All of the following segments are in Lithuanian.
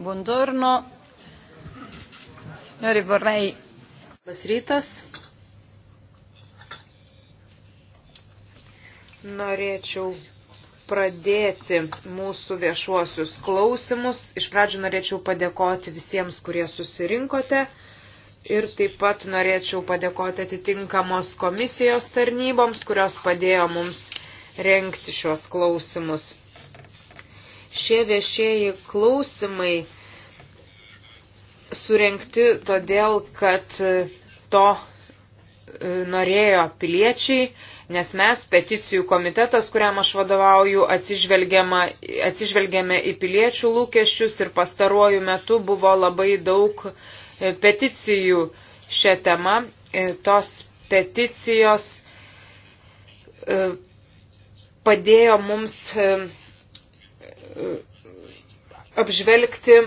Buongiorno. Nori vorrei. Labas rytas. Norėčiau pradėti mūsų viešuosius klausimus. Iš pradžių norėčiau padėkoti visiems, kurie susirinkote. Ir taip pat norėčiau padėkoti atitinkamos komisijos tarnyboms, kurios padėjo mums renkti šios klausimus. Šie viešieji klausimai surenkti todėl, kad to e, norėjo piliečiai, nes mes, peticijų komitetas, kuriam aš vadovauju, atsižvelgėme į piliečių lūkesčius ir pastaruoju metu buvo labai daug e, peticijų šią temą. E, tos peticijos padėjo mums apžvelgti e,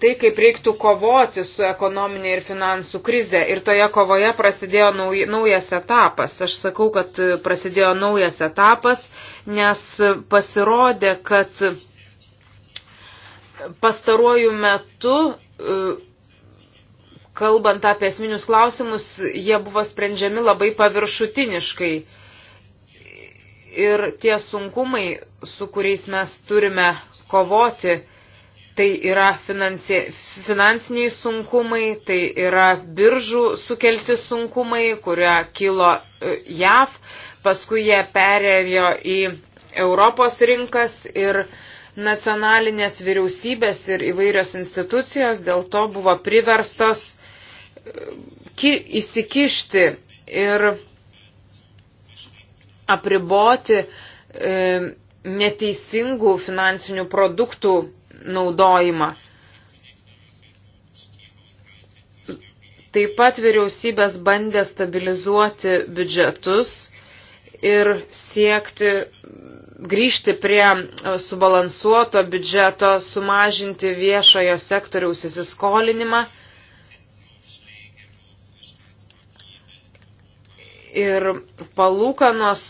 tai, kaip reiktų kovoti su ekonominė ir finansų krize. Ir toje kovoje prasidėjo naujas etapas. Aš sakau, kad prasidėjo naujas etapas, nes pasirodė, kad pastaruoju metu, e, kalbant apie esminius klausimus, jie buvo sprendžiami labai paviršutiniškai ir tie sunkumai, su kuriais mes turime kovoti, tai yra finansi, finansiniai sunkumai, tai yra biržų sukelti sunkumai, kurie kilo e, JAV, paskui jie perėjo į Europos rinkas ir nacionalinės vyriausybės ir įvairios institucijos dėl to buvo priverstos e, įsikišti ir apriboti e, neteisingų finansinių produktų naudojimą. Taip pat vyriausybės bandė stabilizuoti biudžetus ir siekti grįžti prie subalansuoto biudžeto, sumažinti viešojo sektoriaus įsiskolinimą. ir palūkanos,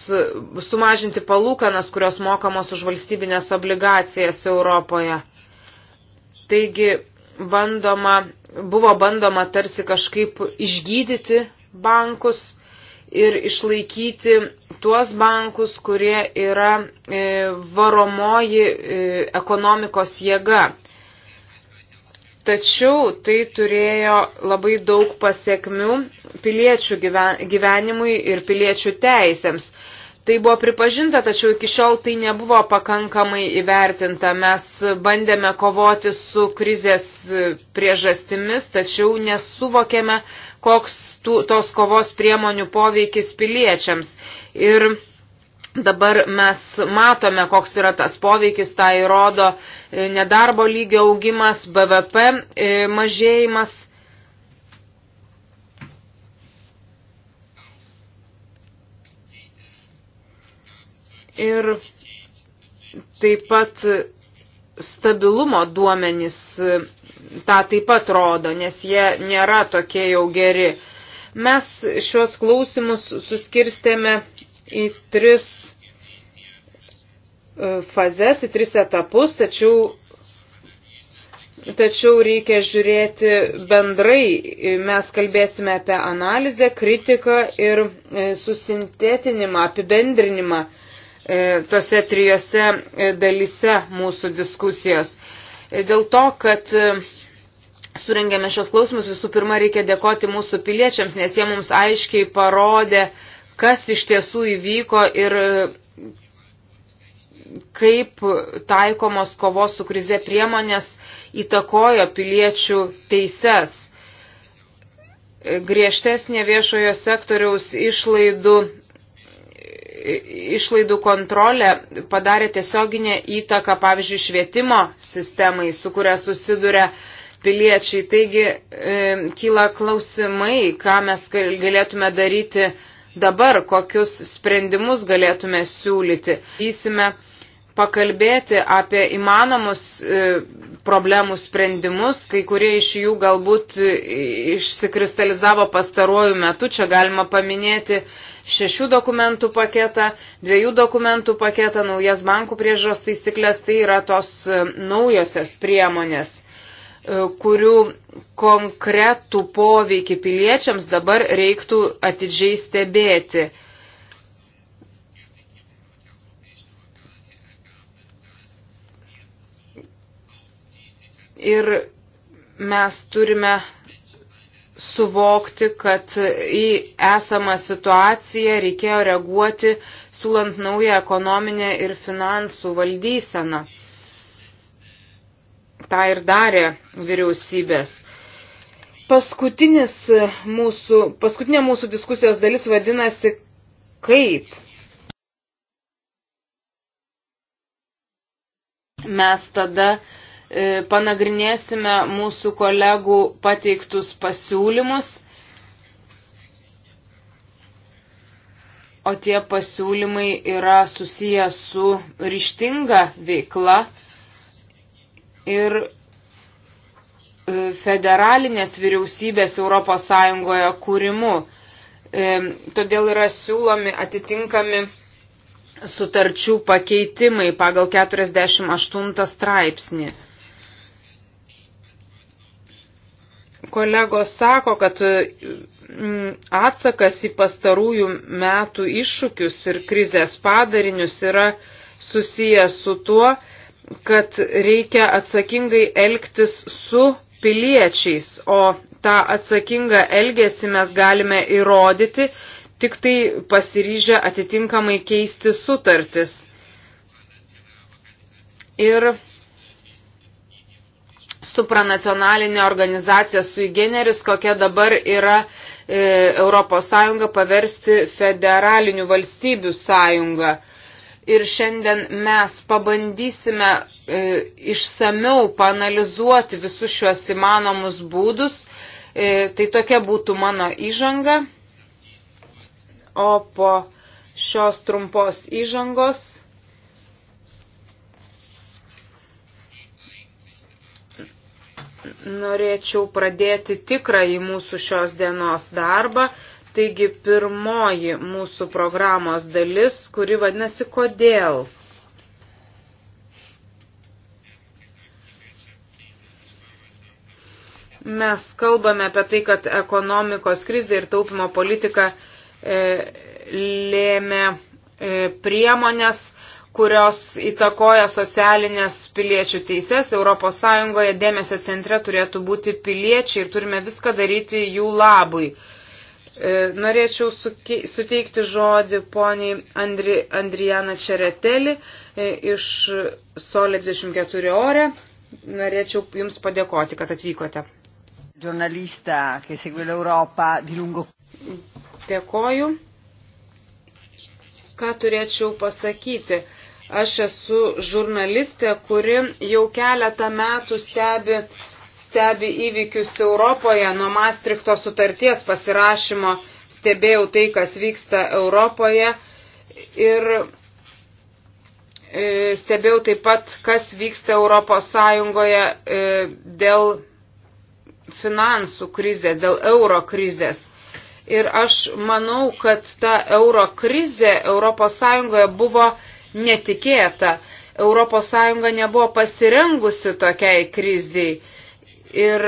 sumažinti palūkanas, kurios mokamos už valstybinės obligacijas Europoje. Taigi bandoma, buvo bandoma tarsi kažkaip išgydyti bankus ir išlaikyti tuos bankus, kurie yra e, varomoji e, ekonomikos jėga. Tačiau tai turėjo labai daug pasiekmių piliečių gyvenimui ir piliečių teisėms. Tai buvo pripažinta, tačiau iki šiol tai nebuvo pakankamai įvertinta. Mes bandėme kovoti su krizės priežastimis, tačiau nesuvokėme, koks tų, tos kovos priemonių poveikis piliečiams. Ir Dabar mes matome, koks yra tas poveikis, tai rodo e, nedarbo lygio augimas, BVP e, mažėjimas. Ir taip pat stabilumo duomenys e, tą taip pat rodo, nes jie nėra tokie jau geri. Mes šios klausimus suskirstėme į tris e, fazes, į tris etapus, tačiau, tačiau reikia žiūrėti bendrai. Mes kalbėsime apie analizę, kritiką ir e, susintetinimą, apibendrinimą e, tose trijose dalise mūsų diskusijos. Dėl to, kad surengėme šios klausimus, visų pirma reikia dėkoti mūsų piliečiams, nes jie mums aiškiai parodė, kas iš tiesų įvyko ir kaip taikomos kovos su krize priemonės įtakojo piliečių teises. Griežtesnė viešojo sektoriaus išlaidų, išlaidų kontrolė padarė tiesioginę įtaką, pavyzdžiui, švietimo sistemai, su kuria susiduria piliečiai. Taigi e, kyla klausimai, ką mes galėtume daryti dabar, kokius sprendimus galėtume siūlyti. Įsime pakalbėti apie įmanomus e, problemų sprendimus, kai kurie iš jų galbūt e, išsikristalizavo pastaruoju metu. Čia galima paminėti šešių dokumentų paketą, dviejų dokumentų paketą, naujas bankų priežos taisyklės, tai yra tos e, naujosios priemonės. E, kurių konkretų poveikį piliečiams dabar reiktų atidžiai stebėti. Ir mes turime suvokti, kad į esamą situaciją reikėjo reaguoti, siūlant naują ekonominę ir finansų valdyseną tą ir darė vyriausybės. Paskutinis mūsų, paskutinė mūsų diskusijos dalis vadinasi kaip. Mes tada e, panagrinėsime mūsų kolegų pateiktus pasiūlymus. o tie pasiūlymai yra susiję su ryštinga veikla, ir e, federalinės vyriausybės ES kūrimu. E, todėl yra siūlomi atitinkami sutarčių pakeitimai pagal 48 straipsnį. Kolegos sako, kad e, atsakas į pastarųjų metų iššūkius ir krizės padarinius yra susijęs su tuo, kad reikia atsakingai elgtis su piliečiais, o tą atsakingą elgesį mes galime įrodyti, tik tai pasiryžę atitinkamai keisti sutartis. Ir supranacionalinė organizacija sui generis, kokia dabar yra e, Europos Sąjunga, paversti federalinių valstybių sąjungą ir šiandien mes pabandysime e, išsameu panalizuoti visus šiuos įmanomus būdus. E, tai tokia būtų mano įžanga. O po šios trumpos įžangos norėčiau pradėti tikrąjį mūsų šios dienos darbą. Taigi pirmoji mūsų programos dalis, kuri vadinasi kodėl. Mes kalbame apie tai, kad ekonomikos krizė ir taupimo politika e, lėmė e, priemonės, kurios įtakoja socialinės piliečių teises. ES dėmesio centre turėtų būti piliečiai ir turime viską daryti jų labui. E, E, norėčiau suteikti žodį poniai Andri, Andrijana Čereteli e, iš Solė 24 ore. Norėčiau Jums padėkoti, kad atvykote. Žurnalista, kai segui l'Europą, di lungo. Dėkoju. Ką turėčiau pasakyti? Aš esu žurnalistė, kuri jau keletą metų stebi stebi įvykius Europoje nuo Maastrichto sutarties pasirašymo, stebėjau tai, kas vyksta Europoje ir e, stebėjau taip pat, kas vyksta Europos Sąjungoje e, dėl finansų krizės, dėl euro krizės. Ir aš manau, kad ta euro krizė Europos Sąjungoje buvo netikėta. Europos Sąjunga nebuvo pasirengusi tokiai kriziai ir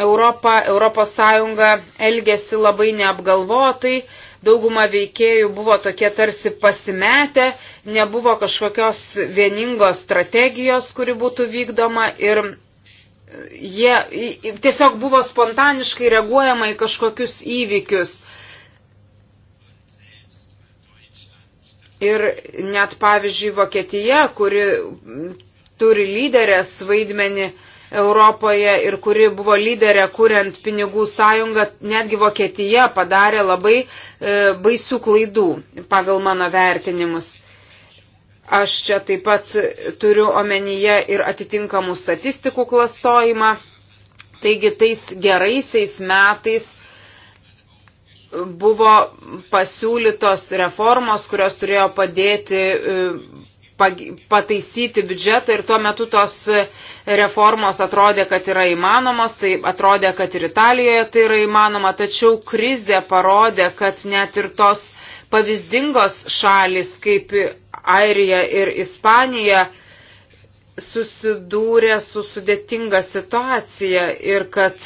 Europa, Europos Sąjunga elgėsi labai neapgalvotai, dauguma veikėjų buvo tokie tarsi pasimetę, nebuvo kažkokios vieningos strategijos, kuri būtų vykdoma ir jie tiesiog buvo spontaniškai reaguojama į kažkokius įvykius. Ir net pavyzdžiui Vokietija, kuri turi lyderės vaidmenį, uh, Europoje ir kuri buvo lyderė kuriant pinigų sąjungą, netgi Vokietija padarė labai e, baisių klaidų pagal mano vertinimus. Aš čia taip pat turiu omenyje ir atitinkamų statistikų klastojimą. Taigi tais geraisiais metais buvo pasiūlytos reformos, kurios turėjo padėti e, pataisyti biudžetą ir tuo metu tos e, reformos atrodė, kad yra įmanomos, tai atrodė, kad ir Italijoje tai yra įmanoma, tačiau krizė parodė, kad net ir tos pavyzdingos šalis kaip Airija ir Ispanija susidūrė su sudėtinga situacija ir kad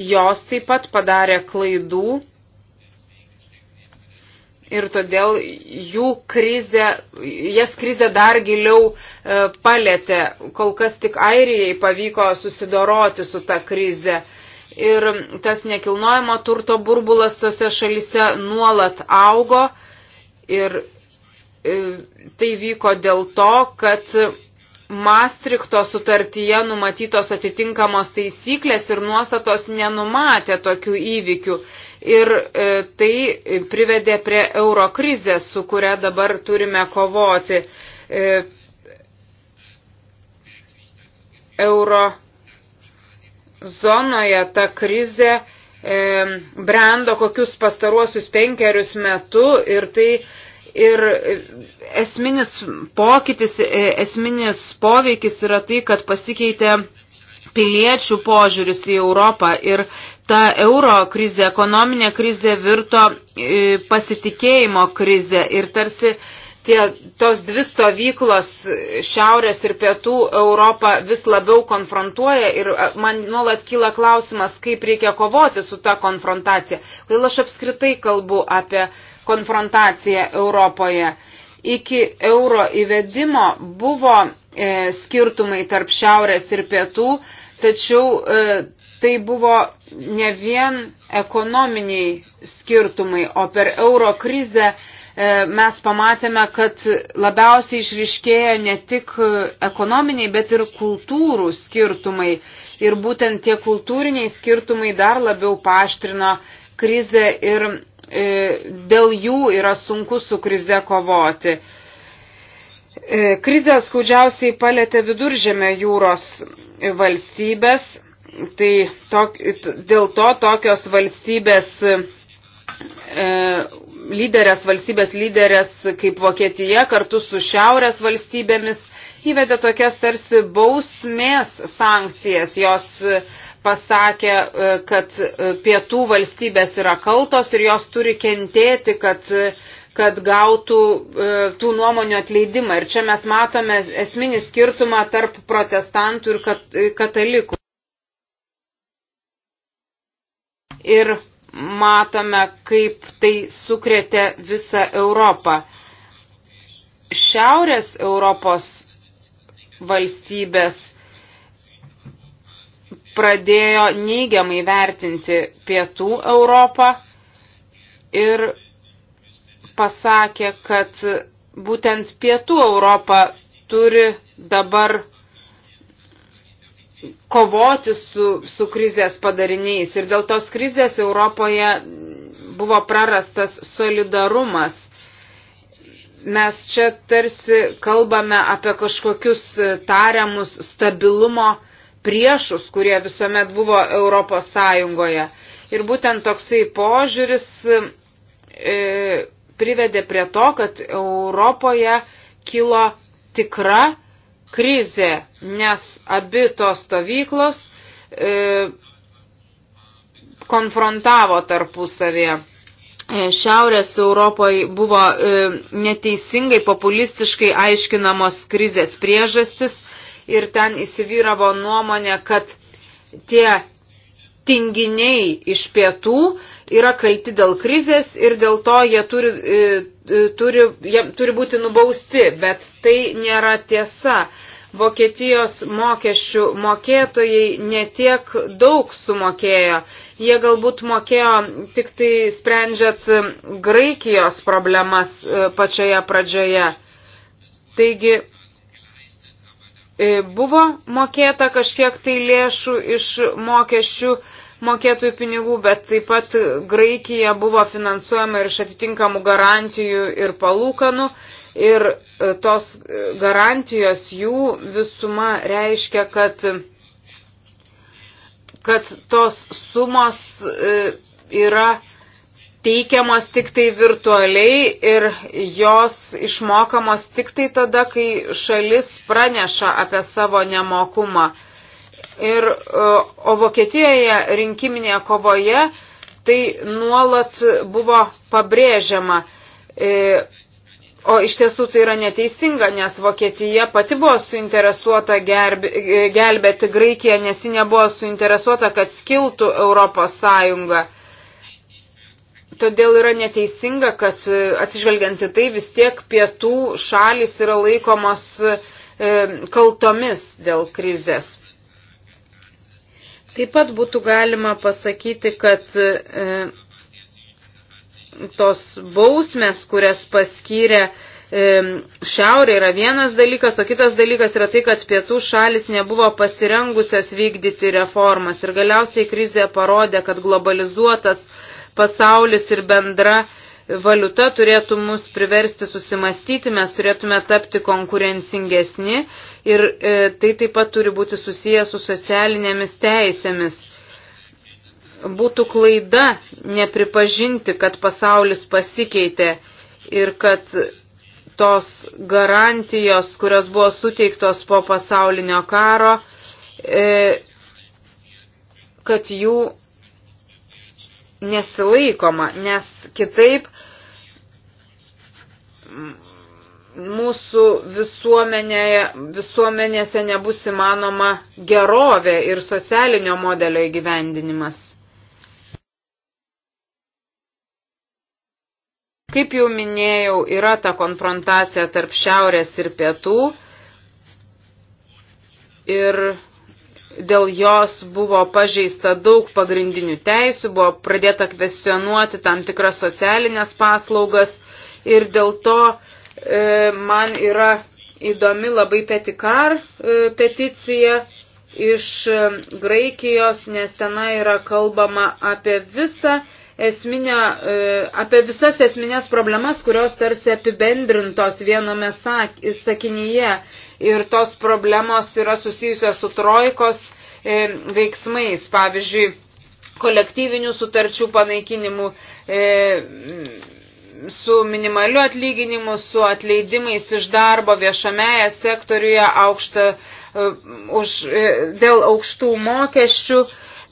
jos taip pat padarė klaidų ir todėl jų krizė, jas krizė dar giliau e, palėtė. Kol kas tik Airijai pavyko susidoroti su ta krize. Ir tas nekilnojamo turto burbulas tose šalise nuolat augo. Ir e, tai vyko dėl to, kad Maastrichto sutartyje numatytos atitinkamos taisyklės ir nuostatos nenumatė tokių įvykių ir e, tai privedė prie euro krizės, su kuria dabar turime kovoti. E, euro zonoje ta krizė e, brendo kokius pastaruosius penkerius metų ir tai Ir esminis pokytis, esminis poveikis yra tai, kad pasikeitė piliečių požiūris į Europą ir ta euro krizė, ekonominė krizė virto e, pasitikėjimo krizė ir tarsi tie, tos dvi stovyklos šiaurės ir pietų Europą vis labiau konfrontuoja ir e, man nuolat kyla klausimas, kaip reikia kovoti su ta konfrontacija. Kodėl aš apskritai kalbu apie konfrontaciją Europoje? Iki euro įvedimo buvo e, skirtumai tarp šiaurės ir pietų, tačiau e, tai buvo ne vien ekonominiai skirtumai, o per euro krizę e, mes pamatėme, kad labiausiai išriškėjo ne tik ekonominiai, bet ir kultūrų skirtumai. Ir būtent tie kultūriniai skirtumai dar labiau paštrino krizę ir e, dėl jų yra sunku su krize kovoti. E, krizė skaudžiausiai palėtė viduržėme jūros valstybės Tai tok, dėl to tokios valstybės e, lyderės, valstybės lyderės kaip Vokietija kartu su šiaurės valstybėmis įvedė tokias tarsi bausmės sankcijas. Jos e, pasakė, e, kad e, pietų valstybės yra kaltos ir jos turi kentėti, kad kad gautų tų nuomonių atleidimą. Ir čia mes matome esminį skirtumą tarp protestantų ir katalikų. ir matome, kaip tai sukrėtė visą Europą. Šiaurės Europos valstybės pradėjo neigiamai vertinti pietų Europą ir pasakė, kad būtent pietų Europa turi dabar kovoti su, su krizės padariniais. Ir dėl tos krizės Europoje buvo prarastas solidarumas. Mes čia tarsi kalbame apie kažkokius tariamus stabilumo priešus, kurie visuomet buvo Europos Sąjungoje. Ir būtent toksai požiūris e, privedė prie to, kad Europoje kilo tikra krizė, nes abi tos stovyklos e, konfrontavo tarpusavėje. E, Šiaurės Europoje buvo e, neteisingai populistiškai aiškinamos krizės priežastis ir ten įsivyravo nuomonė, kad tie tinginiai iš pietų yra kalti dėl krizės ir dėl to jie turi, e, e, turi, jie turi būti nubausti, bet tai nėra tiesa. Vokietijos mokesčių mokėtojai netiek daug sumokėjo. Jie galbūt mokėjo tik tai sprendžiat Graikijos problemas e, pačioje pradžioje. Taigi, E, buvo mokėta kažkiek tai lėšų iš mokesčių mokėtųjų pinigų, bet taip pat Graikija buvo finansuojama ir iš atitinkamų garantijų ir palūkanų. Ir e, tos garantijos jų visuma reiškia, kad, kad tos sumos e, yra teikiamos tik tai virtualiai ir jos išmokamos tik tai tada, kai šalis praneša apie savo nemokumą. Ir, e, o Vokietijoje rinkiminėje kovoje tai nuolat buvo pabrėžiama. E, o iš tiesų tai yra neteisinga, nes Vokietija pati buvo suinteresuota gerbi, e, gelbėti Graikiją, nes ji nebuvo suinteresuota, kad skiltų Europos Sąjunga. Todėl yra neteisinga, kad e, atsižvelgiant į tai vis tiek pietų šalis yra laikomos e, kaltomis dėl krizės. Taip pat būtų galima pasakyti, kad e, tos bausmės, kurias paskyrė šiaurė yra vienas dalykas, o kitas dalykas yra tai, kad pietų šalis nebuvo pasirengusios vykdyti reformas ir galiausiai krizė parodė, kad globalizuotas pasaulis ir bendra valiuta turėtų mus priversti susimastyti, mes turėtume tapti konkurencingesni ir e, tai taip pat turi būti susijęs su socialinėmis teisėmis. Būtų klaida nepripažinti, kad pasaulis pasikeitė ir kad tos garantijos, kurios buvo suteiktos po pasaulinio karo, e, kad jų nesilaikoma, nes kitaip mūsų visuomenėje, visuomenėse nebus įmanoma gerovė ir socialinio modelio įgyvendinimas. Kaip jau minėjau, yra ta konfrontacija tarp šiaurės ir pietų. Ir dėl jos buvo pažeista daug pagrindinių teisų, buvo pradėta kvestionuoti tam tikras socialinės paslaugas ir dėl to e, man yra įdomi labai petikar e, peticija iš e, Graikijos, nes tenai yra kalbama apie visą esminę, e, apie visas esminės problemas, kurios tarsi apibendrintos viename sak, sakinyje ir tos problemos yra susijusios su trojkos e, veiksmais, pavyzdžiui, kolektyvinių sutarčių panaikinimu, e, su minimaliu atlyginimu, su atleidimais iš darbo viešamėje sektoriuje aukšta, e, už, dėl aukštų mokesčių.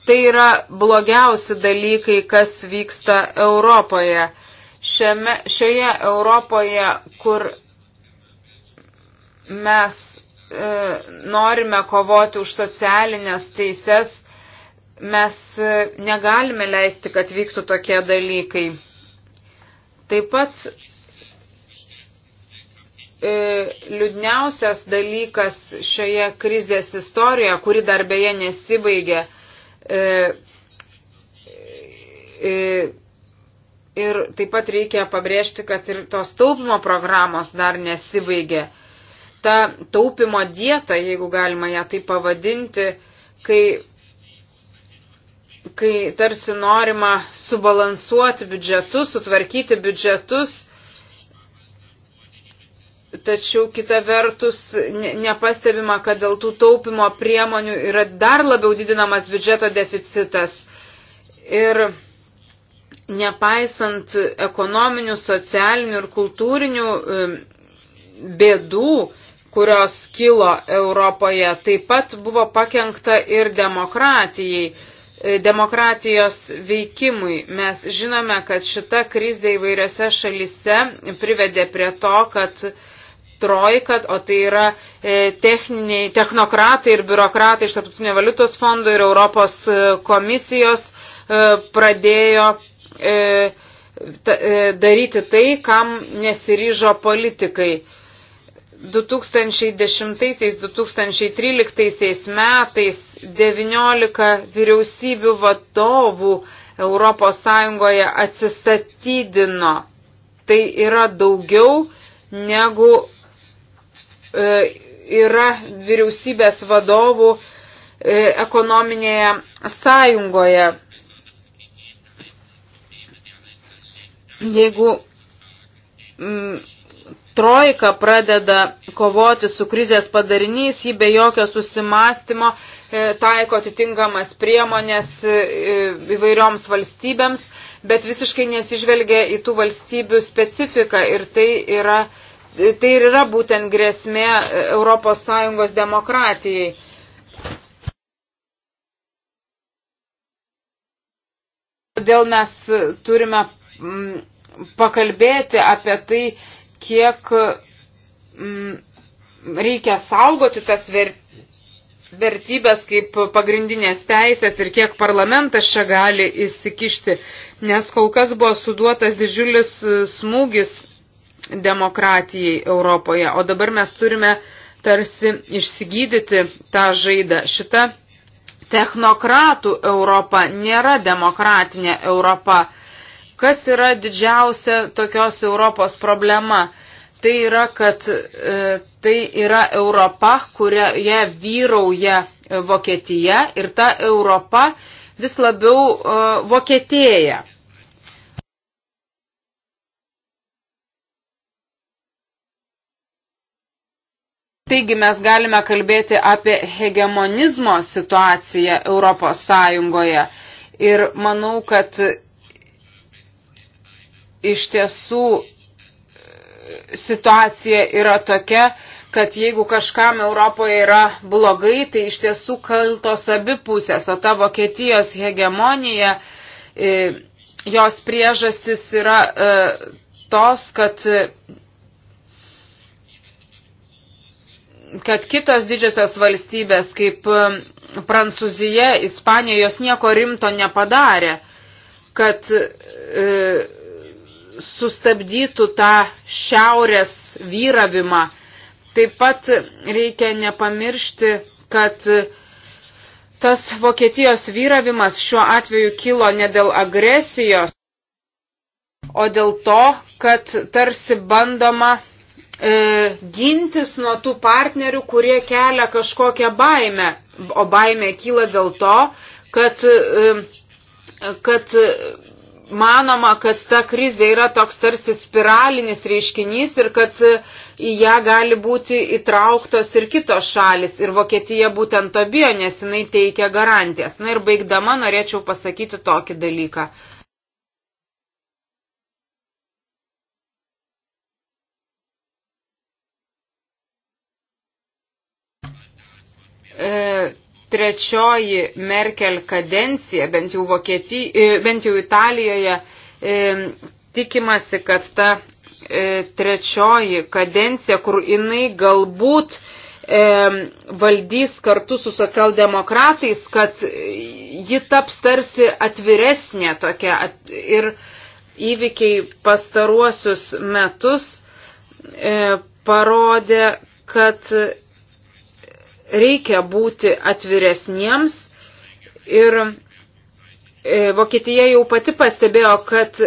Tai yra blogiausi dalykai, kas vyksta Europoje. Šiame, šioje Europoje, kur mes e, norime kovoti už socialinės teises, mes e, negalime leisti, kad vyktų tokie dalykai. Taip pat e, liūdniausias dalykas šioje krizės istorijoje, kuri dar beje nesibaigė. E, e, ir taip pat reikia pabrėžti, kad ir tos taupimo programos dar nesibaigė ta taupimo dieta, jeigu galima ją tai pavadinti, kai, kai tarsi norima subalansuoti biudžetus, sutvarkyti biudžetus, tačiau kita vertus nepastebima, kad dėl tų taupimo priemonių yra dar labiau didinamas biudžeto deficitas. Ir nepaisant ekonominių, socialinių ir kultūrinių bėdų, kurios kilo Europoje, taip pat buvo pakengta ir demokratijai, e, demokratijos veikimui. Mes žinome, kad šita krizė įvairiose šalise privedė prie to, kad trojka, o tai yra e, techniniai, technokratai ir biurokratai iš Tarptautinio valiutos fondo ir Europos e, komisijos pradėjo daryti tai, kam nesiryžo politikai. 2010-2013 metais 19 vyriausybių vadovų ES atsistatydino. Tai yra daugiau negu e, yra vyriausybės vadovų e, ekonominėje sąjungoje. Jeigu mm, trojka pradeda kovoti su krizės padarinys, jį be jokio susimastymo e, taiko atitinkamas priemonės e, įvairioms valstybėms, bet visiškai nesižvelgia į tų valstybių specifiką ir tai yra, e, tai ir yra būtent grėsmė ES demokratijai. Todėl mes turime mm, pakalbėti apie tai, kiek mm, reikia saugoti tas vertybės vertybės kaip pagrindinės teisės ir kiek parlamentas čia gali įsikišti, nes kol kas buvo suduotas didžiulis e, smūgis demokratijai Europoje, o dabar mes turime tarsi išsigydyti tą žaidą. Šita technokratų Europa nėra demokratinė Europa. Kas yra didžiausia tokios Europos problema? Tai yra, kad e, tai yra Europa, kurioje vyrauja e, Vokietija ir ta Europa vis labiau e, vokietėja. Taigi mes galime kalbėti apie hegemonizmo situaciją Europos Sąjungoje. Ir manau, kad iš tiesų e, situacija yra tokia, kad jeigu kažkam Europoje yra blogai, tai iš tiesų kaltos abi pusės, o ta Vokietijos hegemonija, e, jos priežastis yra e, tos, kad kad kitos didžiosios valstybės, kaip Prancūzija, Ispanija, jos nieko rimto nepadarė, kad e, sustabdytų tą šiaurės vyravimą. Taip pat reikia nepamiršti, kad tas Vokietijos vyravimas šiuo atveju kilo ne dėl agresijos, o dėl to, kad tarsi bandoma e, gintis nuo tų partnerių, kurie kelia kažkokią baimę. O baimė kyla dėl to, kad, e, kad e, manoma, kad ta krizė yra toks tarsi spiralinis reiškinys ir kad į ją gali būti įtrauktos ir kitos šalis. Ir Vokietija būtent to bijo, nes jinai teikia garantijas. Na ir baigdama norėčiau pasakyti tokį dalyką. E, trečioji Merkel kadencija, bent jau, Vokietij, e, bent jau Italijoje, e, tikimasi, kad ta e, trečioji kadencija, kur jinai galbūt valdys kartu su socialdemokratais, kad ji taps tarsi atviresnė tokia ir įvykiai pastaruosius metus parodė, kad reikia būti atviresniems ir e, Vokietija jau pati pastebėjo, kad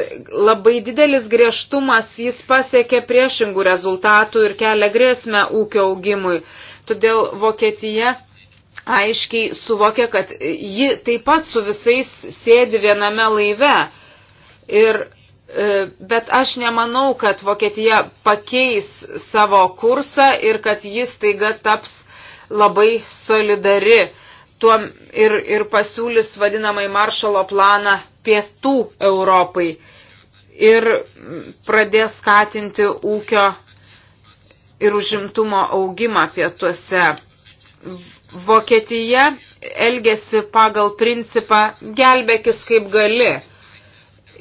labai didelis griežtumas jis pasiekė priešingų rezultatų ir kelia grėsmę ūkio augimui. Todėl Vokietija aiškiai suvokė, kad ji taip pat su visais sėdi viename laive. Ir, e, bet aš nemanau, kad Vokietija pakeis savo kursą ir kad jis taiga taps labai solidari tuo, ir, ir pasiūlys vadinamai maršalo planą pietų Europai ir pradės skatinti ūkio ir užimtumo augimą pietuose. Vokietija elgesi pagal principą gelbėkis kaip gali.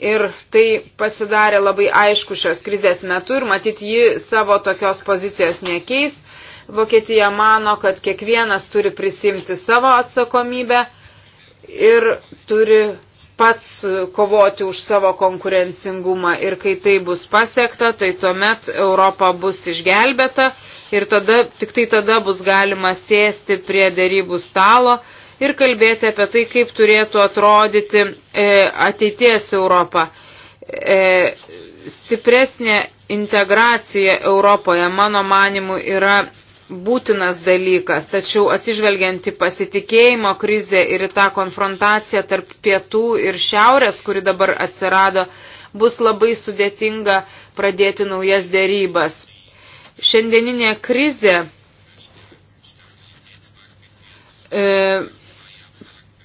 Ir tai pasidarė labai aišku šios krizės metu ir matyt ji savo tokios pozicijos nekeis. Vokietija mano, kad kiekvienas turi prisimti savo atsakomybę ir turi pats kovoti už savo konkurencingumą. Ir kai tai bus pasiekta, tai tuomet Europa bus išgelbėta ir tada, tik tai tada bus galima sėsti prie dėrybų stalo ir kalbėti apie tai, kaip turėtų atrodyti e, ateities Europą. E, stipresnė integracija Europoje, mano manimu, yra būtinas dalykas, tačiau atsižvelgiant į pasitikėjimo krizę ir į tą konfrontaciją tarp pietų ir šiaurės, kuri dabar atsirado, bus labai sudėtinga pradėti naujas dėrybas. Šiandieninė krizė e,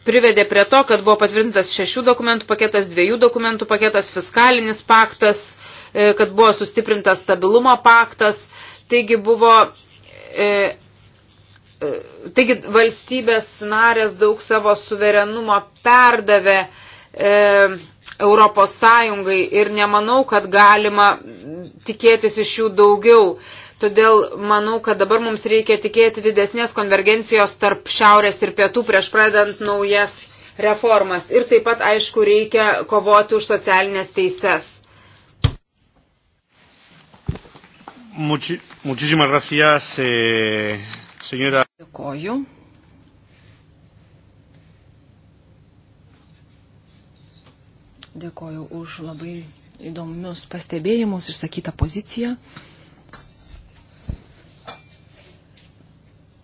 privedė prie to, kad buvo patvirtintas šešių dokumentų paketas, dviejų dokumentų paketas, fiskalinis paktas, e, kad buvo sustiprintas stabilumo paktas. Taigi buvo E, e, taigi valstybės narės daug savo suverenumo perdavė e, Europos Sąjungai ir nemanau, kad galima tikėtis iš jų daugiau. Todėl manau, kad dabar mums reikia tikėti didesnės konvergencijos tarp šiaurės ir pietų prieš pradant naujas reformas. Ir taip pat, aišku, reikia kovoti už socialinės teises. Muchi muchísimas gracias, eh, señora. Dėkoju. Dėkoju už labai įdomius pastebėjimus, išsakytą poziciją.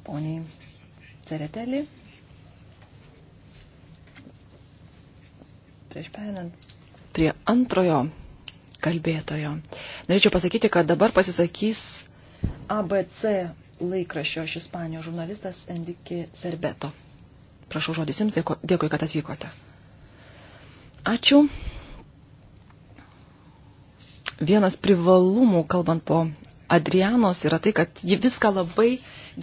Poniai Ceretelį. Prieš perinant prie antrojo kalbėtojo. Norėčiau pasakyti, kad dabar pasisakys ABC laikraščio iš Ispanijos žurnalistas Endiki Serbeto. Prašau žodis jums, dėkui, kad atvykote. Ačiū. Vienas privalumų, kalbant po Adrianos, yra tai, kad ji viską labai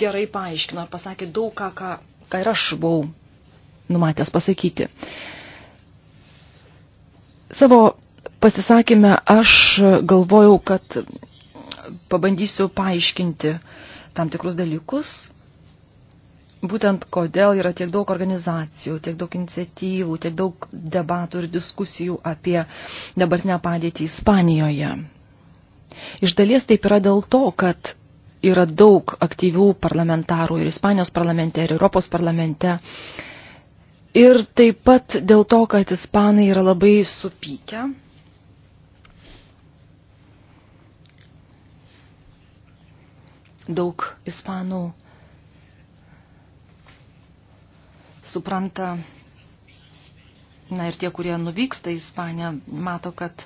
gerai paaiškino ir pasakė daug ką, ką, ką ir aš buvau numatęs pasakyti. Savo pasisakymę aš galvojau, kad pabandysiu paaiškinti tam tikrus dalykus, būtent kodėl yra tiek daug organizacijų, tiek daug iniciatyvų, tiek daug debatų ir diskusijų apie dabartinę padėtį Ispanijoje. Iš dalies taip yra dėl to, kad yra daug aktyvių parlamentarų ir Ispanijos parlamente, ir Europos parlamente. Ir taip pat dėl to, kad Ispanai yra labai supykę Daug ispanų supranta, na ir tie, kurie nuvyksta į Ispaniją, mato, kad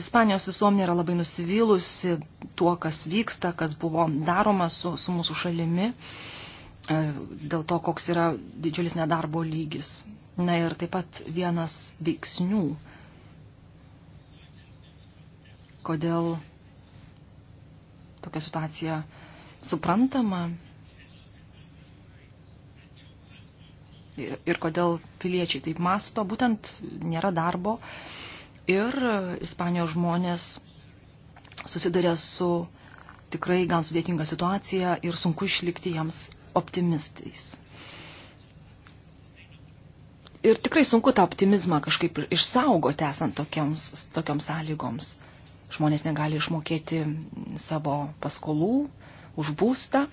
Ispanijos visuomenė yra labai nusivylusi tuo, kas vyksta, kas buvo daroma su, su mūsų šalimi, e, dėl to, koks yra didžiulis nedarbo lygis. Na ir taip pat vienas veiksnių, kodėl tokia situacija suprantama ir kodėl piliečiai taip masto, būtent nėra darbo ir Ispanijos žmonės susidarė su tikrai gan sudėtinga situacija ir sunku išlikti jiems optimistais. Ir tikrai sunku tą optimizmą kažkaip išsaugoti esant tokioms, tokioms sąlygoms žmonės negali išmokėti savo paskolų už būstą.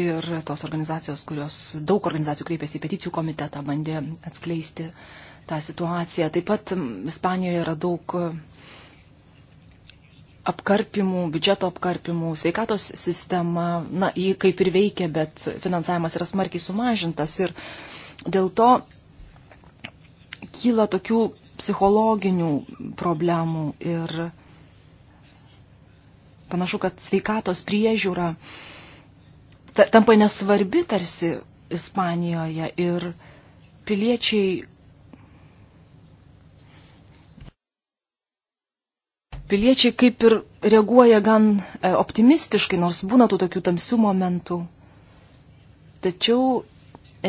Ir tos organizacijos, kurios daug organizacijų kreipėsi į peticijų komitetą, bandė atskleisti tą situaciją. Taip pat Ispanijoje yra daug e, apkarpimų, biudžeto apkarpimų, sveikatos sistema, na, jį kaip ir veikia, bet finansavimas yra smarkiai sumažintas ir dėl to kyla tokių psichologinių problemų ir panašu, kad sveikatos priežiūra tampa nesvarbi tarsi Ispanijoje ir piliečiai piliečiai kaip ir reaguoja gan e, optimistiškai, nors būna tų tokių tamsių momentų. Tačiau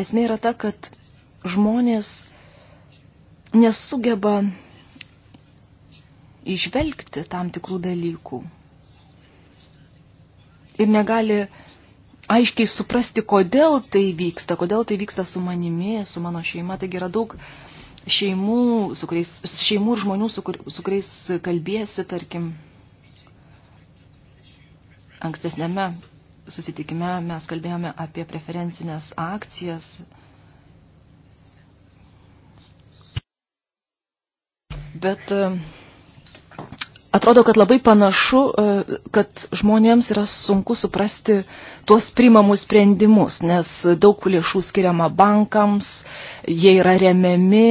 esmė yra ta, kad žmonės nesugeba išvelgti tam tikrų dalykų ir negali aiškiai suprasti, kodėl tai vyksta, kodėl tai vyksta su manimi, su mano šeima. Taigi yra daug šeimų, su kuriais, šeimų ir žmonių, su, kur, su kuriais kalbėsi, tarkim, ankstesnėme susitikime mes kalbėjome apie preferencinės akcijas bet e, atrodo, kad labai panašu, e, kad žmonėms yra sunku suprasti tuos primamus sprendimus, nes daug lėšų skiriama bankams, jie yra remiami.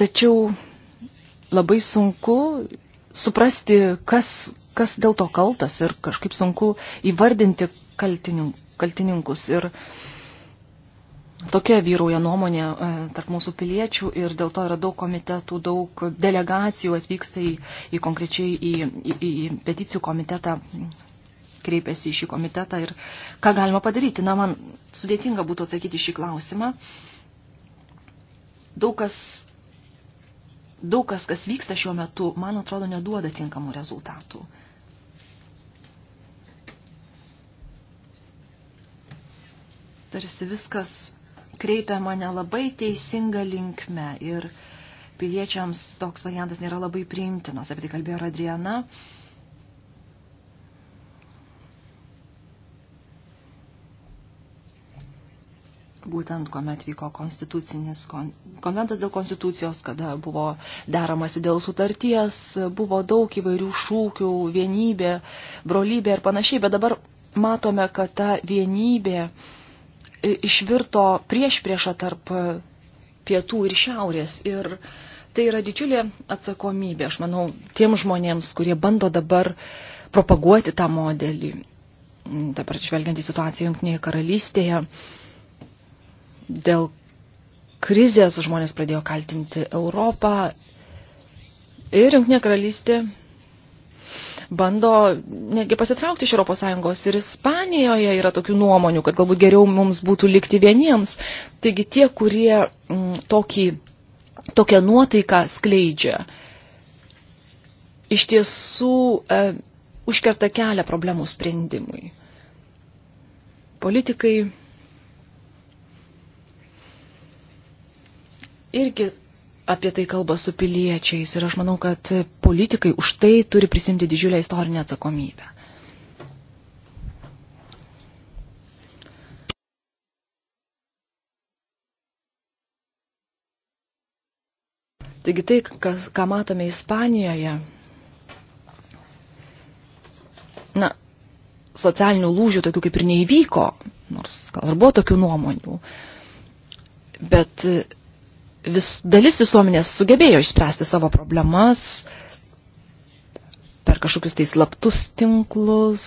Tačiau labai sunku suprasti, kas, kas dėl to kaltas ir kažkaip sunku įvardinti kaltinin, kaltininkus. Ir uh, Tokia vyrauja nuomonė e, tarp mūsų piliečių ir dėl to yra daug komitetų, daug delegacijų atvyksta į, į konkrečiai į, į, į peticijų komitetą, kreipiasi į šį komitetą ir ką galima padaryti. Na, man sudėtinga būtų atsakyti šį klausimą. Daug kas, daug kas, kas vyksta šiuo metu, man atrodo, neduoda tinkamų rezultatų. tarsi viskas kreipia mane labai teisinga linkme ir piliečiams toks variantas nėra labai priimtinas. Apie tai kalbėjo Adriana. būtent kuomet vyko konstitucinis kon, konventas dėl konstitucijos, kada buvo deramasi dėl sutarties, buvo daug įvairių šūkių, vienybė, brolybė ir panašiai, bet dabar matome, kad ta vienybė išvirto prieš priešą tarp e, pietų ir šiaurės. Ir tai yra didžiulė atsakomybė, aš manau, tiem žmonėms, kurie bando dabar propaguoti tą modelį, mm, dabar žvelgiant į situaciją Junktinėje karalystėje, dėl krizės žmonės pradėjo kaltinti Europą ir Junktinė karalystė bando netgi pasitraukti iš ES ir Ispanijoje yra tokių nuomonių, kad galbūt geriau mums būtų likti vieniems. Taigi tie, kurie m, mm, tokį, tokią nuotaiką skleidžia, iš tiesų e, užkerta kelią problemų sprendimui. Politikai irgi apie tai kalba su piliečiais ir aš manau, kad politikai už tai turi prisimti didžiulę istorinę atsakomybę. Taigi tai, kas, ką matome Ispanijoje, na, socialinių lūžių tokių kaip ir neįvyko, nors gal ir buvo tokių nuomonių, bet vis, dalis visuomenės sugebėjo išspręsti savo problemas per kažkokius tai slaptus tinklus,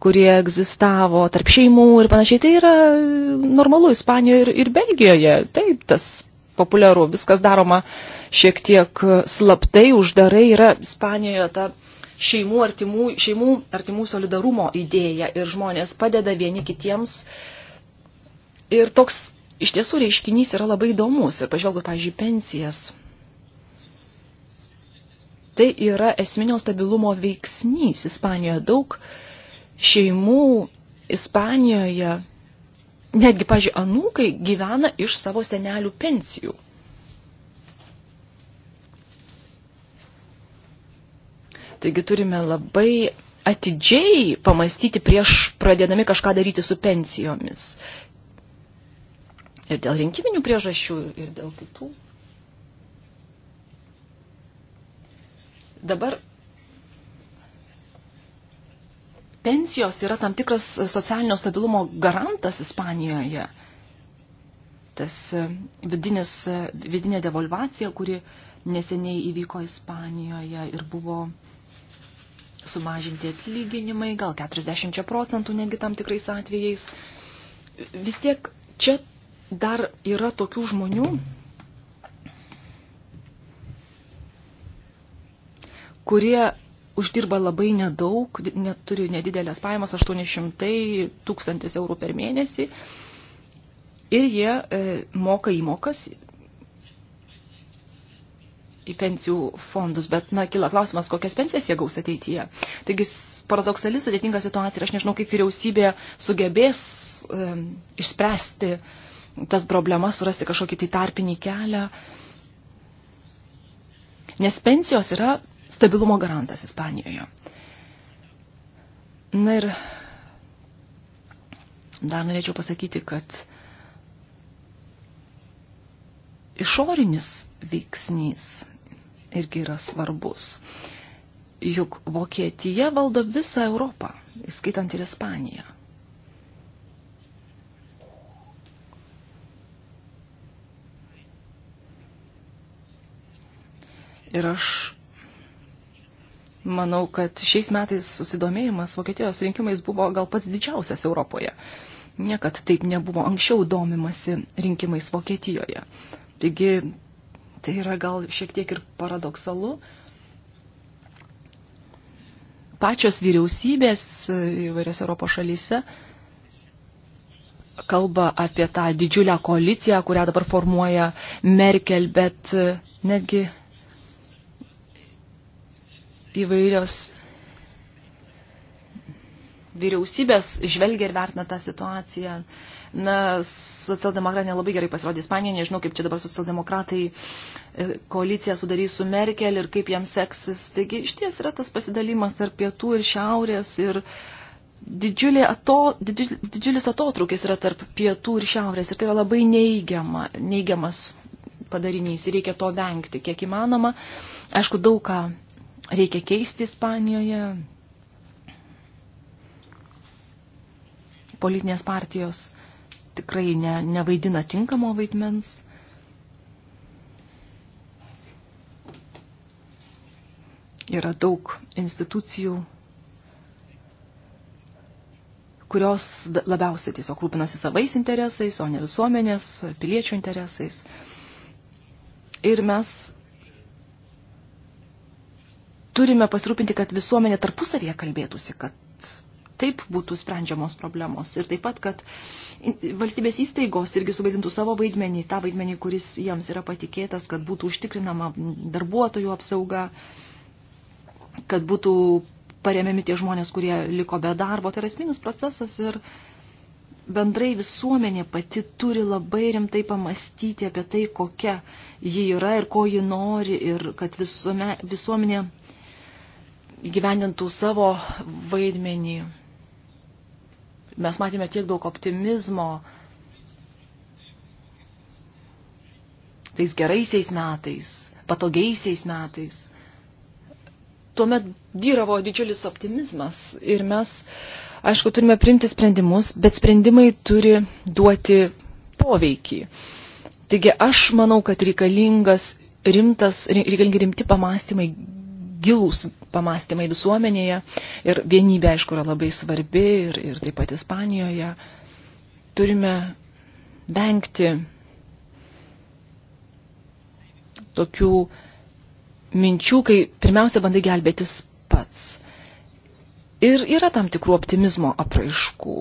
kurie egzistavo tarp šeimų ir panašiai. Tai yra normalu Ispanijoje ir, ir Belgijoje. Taip, tas populiaru, viskas daroma šiek tiek slaptai, uždarai yra Ispanijoje ta šeimų artimų, šeimų artimų solidarumo idėja ir žmonės padeda vieni kitiems. Ir toks Iš tiesų reiškinys yra labai įdomus ir pažvelgus, pažiūrėjau, pensijas. Tai yra esminio stabilumo veiksnys. Ispanijoje daug šeimų, Ispanijoje netgi, pažiūrėjau, anūkai gyvena iš savo senelių pensijų. Taigi turime labai atidžiai pamastyti prieš pradėdami kažką daryti su pensijomis ir dėl rinkiminių priežasčių, ir dėl kitų. Dabar pensijos yra tam tikras socialinio stabilumo garantas Ispanijoje. Tas e, vidinis, e, vidinė devalvacija, kuri neseniai įvyko Ispanijoje ir buvo sumažinti atlyginimai, gal 40 procentų netgi tam tikrais atvejais. Vis tiek čia dar yra tokių žmonių, kurie uždirba labai nedaug, neturi nedidelės pajamas, 800 tūkstantis eurų per mėnesį. Ir jie e, moka įmokas į pensijų fondus, bet, na, kila klausimas, kokias pensijas jie gaus ateityje. Taigi, paradoksali sudėtinga situacija ir aš nežinau, kaip vyriausybė sugebės e, išspręsti e, tas problemas, surasti kažkokį tai tarpinį kelią. Nes pensijos yra stabilumo garantas Ispanijoje. Na ir dar norėčiau pasakyti, kad išorinis veiksnys irgi yra svarbus. Juk Vokietija valdo visą Europą, įskaitant ir Ispaniją. Ir aš manau, kad šiais metais susidomėjimas Vokietijos rinkimais buvo gal pats didžiausias Europoje. Niekad taip nebuvo anksčiau domimasi rinkimais Vokietijoje. Taigi tai yra gal šiek tiek ir paradoksalu. Pačios vyriausybės įvairias Europos šalyse kalba apie tą didžiulę koaliciją, kurią dabar formuoja Merkel, bet netgi įvairios vyriausybės žvelgia ir vertina tą situaciją. Na, socialdemokratai nelabai gerai pasirodė Ispanijoje, nežinau, kaip čia dabar socialdemokratai e, koaliciją sudarys su Merkel ir kaip jam seksis. Taigi, iš ties yra tas pasidalimas tarp pietų ir šiaurės ir didžiulė ato, didžiul, didžiulis atotrukis yra tarp pietų ir šiaurės ir tai yra labai neįgiama, neįgiamas padarinys ir reikia to vengti, kiek įmanoma. Aišku, daug ką reikia keisti Ispanijoje. Politinės partijos tikrai ne, nevaidina tinkamo vaidmens. Yra daug institucijų, kurios labiausiai tiesiog rūpinasi savais interesais, o ne visuomenės, piliečių interesais. Ir mes turime pasirūpinti, kad visuomenė tarpusavėje kalbėtųsi, kad taip būtų sprendžiamos problemos. Ir taip pat, kad valstybės įstaigos irgi suvaidintų savo vaidmenį, tą vaidmenį, kuris jiems yra patikėtas, kad būtų užtikrinama darbuotojų apsauga, kad būtų paremiami tie žmonės, kurie liko be darbo. Tai yra esminis procesas ir bendrai visuomenė pati turi labai rimtai pamastyti apie tai, kokia ji yra ir ko ji nori ir kad visuome, visuomenė įgyvendintų savo vaidmenį. Mes matėme tiek daug optimizmo tais geraisiais metais, patogiaisiais metais. Tuomet dyravo didžiulis optimizmas ir mes, aišku, turime primti sprendimus, bet sprendimai turi duoti poveikį. Taigi aš manau, kad reikalingas rimtas, reikalingi rimti pamastymai gilūs pamastymai visuomenėje ir vienybė, aišku, yra labai svarbi ir, ir taip pat Ispanijoje. Turime vengti tokių minčių, kai pirmiausia bandai gelbėtis pats. Ir yra tam tikrų optimizmo apraiškų,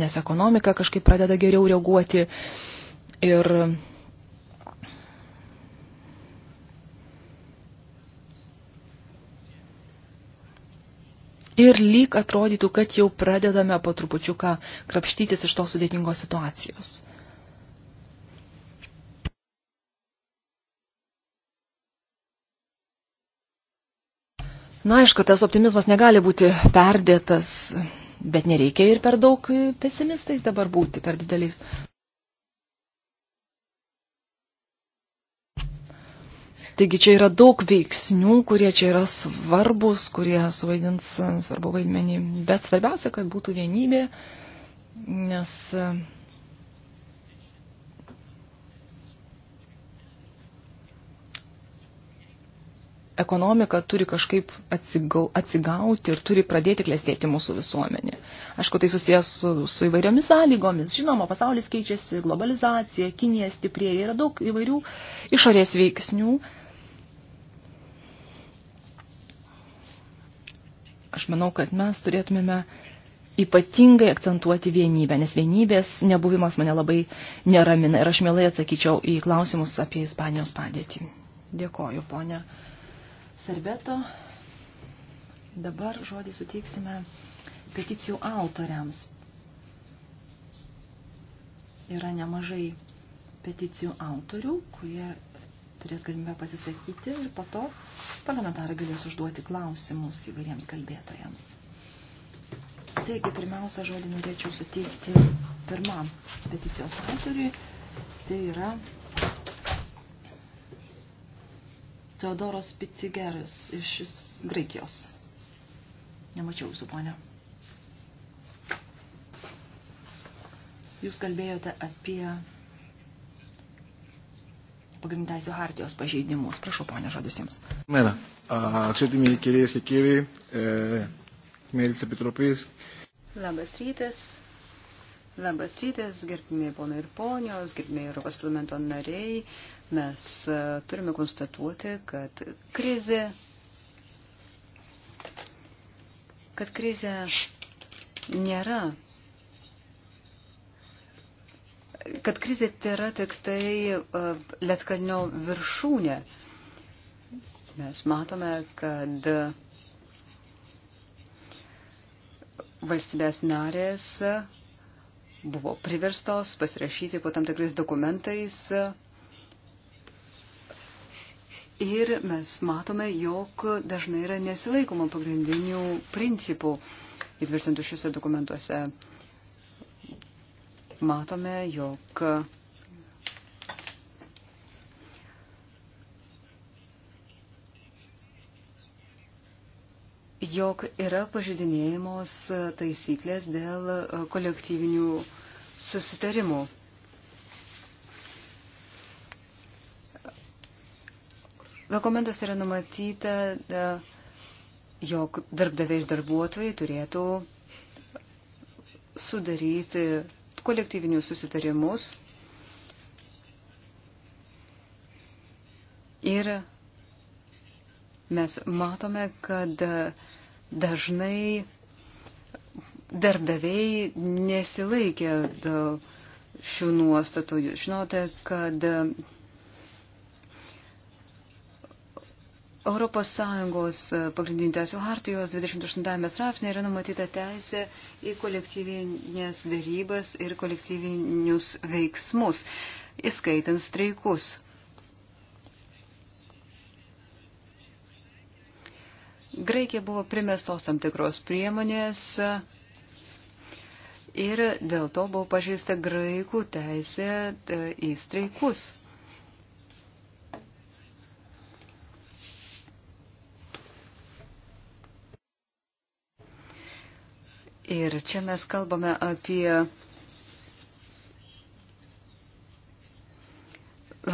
nes ekonomika kažkaip pradeda geriau reaguoti ir ir lyg atrodytų, kad jau pradedame po trupučiuką krapštytis iš tos sudėtingos situacijos. Na, aišku, tas optimizmas negali būti perdėtas, bet nereikia ir per daug pesimistais dabar būti, per dideliais. Taigi čia yra daug veiksnių, kurie čia yra svarbus, kurie suvaidins svarbu vaidmenį. Bet svarbiausia, kad būtų vienybė, nes e, ekonomika turi kažkaip atsigau, atsigauti ir turi pradėti klestėti mūsų visuomenė. Aišku, tai susijęs su, su įvairiomis sąlygomis. Žinoma, pasaulis keičiasi, globalizacija, Kinija stiprėja, yra daug įvairių išorės veiksnių, uh, Aš manau, kad mes turėtumėme ypatingai akcentuoti vienybę, nes vienybės nebuvimas mane labai neramina ir aš mielai atsakyčiau į klausimus apie Ispanijos padėtį. Dėkoju, ponė Serbeto. Dabar žodį suteiksime peticijų autoriams. Yra nemažai peticijų autorių, kurie turės galimybę pasisakyti ir po to parlamentarai galės užduoti klausimus įvairiems kalbėtojams. Taigi, pirmiausia, žodį norėčiau suteikti pirmam peticijos autoriui. Tai yra Teodoros Picigeris iš Graikijos. Nemačiau jūsų, ponė. Jūs kalbėjote apie pagrindinių teisų hartijos pažeidimus. Prašau, ponė, žodis jums. Mena, aksitimi kirės ir kyriai, mėlytis apitropys. Labas rytas. Labas rytas, gerbimiai ponai ir ponios, gerbimiai Europos parlamento nariai. Mes e, turime konstatuoti, kad krizė, kad krizė nėra kad krizė yra tik tai e, Lietkalnio viršūnė. Mes matome, kad valstybės narės buvo priverstos pasirašyti po tam tikrais dokumentais. Ir mes matome, jog dažnai yra nesilaikoma pagrindinių principų įtvirtintų šiuose dokumentuose matome, jog jog yra pažydinėjimos taisyklės dėl kolektyvinių susitarimų. Dokumentas yra numatyta, e, jog darbdaviai ir darbuotojai turėtų sudaryti kolektyvinius susitarimus ir mes matome, kad dažnai darbdaviai nesilaikė šių nuostatų. Jūs žinote, kad Europos Sąjungos e, pagrindinių teisų hartijos 28 straipsnė yra numatyta teisė į kolektyvinės darybas ir kolektyvinius veiksmus, įskaitant streikus. Graikija buvo primestos tam tikros priemonės ir dėl to buvo pažįsta graikų teisė e, į streikus. Ir čia mes kalbame apie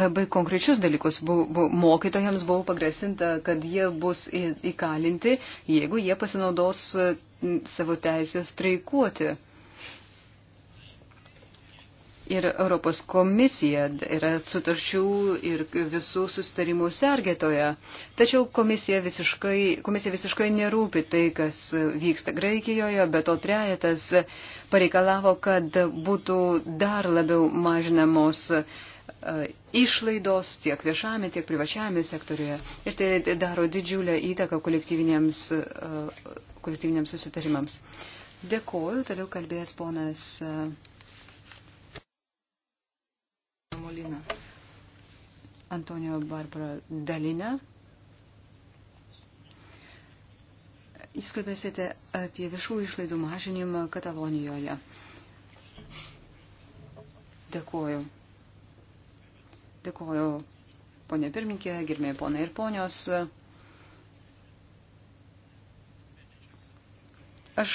labai konkrečius dalykus. Bu, bu, mokytojams buvo pagrasinta, kad jie bus įkalinti, jeigu jie pasinaudos savo teisę streikuoti. Ir Europos komisija yra sutarčių ir visų sustarimų sergėtoja. Tačiau komisija visiškai, komisija visiškai nerūpi tai, kas vyksta Graikijoje, bet to trejetas pareikalavo, kad būtų dar labiau mažinamos e, išlaidos tiek viešame, tiek privačiame sektoriuje. Ir tai daro didžiulę įtaką kolektyviniams, e, kolektyviniams susitarimams. Dėkoju, toliau kalbės ponas e, Antonijo Barbara Dalina. Jūs kalbėsite apie viešų išlaidų mažinimą Katalonijoje. Dėkuoju. Dėkuoju, ponė pirmininkė, girmėjai ponai ir ponios. Aš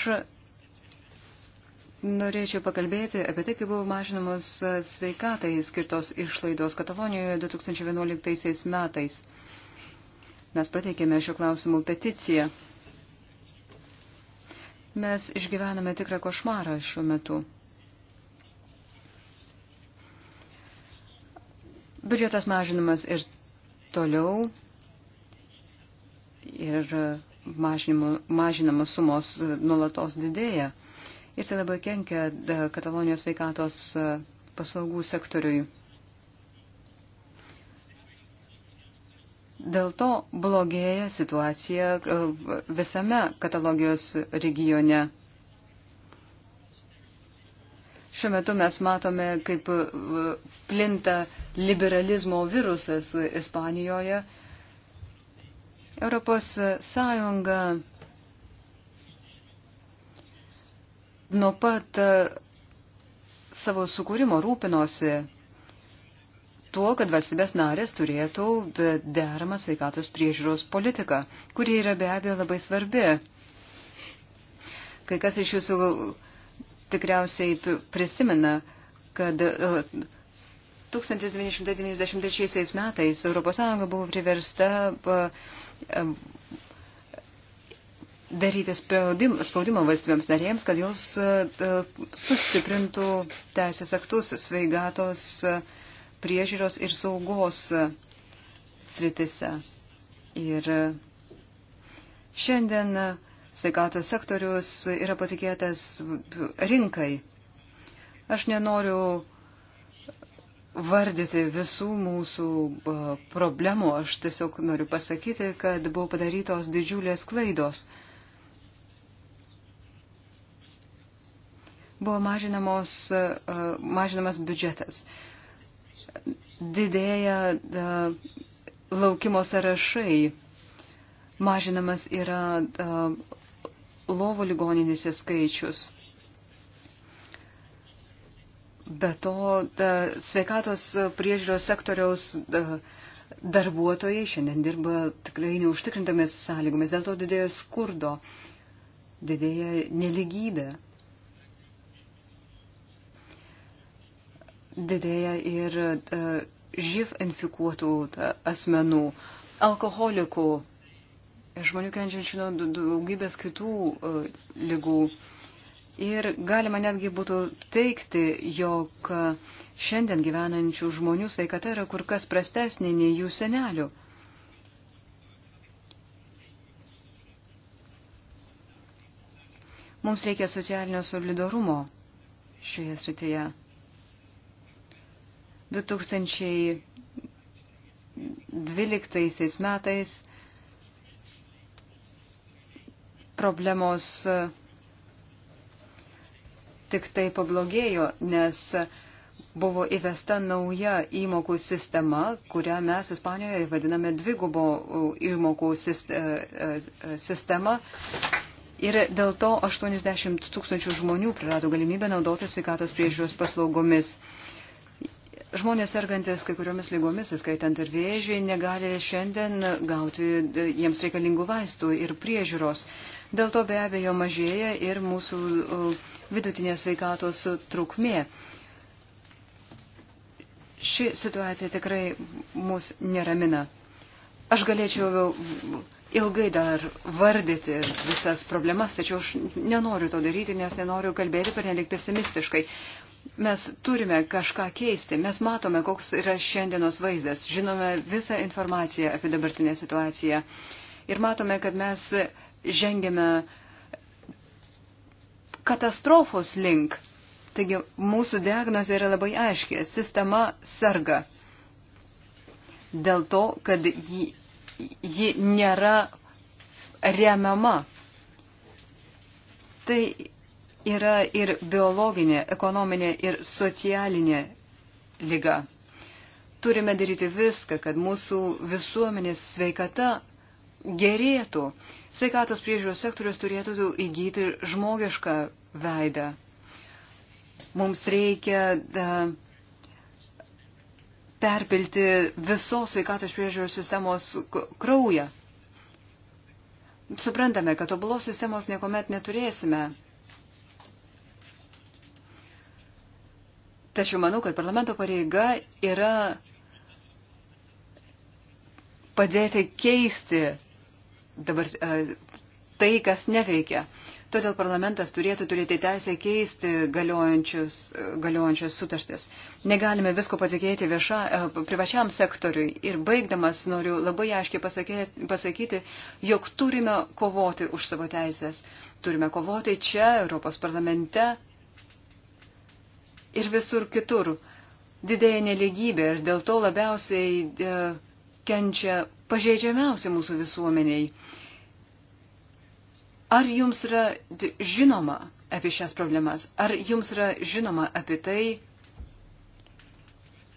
Norėčiau pakalbėti apie tai, kaip buvo mažinamos sveikatai skirtos išlaidos Katalonijoje 2011 metais. Mes pateikėme šiuo klausimu peticiją. Mes išgyvename tikrą košmarą šiuo metu. Biudžetas mažinamas ir toliau. Ir mažinamos sumos nulatos didėja ir tai labai kenkia Katalonijos sveikatos e, paslaugų sektoriui. Dėl to blogėja situacija e, visame Katalogijos regione. Šiuo metu mes matome, kaip e, plinta liberalizmo virusas Ispanijoje. Europos Sąjunga nuo pat e, savo sukūrimo rūpinosi tuo, kad valstybės narės turėtų deramą sveikatos priežiūros politiką, kuri yra be abejo labai svarbi. Kai kas iš jūsų tikriausiai prisimena, kad 1993 e, metais ES buvo priversta daryti spaudimą valstybėms narėms, kad jos e, sustiprintų teisės aktus sveigatos e, priežiūros ir saugos e, sritise. Ir šiandien sveikatos sektorius yra patikėtas rinkai. Aš nenoriu vardyti visų mūsų problemų, aš tiesiog noriu pasakyti, kad buvo padarytos didžiulės klaidos. buvo e, mažinamas biudžetas, didėja e, laukimo sąrašai, mažinamas yra e, lovų ligoninėse skaičius. Be to, da, sveikatos priežiūros sektoriaus da, darbuotojai šiandien dirba tikrai neužtikrintomis sąlygomis, dėl to didėja skurdo, didėja neligybė. didėja ir e, živ infikuotų e, asmenų, alkoholikų, žmonių kenčiančių nuo daugybės kitų e, lygų. Ir galima netgi būtų teikti, jog šiandien gyvenančių žmonių sveikata yra kur kas prastesnė nei jų senelių. Mums reikia socialinio solidarumo šioje srityje. 2012 metais problemos tik tai pablogėjo, nes buvo įvesta nauja įmokų sistema, kurią mes Ispanijoje vadiname dvigubo įmokų e, e, sistema. Ir dėl to 80 tūkstančių žmonių prarado galimybę naudotis sveikatos priežiūros paslaugomis. Žmonės sergantis kai kuriomis lygomis, skaitant ir vėžį, negali šiandien gauti e, jiems reikalingų vaistų ir priežiūros. Dėl to be abejo mažėja ir mūsų e, vidutinės veikatos trukmė. Ši situacija tikrai mus neramina. Aš galėčiau ilgai dar vardyti visas problemas, tačiau aš nenoriu to daryti, nes nenoriu kalbėti per nelik pesimistiškai. Mes turime kažką keisti, mes matome, koks yra šiandienos vaizdas, žinome visą informaciją apie dabartinę situaciją ir matome, kad mes žengėme katastrofos link. Taigi mūsų diagnozė yra labai aiški. Sistema serga dėl to, kad jį ji nėra remiama. Tai yra ir biologinė, ekonominė ir socialinė lyga. Turime daryti viską, kad mūsų visuomenės sveikata gerėtų. Sveikatos priežiūros sektorius turėtų įgyti žmogišką veidą. Mums reikia da, perpilti visos sveikatos priežiūros sistemos kraują. Suprantame, kad tobulos sistemos niekuomet neturėsime. Tačiau manau, kad parlamento pareiga yra padėti keisti dabar tai, kas neveikia. Todėl parlamentas turėtų turėti teisę keisti galiojančius, galiojančius sutartis. Negalime visko patikėti vieša, e, privačiam sektoriui. Ir baigdamas noriu labai aiškiai pasakyti, pasakyti, jog turime kovoti už savo teisės. Turime kovoti čia, Europos parlamente ir visur kitur. Didėja neligybė ir dėl to labiausiai e, kenčia pažeidžiamiausi mūsų visuomeniai. Ar jums yra žinoma apie šias problemas? Ar jums yra žinoma apie tai,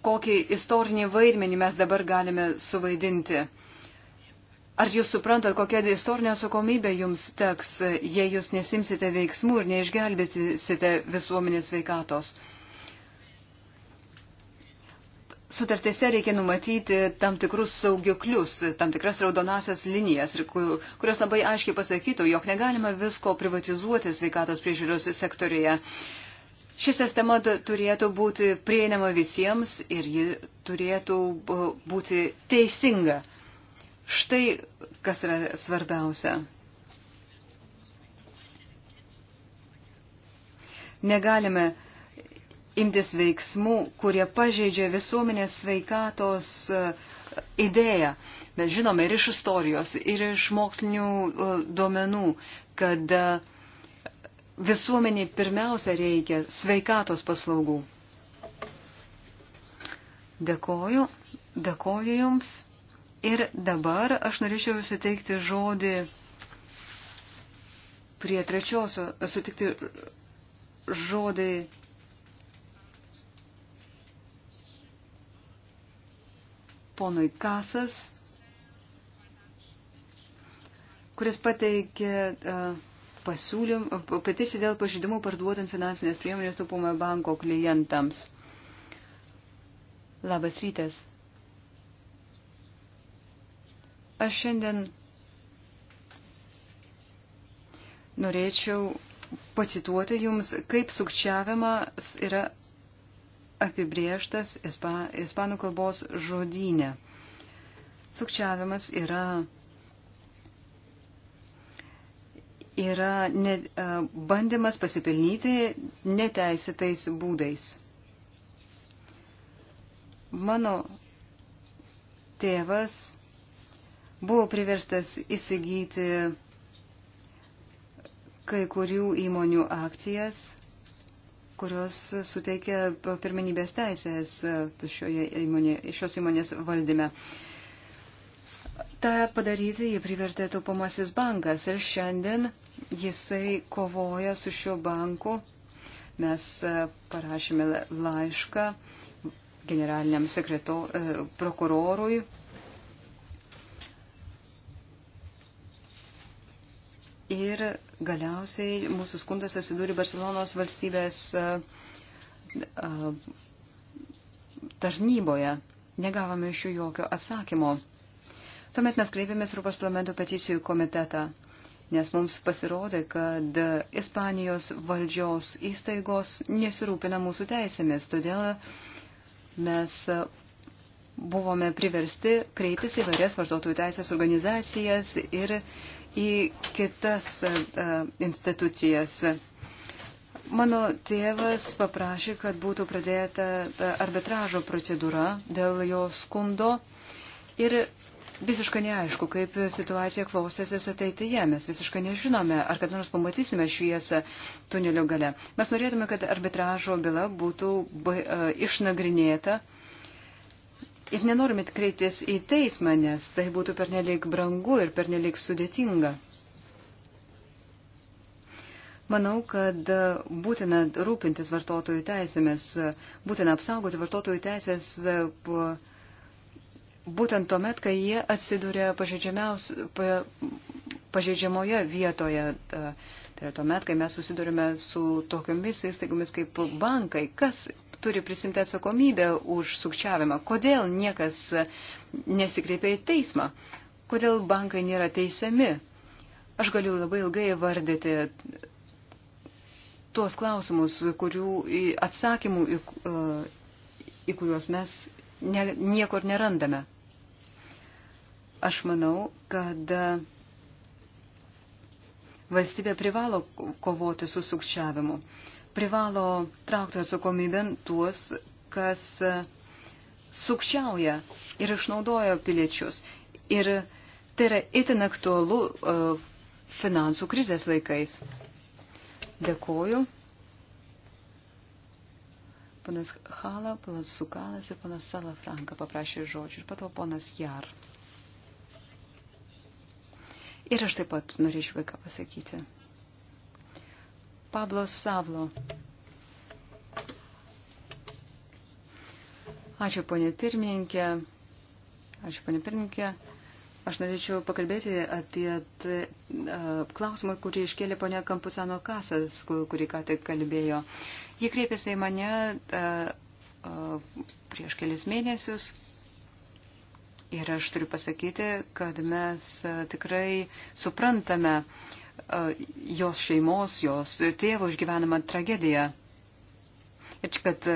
kokį istorinį vaidmenį mes dabar galime suvaidinti? Ar jūs suprantat, kokia istorinė atsakomybė jums teks, jei jūs nesimsite veiksmų ir neišgelbėsite visuomenės veikatos? sutartėse reikia numatyti tam tikrus saugiklius, tam tikras raudonasias linijas, kurios labai aiškiai pasakytų, jog negalima visko privatizuoti sveikatos priežiūros sektorėje. Ši sistema turėtų būti prieinama visiems ir ji turėtų būti teisinga. Štai kas yra svarbiausia. Negalime uh, imtis veiksmų, kurie pažeidžia visuomenės sveikatos e, idėją. Mes žinome ir iš istorijos, ir iš mokslinių e, duomenų, kad e, visuomeniai pirmiausia reikia sveikatos paslaugų. Dėkoju, dėkoju Jums. Ir dabar aš norėčiau suteikti žodį prie trečiosio, sutikti žodį ponui Kasas, kuris pateikė e, pasiūlymą, e, peticiją dėl pažydimų parduodant finansinės priemonės taupumo banko klientams. Labas rytas. Aš šiandien norėčiau pacituoti jums, kaip sukčiavimas yra apibrieštas ispanų kalbos žodynė. Sukčiavimas yra, yra ne, bandymas pasipelnyti neteisėtais būdais. Mano tėvas buvo priverstas įsigyti kai kurių įmonių akcijas kurios suteikia pirmenybės teisės įmonė, šios įmonės valdyme. Ta padaryti jį privertė taupomasis bankas ir šiandien jisai kovoja su šiuo banku. Mes e, parašėme laišką generaliniam sekreto, e, prokurorui Ir galiausiai mūsų skundas atsidūrė Barcelonos valstybės tarnyboje. Negavome iš jų jokio atsakymo. Tuomet mes kreipėmės Europos parlamento peticijų komitetą, nes mums pasirodė, kad Ispanijos valdžios įstaigos nesirūpina mūsų teisėmis. Todėl mes buvome priversti kreiptis į vairias vartotojų teisės organizacijas ir uh, į kitas e, e, institucijas. Mano tėvas paprašė, kad būtų pradėta e, arbitražo procedūra dėl jo skundo ir visiškai neaišku, kaip situacija klausėsi ateityje. Mes visiškai nežinome, ar kad nors pamatysime šviesą tunelio gale. Mes norėtume, kad arbitražo byla būtų išnagrinėta Ir nenorime kreiptis į teismą, nes tai būtų pernelyg brangu ir pernelyg sudėtinga. Manau, kad būtina rūpintis vartotojų teisėmis, būtina apsaugoti vartotojų teisės būtent tuomet, kai jie atsiduria pažeidžiamoje vietoje. Tai yra tuomet, kai mes susidurime su tokiomis įstaigomis kaip bankai. Kas turi prisimti atsakomybę už sukčiavimą. Kodėl niekas nesikreipia į teismą? Kodėl bankai nėra teisiami? Aš galiu labai ilgai vardyti tuos klausimus, kurių atsakymų, į, e, į kuriuos mes ne, niekur nerandame. Aš manau, kad valstybė privalo kovoti su sukčiavimu privalo traukti atsakomybę tuos, kas e, sukčiauja ir išnaudoja piliečius. Ir tai yra itin aktualu e, finansų krizės laikais. Dėkoju. Panas Hala, panas Sukanas ir panas Salafranka paprašė žodžių ir pato panas Jar. Ir aš taip pat norėčiau kai ką pasakyti. Pablo Savlo. Ačiū, ponė pirmininkė. Ačiū, ponė pirmininkė. Aš norėčiau pakalbėti apie t, a, klausimą, kurį iškėlė ponė Kampusano Kasas, kurį ką tik kalbėjo. Ji kreipėsi į mane a, a, prieš kelias mėnesius ir aš turiu pasakyti, kad mes a, tikrai suprantame, a, E, jos šeimos, jos tėvo išgyvenamą tragediją. Ir kad e,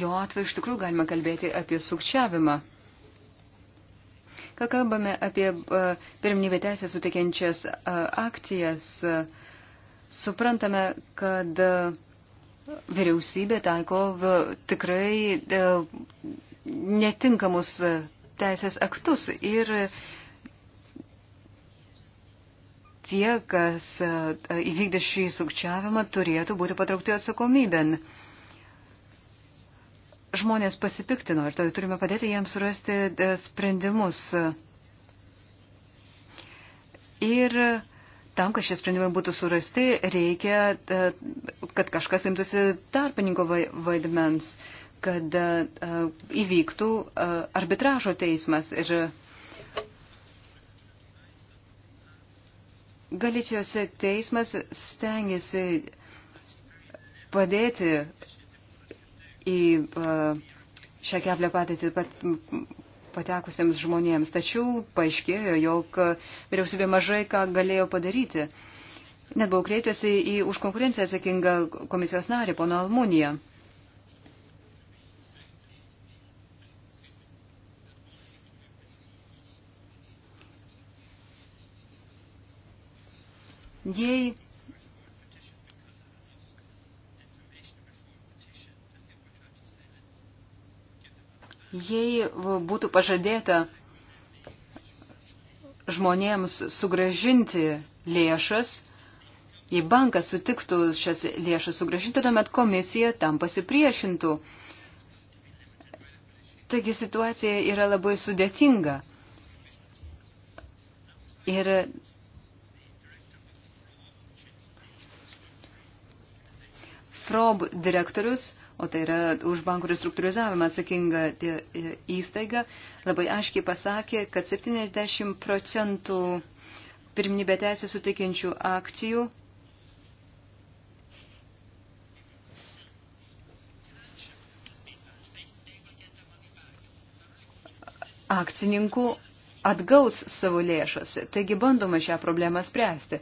jo atveju iš tikrųjų galima kalbėti apie sukčiavimą. Kai kalbame apie e, pirminybę teisę suteikiančias akcijas, suprantame, kad vyriausybė taiko tikrai netinkamus teisės aktus ir tie, kas e, įvykdė šį sukčiavimą, turėtų būti patraukti atsakomybėn. Žmonės pasipiktino ir tai turime padėti jiems surasti e, sprendimus. Ir tam, kad šie sprendimai būtų surasti, reikia, e, kad kažkas imtųsi tarpininko vaidmens, kad įvyktų arbitražo teismas. Ir Galicijos teismas stengiasi padėti į šią keblę patirtį patekusiems žmonėms. Tačiau paaiškėjo, jog vyriausybė mažai ką galėjo padaryti. Net buvau kreiptasi į už konkurenciją atsakingą komisijos narį, pono Almuniją. Jei Jei būtų pažadėta žmonėms sugražinti lėšas, jei bankas sutiktų šias lėšas sugražinti, tuomet komisija tam pasipriešintų. Taigi situacija yra labai sudėtinga. Ir FROB direktorius, o tai yra už bankų restruktūrizavimą atsakinga e, įstaiga, labai aiškiai pasakė, kad 70 procentų pirminybę teisę suteikiančių akcijų akcininkų atgaus savo lėšas. Taigi bandoma šią problemą spręsti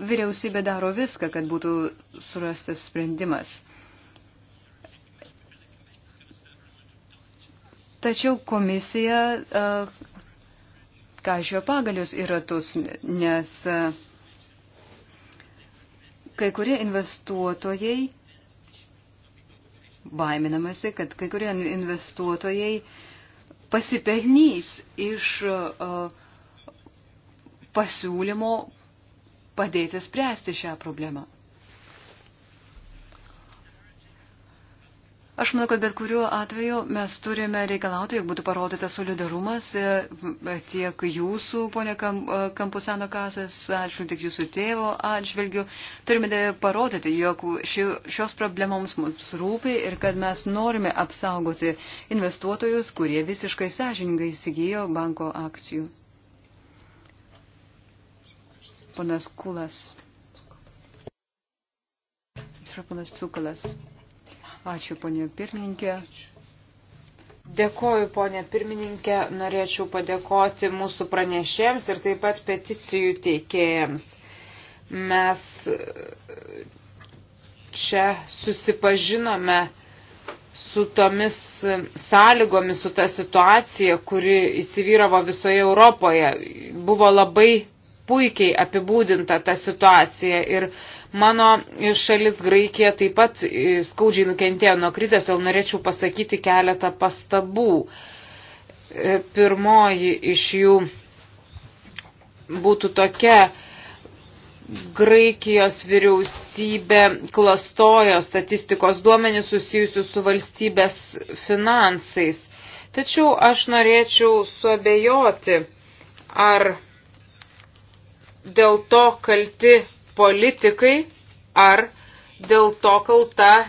vyriausybė daro viską, kad būtų surastas sprendimas. Tačiau komisija kažio pagalius į ratus, nes kai kurie investuotojai baiminamasi, kad kai kurie investuotojai pasipelnys iš pasiūlymo padėti spręsti šią problemą. Aš manau, kad bet kuriuo atveju mes turime reikalauti, jog būtų parodytas solidarumas e, tiek jūsų, ponė e, Kampusano kasas, atžvilgiu, tiek jūsų tėvo atžvilgiu. Turime parodyti, jog ši, šios problemoms mums rūpi ir kad mes norime apsaugoti investuotojus, kurie visiškai sąžiningai įsigijo banko akcijų ponas Kulas. Atsiprašau, ponas Cukalas. Ačiū, ponė pirmininkė. Dėkoju, ponė pirmininkė. Norėčiau padėkoti mūsų pranešėjams ir taip pat peticijų teikėjams. Mes e, čia susipažinome su tomis sąlygomis, su ta situacija, kuri įsivyravo visoje Europoje. Buvo labai puikiai apibūdinta ta situacija ir mano šalis Graikija taip pat e, skaudžiai nukentėjo nuo krizės, todėl norėčiau pasakyti keletą pastabų. E, pirmoji iš jų būtų tokia, Graikijos vyriausybė klastojo statistikos duomenys susijusius su valstybės finansais. Tačiau aš norėčiau suabejoti, ar dėl to kalti politikai ar dėl to kalta e,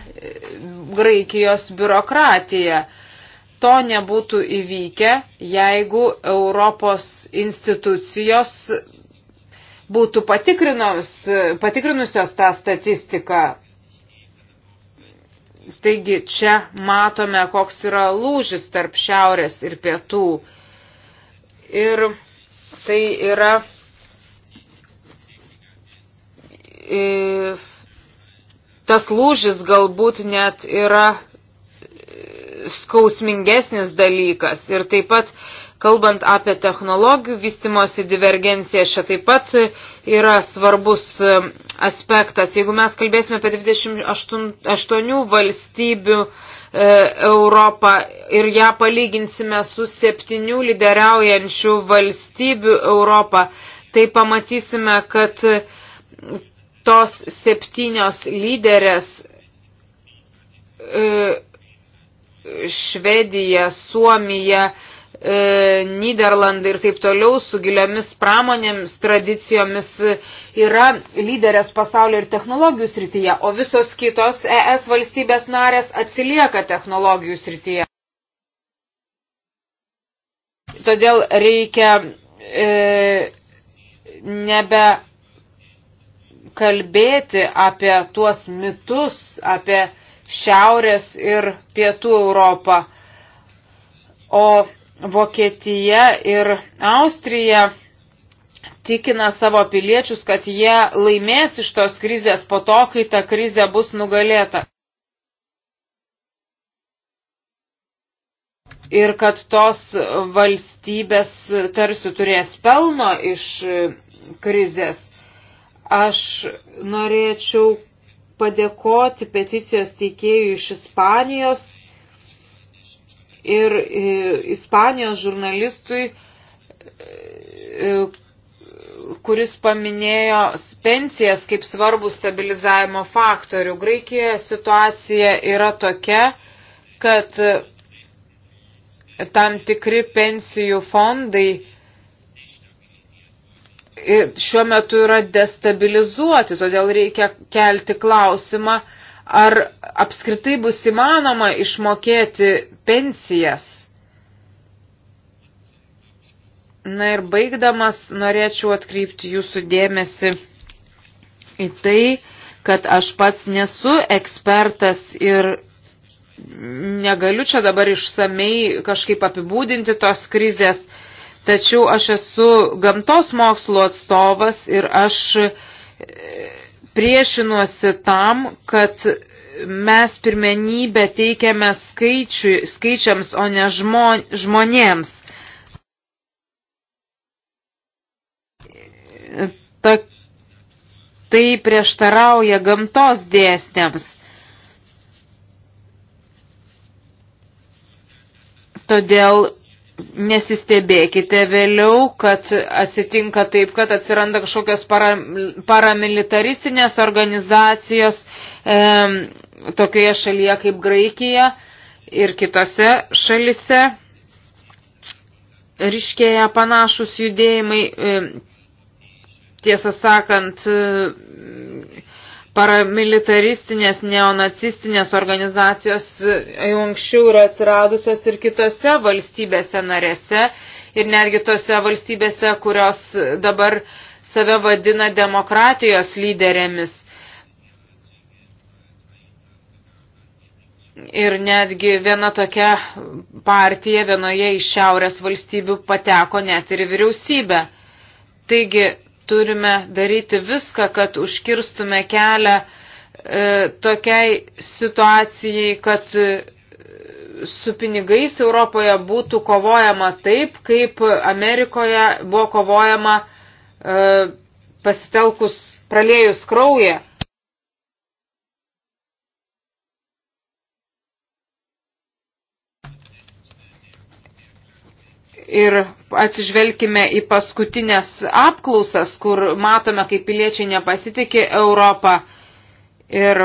Graikijos biurokratija. To nebūtų įvykę, jeigu Europos institucijos būtų patikrinusios tą statistiką. Taigi čia matome, koks yra lūžis tarp šiaurės ir pietų. Ir tai yra tas lūžis galbūt net yra skausmingesnis dalykas. Ir taip pat, kalbant apie technologijų vystimosi divergenciją, šia taip pat yra svarbus um, aspektas. Jeigu mes kalbėsime apie 28 valstybių e, Europą ir ją palyginsime su septynių lyderiaujančių valstybių Europą, tai pamatysime, kad tos septynios lyderės e, Švedija, Suomija, e, Niderlandai ir taip toliau su giliomis pramonėmis, tradicijomis yra lyderės pasaulio ir technologijų srityje, o visos kitos ES valstybės narės atsilieka technologijų srityje. Todėl reikia e, nebe kalbėti apie tuos mitus, apie Šiaurės ir Pietų Europą. O Vokietija ir Austrija tikina savo piliečius, kad jie laimės iš tos krizės po to, kai ta krizė bus nugalėta. Ir kad tos valstybės tarsi turės pelno iš krizės. Aš norėčiau padėkoti peticijos teikėjų iš Ispanijos ir e, Ispanijos žurnalistui, e, kuris paminėjo pensijas kaip svarbų stabilizavimo faktorių. Graikijoje situacija yra tokia, kad tam tikri pensijų fondai šiuo metu yra destabilizuoti, todėl reikia kelti klausimą, ar apskritai bus įmanoma išmokėti pensijas. Na ir baigdamas norėčiau atkreipti jūsų dėmesį į tai, kad aš pats nesu ekspertas ir negaliu čia dabar išsamei kažkaip apibūdinti tos krizės, tačiau aš esu gamtos mokslo atstovas ir aš e, priešinuosi tam, kad mes pirmenybę teikiame skaičių, skaičiams, o ne žmo, žmonėms. Ta, tai prieštarauja gamtos dėsniams. Todėl nesistebėkite vėliau, kad atsitinka taip, kad atsiranda kažkokios para, paramilitaristinės organizacijos e, tokioje šalyje kaip Graikija ir kitose šalise ryškėja panašus judėjimai. E, tiesą sakant, paramilitaristinės, neonacistinės organizacijos e, jau anksčiau yra atsiradusios ir kitose valstybėse narėse ir netgi tose valstybėse, kurios dabar save vadina demokratijos lyderėmis. Ir netgi viena tokia partija vienoje iš šiaurės valstybių pateko net ir vyriausybę. Taigi turime daryti viską, kad užkirstume kelią e, tokiai situacijai, kad e, su pinigais Europoje būtų kovojama taip, kaip Amerikoje buvo kovojama e, pasitelkus praliejus kraują. Ir atsižvelkime į paskutinės apklausas, kur matome, kaip piliečiai nepasitikė Europą. Ir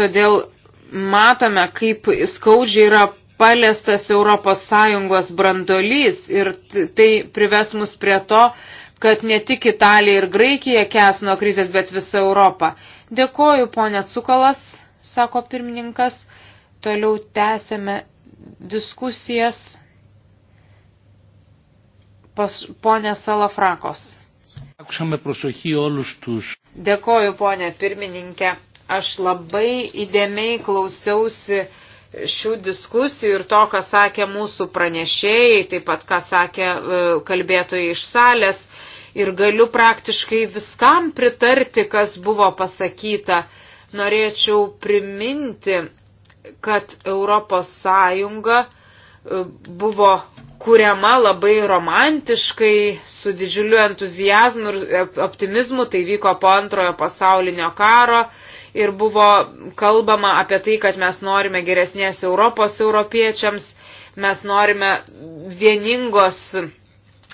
todėl matome, kaip skaudžiai yra paliestas ES brandolys ir tai prives mus prie to, kad ne tik Italija ir Graikija kes nuo krizės, bet visa Europa. Dėkoju, ponė Cukalas, sako pirmininkas. Toliau tęsėme diskusijas pas ponė Salafrakos. Dėkoju, ponė pirmininkė. Aš labai įdėmiai klausiausi šių diskusijų ir to, ką sakė mūsų pranešėjai, taip pat, ką sakė e, kalbėtojai iš salės. Ir galiu praktiškai viskam pritarti, kas buvo pasakyta norėčiau priminti, kad Europos Sąjunga e, buvo kuriama labai romantiškai, su didžiuliu entuzijazmu ir optimizmu, tai vyko po antrojo pasaulinio karo ir buvo kalbama apie tai, kad mes norime geresnės Europos europiečiams, mes norime vieningos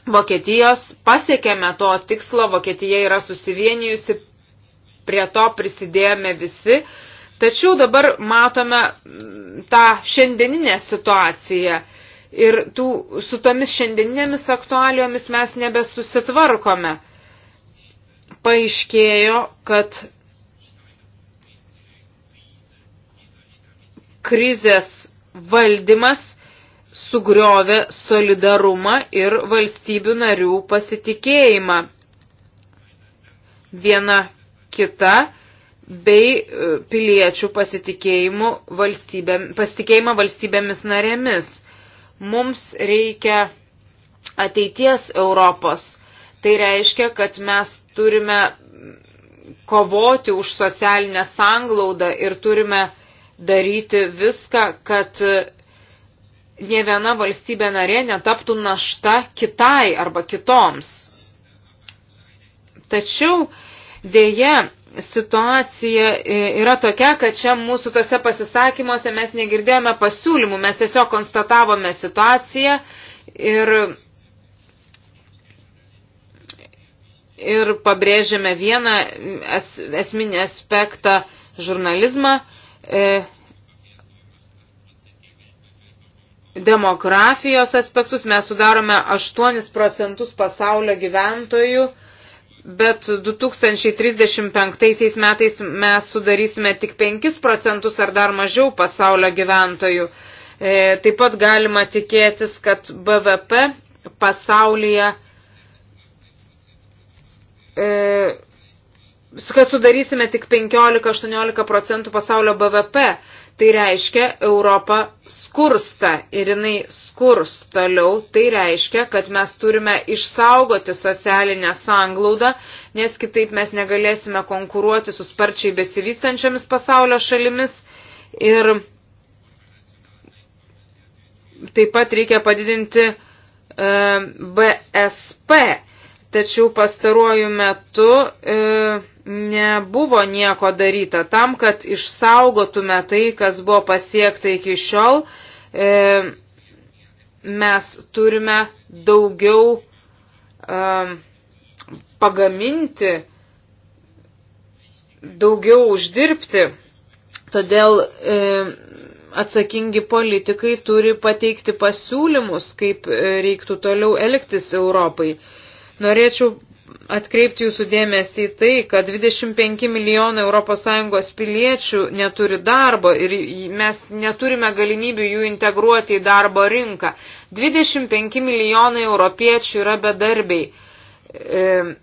Vokietijos, pasiekėme to tikslo, Vokietija yra susivienijusi, prie to prisidėjome visi. Uh, Tačiau dabar matome mm, tą šiandieninę situaciją ir tų, su tomis šiandieninėmis aktualijomis mes nebesusitvarkome. Paaiškėjo, kad krizės valdymas sugriovė solidarumą ir valstybių narių pasitikėjimą. Viena kita bei e, piliečių valstybėm, pasitikėjimą valstybėmis narėmis. Mums reikia ateities Europos. Tai reiškia, kad mes turime kovoti už socialinę sanglaudą ir turime daryti viską, kad ne viena valstybė narė netaptų našta kitai arba kitoms. Tačiau dėje situacija yra tokia, kad čia mūsų tose pasisakymuose mes negirdėjome pasiūlymų, mes tiesiog konstatavome situaciją ir, ir pabrėžėme vieną es, esminį aspektą žurnalizmą. E, demografijos aspektus mes sudarome 8 procentus pasaulio gyventojų. E, bet 2035 metais mes sudarysime tik 5 procentus ar dar mažiau pasaulio gyventojų. E, taip pat galima tikėtis, kad BVP pasaulyje e, kad sudarysime tik 15-18 procentų pasaulio BVP. Tai reiškia, Europa skursta ir jinai skurs toliau. Tai reiškia, kad mes turime išsaugoti socialinę sanglaudą, nes kitaip mes negalėsime konkuruoti su sparčiai besivystančiomis pasaulio šalimis. Ir taip pat reikia padidinti e, BSP tačiau pastaruoju metu e, nebuvo nieko daryta. Tam, kad išsaugotume tai, kas buvo pasiekta iki šiol, e, mes turime daugiau e, pagaminti, daugiau uždirbti. Todėl e, atsakingi politikai turi pateikti pasiūlymus, kaip e, reiktų toliau elgtis Europai. E, Norėčiau atkreipti jūsų dėmesį į tai, kad 25 milijonų ES piliečių neturi darbo ir mes neturime galimybių jų integruoti į darbo rinką. 25 milijonai europiečių yra bedarbiai. E,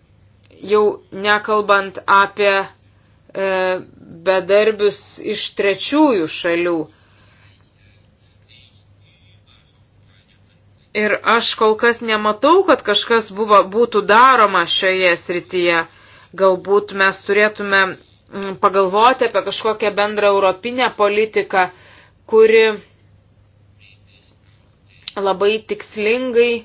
jau nekalbant apie e, bedarbius iš trečiųjų šalių. Ir aš kol kas nematau, kad kažkas buvo, būtų daroma šioje srityje. Galbūt mes turėtume mm, pagalvoti apie kažkokią bendrą europinę politiką, kuri labai tikslingai e,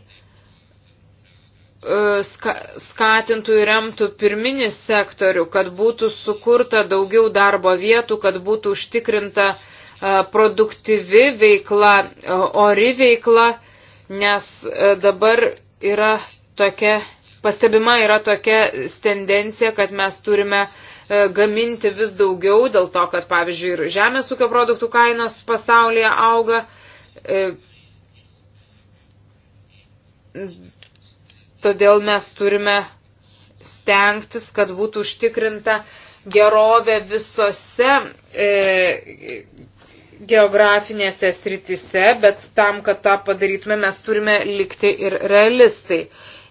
ska, skatintų ir remtų pirminį sektorių, kad būtų sukurta daugiau darbo vietų, kad būtų užtikrinta e, produktyvi veikla, e, ori veikla nes e, dabar yra tokia, pastebima yra tokia tendencija, kad mes turime e, gaminti vis daugiau, dėl to, kad, pavyzdžiui, ir žemės ūkio produktų kainos pasaulyje auga. E, todėl mes turime stengtis, kad būtų užtikrinta gerovė visose e, geografinėse sritise, bet tam, kad tą padarytume, mes turime likti ir realistai.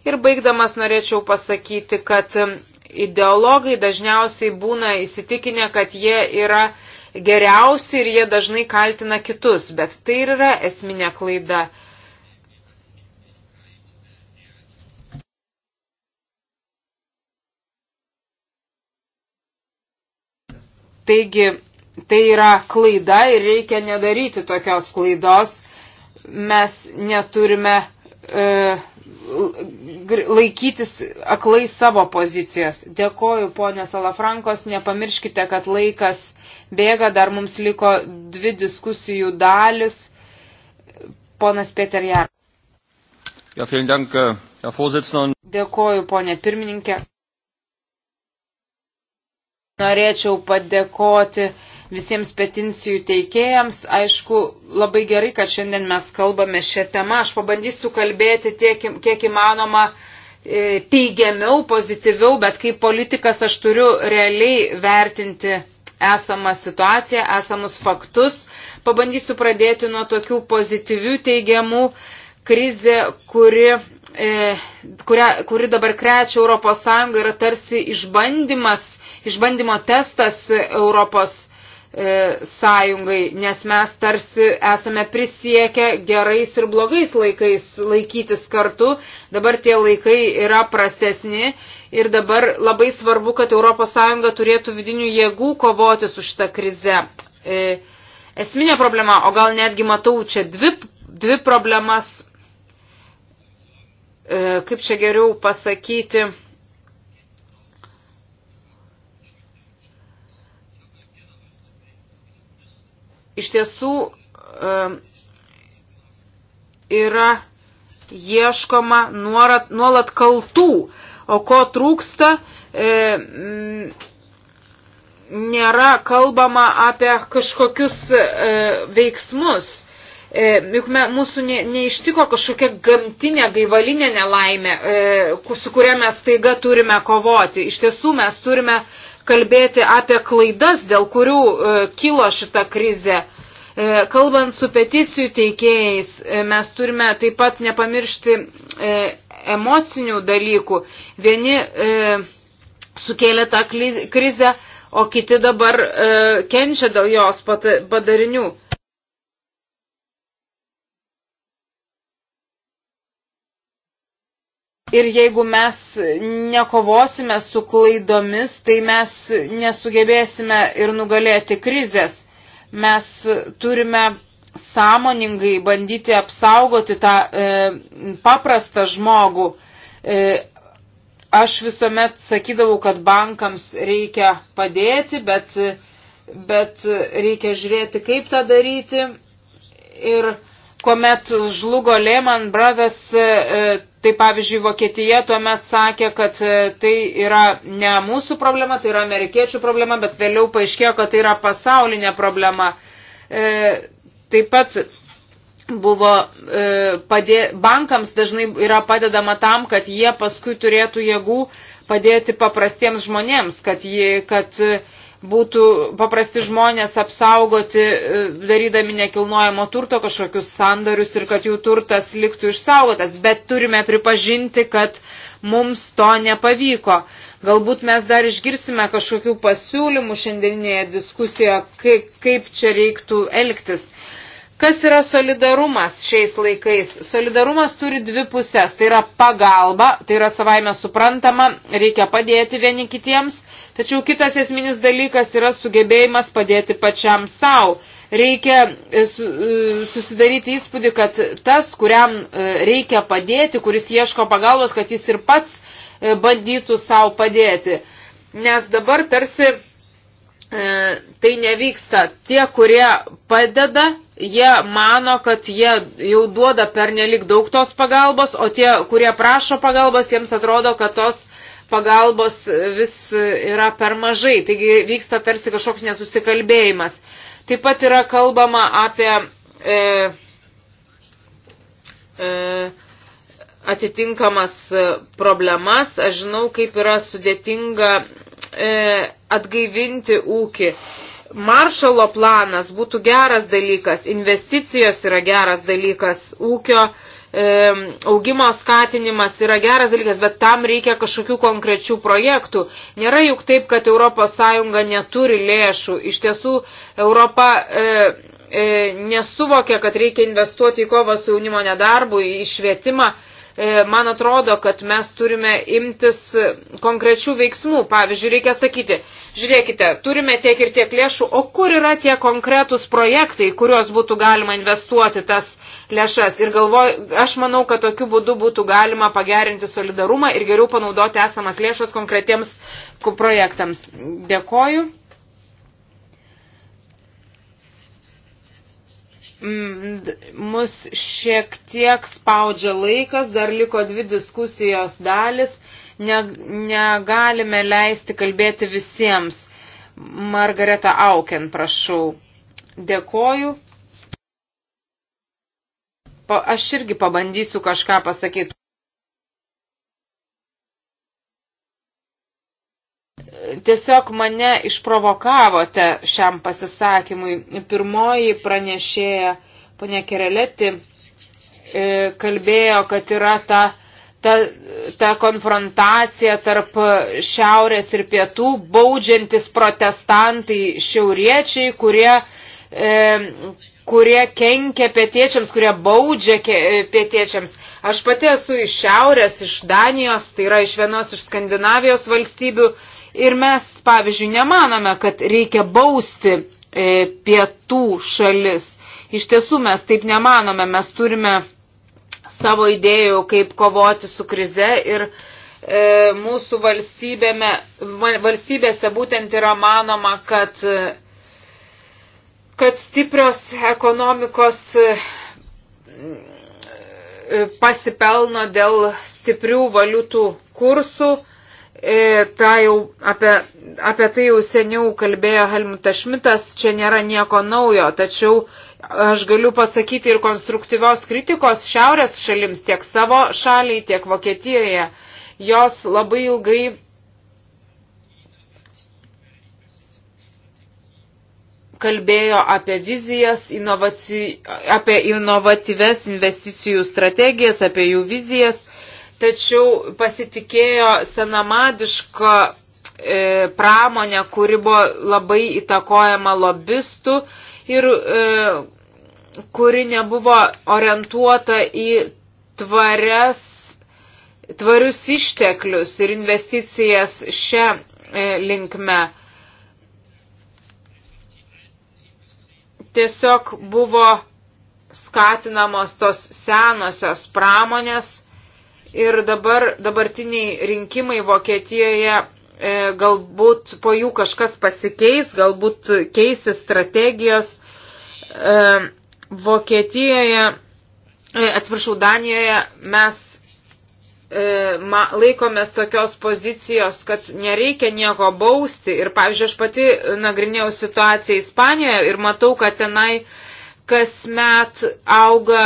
Ir baigdamas norėčiau pasakyti, kad um, ideologai dažniausiai būna įsitikinę, kad jie yra geriausi ir jie dažnai kaltina kitus, bet tai ir yra esminė klaida. Taigi, Tai yra klaida ir reikia nedaryti tokios klaidos. Mes neturime e, laikytis aklai savo pozicijos. Dėkoju, ponė Salafrankos, nepamirškite, kad laikas bėga, dar mums liko dvi diskusijų dalis. Ponas Peter Jar. Ja, dank, ja, äh, Dėkoju, ponė pirmininkė. Norėčiau padėkoti visiems peticijų teikėjams. Aišku, labai gerai, kad šiandien mes kalbame šią temą. Aš pabandysiu kalbėti tiek, kiek įmanoma e, teigiamiau, pozityviau, bet kaip politikas aš turiu realiai vertinti esamą situaciją, esamus faktus. Pabandysiu pradėti nuo tokių pozityvių teigiamų krizė, kuri, e, kuria, kuri dabar krečia Europos Sąjungą, yra tarsi išbandymas, išbandymo testas Europos E, sąjungai, nes mes tarsi esame prisiekę gerais ir blogais laikais laikytis kartu, dabar tie laikai yra prastesni ir dabar labai svarbu, kad ES turėtų vidinių jėgų kovoti su šitą krize. E, esminė problema, o gal netgi matau čia dvi, dvi problemas, e, kaip čia geriau pasakyti, iš tiesų yra ieškoma nuolat, nuolat kaltų, o ko trūksta, e, nėra kalbama apie kažkokius e, veiksmus. E, juk me, mūsų ne, neištiko kažkokia gamtinė gaivalinė nelaimė, e, su kuria mes taiga turime kovoti. Iš tiesų mes turime e, kalbėti apie klaidas, dėl kurių e, kilo šita krize. Kalbant su peticijų teikėjais, e, mes turime taip pat nepamiršti e, emocinių dalykų. Vieni sukėlė tą krizę, o kiti dabar kenčia dėl jos padarinių. Ir jeigu mes nekovosime su klaidomis, tai mes nesugebėsime ir nugalėti krizės. Mes turime sąmoningai bandyti apsaugoti tą e, paprastą žmogų. E, aš visuomet sakydavau, kad bankams reikia padėti, bet, bet reikia žiūrėti, kaip tą daryti. Ir kuomet žlugo Lehman Brothers, e, e, tai pavyzdžiui Vokietija tuomet sakė, kad e, tai yra ne mūsų problema, tai yra amerikiečių problema, bet vėliau paaiškėjo, kad tai yra pasaulinė problema. Taip pat buvo padė, bankams dažnai yra padedama tam, kad jie paskui turėtų jėgų padėti paprastiems žmonėms, kad, jie, kad uh, būtų paprasti žmonės apsaugoti, e, darydami nekilnojamo turto kažkokius sandorius ir kad jų turtas liktų išsaugotas, bet turime pripažinti, kad mums to nepavyko. Galbūt mes dar išgirsime kažkokių pasiūlymų šiandieninėje diskusijoje, kaip, kaip čia reiktų elgtis. Kas yra solidarumas šiais laikais? Solidarumas turi dvi pusės. Tai yra pagalba, tai yra savaime suprantama, reikia padėti vieni kitiems Tačiau kitas esminis dalykas yra sugebėjimas padėti pačiam savo. Reikia e, e, susidaryti įspūdį, kad tas, kuriam e, reikia padėti, kuris ieško pagalbos, kad jis ir pats bandytų savo padėti. Nes dabar tarsi e, tai nevyksta. Tie, kurie padeda, jie mano, kad jie jau duoda per nelik daug tos pagalbos, o tie, kurie prašo pagalbos, jiems atrodo, kad tos pagalbos vis yra per mažai, taigi vyksta tarsi kažkoks nesusikalbėjimas. Taip pat yra kalbama apie e, e, atitinkamas problemas. Aš žinau, kaip yra sudėtinga e, atgaivinti ūkį. Maršalo planas būtų geras dalykas, investicijos yra geras dalykas ūkio. E, augimo skatinimas yra geras dalykas, bet tam reikia kažkokių konkrečių projektų. Nėra juk taip, kad ES neturi lėšų. Iš tiesų, Europa e, e, nesuvokia, kad reikia investuoti į kovą su jaunimo nedarbu, į švietimą. E, man atrodo, kad mes turime imtis konkrečių veiksmų. Pavyzdžiui, reikia sakyti, žiūrėkite, turime tiek ir tiek lėšų, o kur yra tie konkretūs projektai, kuriuos būtų galima investuoti tas lėšas. Ir galvoju, aš manau, kad tokiu būdu būtų galima pagerinti solidarumą ir geriau panaudoti esamas lėšas konkretiems projektams. Dėkoju. Mm, mus šiek tiek spaudžia laikas, dar liko dvi diskusijos dalis, ne, negalime leisti kalbėti visiems. Margareta Auken, prašau. Dėkoju. Pa, aš irgi pabandysiu kažką pasakyti. tiesiog mane išprovokavote šiam pasisakymui. Pirmoji pranešėja, ponė Kereleti, e, kalbėjo, kad yra ta, ta, ta konfrontacija tarp šiaurės ir pietų, baudžiantis protestantai šiauriečiai, kurie, e, kurie kenkia pietiečiams, kurie baudžia e, pietiečiams. Aš pati esu iš šiaurės, iš Danijos, tai yra iš vienos iš Skandinavijos valstybių. Ir mes, pavyzdžiui, nemanome, kad reikia bausti e, pietų šalis. Iš tiesų mes taip nemanome, mes turime savo idėjų, kaip kovoti su krize ir e, mūsų valstybėse būtent yra manoma, kad, kad stiprios ekonomikos e, pasipelno dėl stiprių valiutų kursų E, Ta jau apie, apie tai jau seniau kalbėjo Helmutas Šmitas, čia nėra nieko naujo, tačiau aš galiu pasakyti ir konstruktyvios kritikos šiaurės šalims, tiek savo šaliai, tiek Vokietijoje. Jos labai ilgai kalbėjo apie vizijas, inovaci... apie inovatyves investicijų strategijas, apie jų vizijas tačiau pasitikėjo senamadiško e, pramonė, kuri buvo labai įtakojama lobistų ir e, kuri nebuvo orientuota į tvarias, tvarius išteklius ir investicijas šią e, linkme. Tiesiog buvo skatinamos tos senosios pramonės, ir dabar, dabartiniai rinkimai Vokietijoje e, galbūt po jų kažkas pasikeis, galbūt keisi strategijos. E, Vokietijoje, e, atsiprašau, Danijoje mes laikomės tokios pozicijos, kad nereikia nieko bausti. Ir, pavyzdžiui, aš pati nagrinėjau situaciją Ispanijoje ir matau, kad tenai kasmet auga,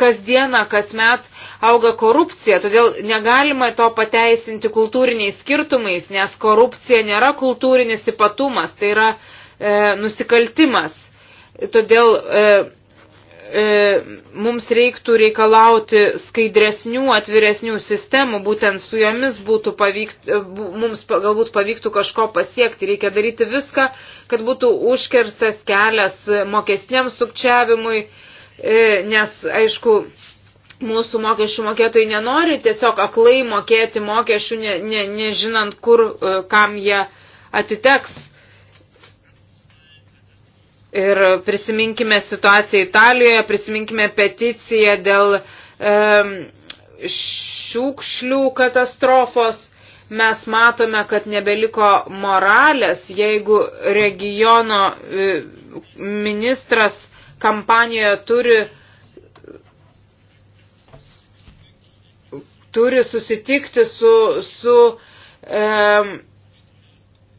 kasdieną kasmet auga korupcija, todėl negalima to pateisinti kultūriniais skirtumais, nes korupcija nėra kultūrinis ypatumas, tai yra e, nusikaltimas. Todėl e, E, mums reiktų reikalauti skaidresnių, atviresnių sistemų, būtent su jomis būtų pavykt, e, mums galbūt pavyktų kažko pasiekti. Reikia daryti viską, kad būtų užkirstas kelias mokesniam sukčiavimui, e, nes, aišku, mūsų mokesčių mokėtojai nenori tiesiog aklai mokėti mokesčių, ne, ne, nežinant, kur, kam jie atiteks. Ir prisiminkime situaciją Italijoje, prisiminkime peticiją dėl e, šiukšlių katastrofos. Mes matome, kad nebeliko moralės, jeigu regiono e, ministras kampanijoje turi, turi susitikti su, su e,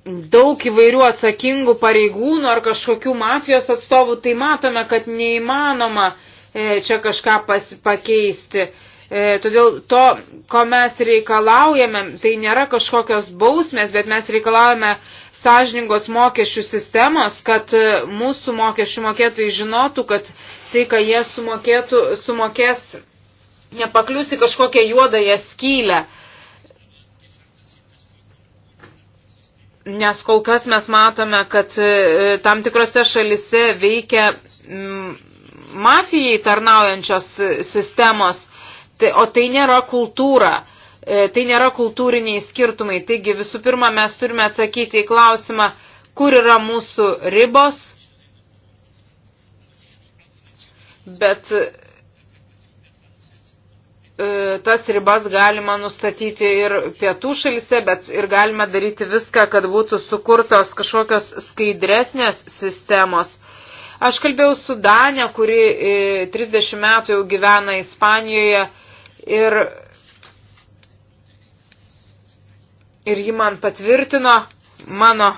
daug įvairių atsakingų pareigūnų ar kažkokių mafijos atstovų, tai matome, kad neįmanoma e, čia kažką pas, pakeisti. E, todėl to, ko mes reikalaujame, tai nėra kažkokios bausmės, bet mes reikalaujame sąžiningos mokesčių sistemos, kad e, mūsų mokesčių mokėtojai žinotų, kad tai, ką jie sumokėtų, sumokės, nepakliusi kažkokią juodąją skylę. E, Nes kol kas mes matome, kad e, tam tikrose šalise veikia mafijai tarnaujančios e, sistemos, tai, o tai nėra kultūra e, tai nėra kultūriniai skirtumai. Taigi visų pirma, mes turime atsakyti į klausimą, kur yra mūsų ribos. Bet E, tas ribas galima nustatyti ir pietų šalise, bet ir galime daryti viską, kad būtų sukurtos kažkokios skaidresnės sistemos. Aš kalbėjau su Danė, kuri 30 e, metų jau gyvena Ispanijoje ir, ir ji man patvirtino mano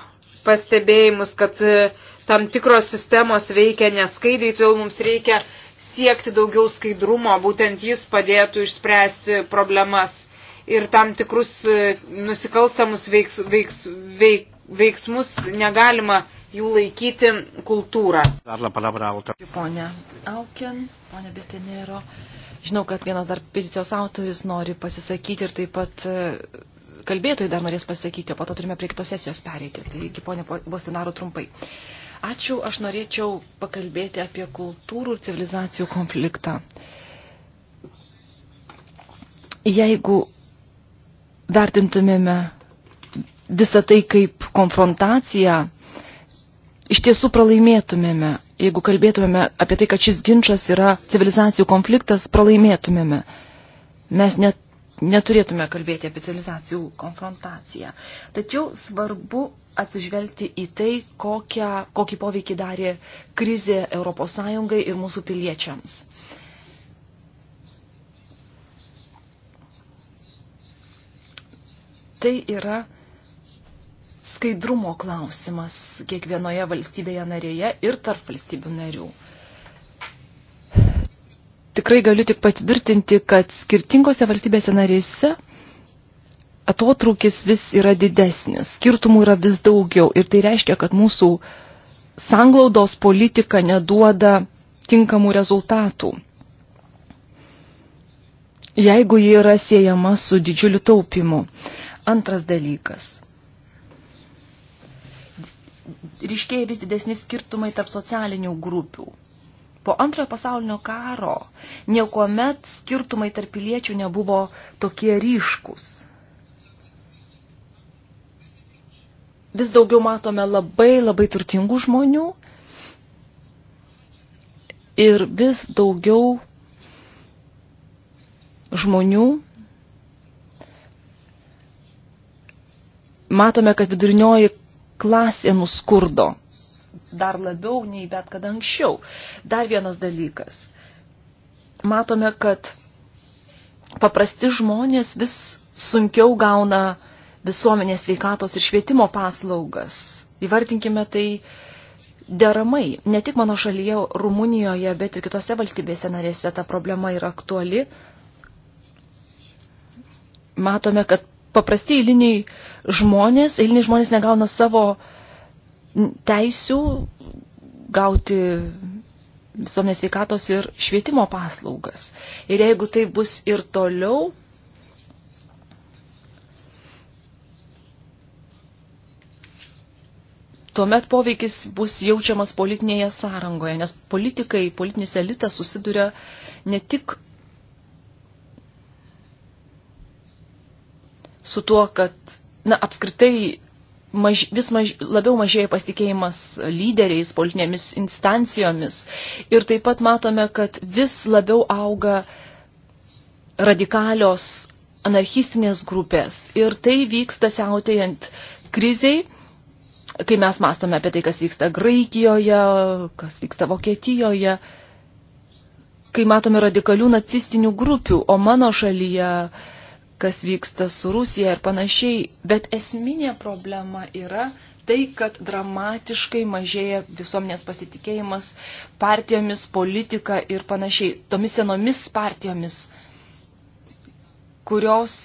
pastebėjimus, kad e, tam tikros sistemos veikia neskaidriai, todėl mums reikia uh, siekti daugiau skaidrumo, būtent jis padėtų išspręsti problemas ir tam tikrus e, nusikalstamus veiks, veiks, veik, veiksmus negalima jų laikyti kultūrą. Pone Aukin, pone Bistenero, žinau, kad vienas dar peticijos autoris nori pasisakyti ir taip pat e, kalbėtojai dar norės pasakyti, o po to turime prie kitos sesijos pereiti. Taigi, ponė Bostinaro, trumpai. Uh, Ačiū, aš norėčiau pakalbėti apie kultūrų ir civilizacijų konfliktą. Jeigu vertintumėme visą tai kaip konfrontaciją, iš tiesų pralaimėtumėme, jeigu kalbėtumėme apie tai, kad šis ginčas yra civilizacijų konfliktas, pralaimėtumėme. Mes net neturėtume kalbėti apie civilizacijų konfrontaciją. Tačiau svarbu atsižvelgti į tai, kokią, kokį poveikį darė krizė ES ir mūsų piliečiams. Tai yra skaidrumo klausimas kiekvienoje valstybėje narėje ir tarp valstybių narių tikrai galiu tik patvirtinti, kad skirtingose valstybėse narėse atotrūkis vis yra didesnis, skirtumų yra vis daugiau ir tai reiškia, kad mūsų sanglaudos politika neduoda tinkamų rezultatų. Jeigu ji yra siejama su didžiuliu taupimu. Antras dalykas. Ryškėja vis didesni skirtumai tarp socialinių grupių Po antrojo pasaulinio karo niekuomet skirtumai tarp piliečių nebuvo tokie ryškus. Vis daugiau matome labai labai turtingų žmonių ir vis daugiau žmonių matome, kad vidurinioji klasė nuskurdo dar labiau nei bet kada anksčiau. Dar vienas dalykas. Matome, kad paprasti žmonės vis sunkiau gauna visuomenės veikatos ir švietimo paslaugas. Įvartinkime tai deramai. Ne tik mano šalyje, Rumunijoje, bet ir kitose valstybėse narėse ta problema yra aktuali. Matome, kad paprasti eiliniai žmonės, eiliniai žmonės negauna savo uh, teisių gauti visuomenės veikatos ir švietimo paslaugas. Ir jeigu tai bus ir toliau, tuomet poveikis bus jaučiamas politinėje sąrangoje, nes politikai, politinis elitas susiduria ne tik su tuo, kad, na, apskritai maž, vis maž, labiau mažėja pasitikėjimas lyderiais, politinėmis instancijomis. Ir taip pat matome, kad vis labiau auga radikalios anarchistinės grupės. Ir tai vyksta siautėjant kriziai, kai mes mastome apie tai, kas vyksta Graikijoje, kas vyksta Vokietijoje, kai matome radikalių nacistinių grupių, o mano šalyje uh, kas vyksta su Rusija ir panašiai, bet esminė problema yra tai, kad dramatiškai mažėja visuomenės pasitikėjimas partijomis, politika ir panašiai, tomis senomis partijomis, kurios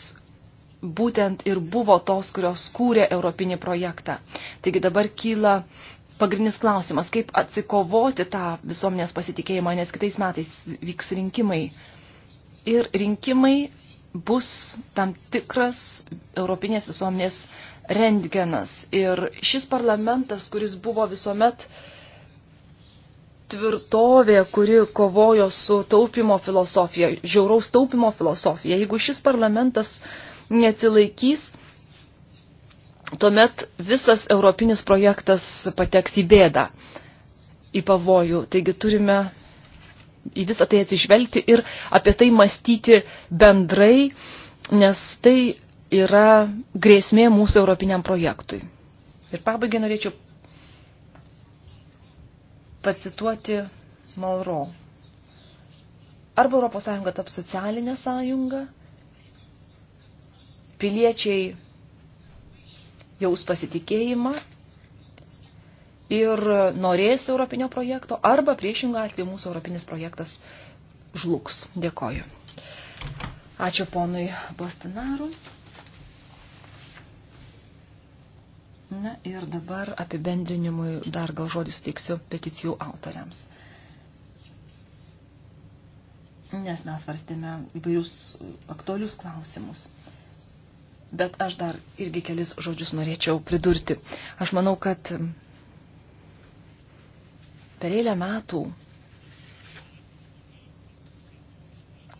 būtent ir buvo tos, kurios kūrė europinį projektą. Taigi dabar kyla pagrindinis klausimas, kaip atsikovoti tą visuomenės pasitikėjimą, nes kitais metais vyks rinkimai. Ir rinkimai bus tam tikras Europinės visuomenės rentgenas. Ir šis parlamentas, kuris buvo visuomet tvirtovė, kuri kovojo su taupimo filosofija, žiauraus taupimo filosofija, jeigu šis parlamentas neatsilaikys, tuomet visas europinis projektas pateks į bėdą, į pavojų. Taigi turime į visą tai atsižvelgti ir apie tai mąstyti bendrai, nes tai yra grėsmė mūsų europiniam projektui. Ir pabaigai norėčiau pacituoti Malro. Arba ES taps socialinė sąjunga, piliečiai jaus pasitikėjimą ir norės europinio projekto, arba priešingą atveju mūsų europinis projektas žlugs. Dėkoju. Ačiū ponui Bostinaru. Na ir dabar apibendrinimui dar gal žodį suteiksiu peticijų autoriams. Nes mes varstėme įvairius aktualius klausimus. Bet aš dar irgi kelis žodžius norėčiau pridurti. Aš manau, kad Per eilę metų,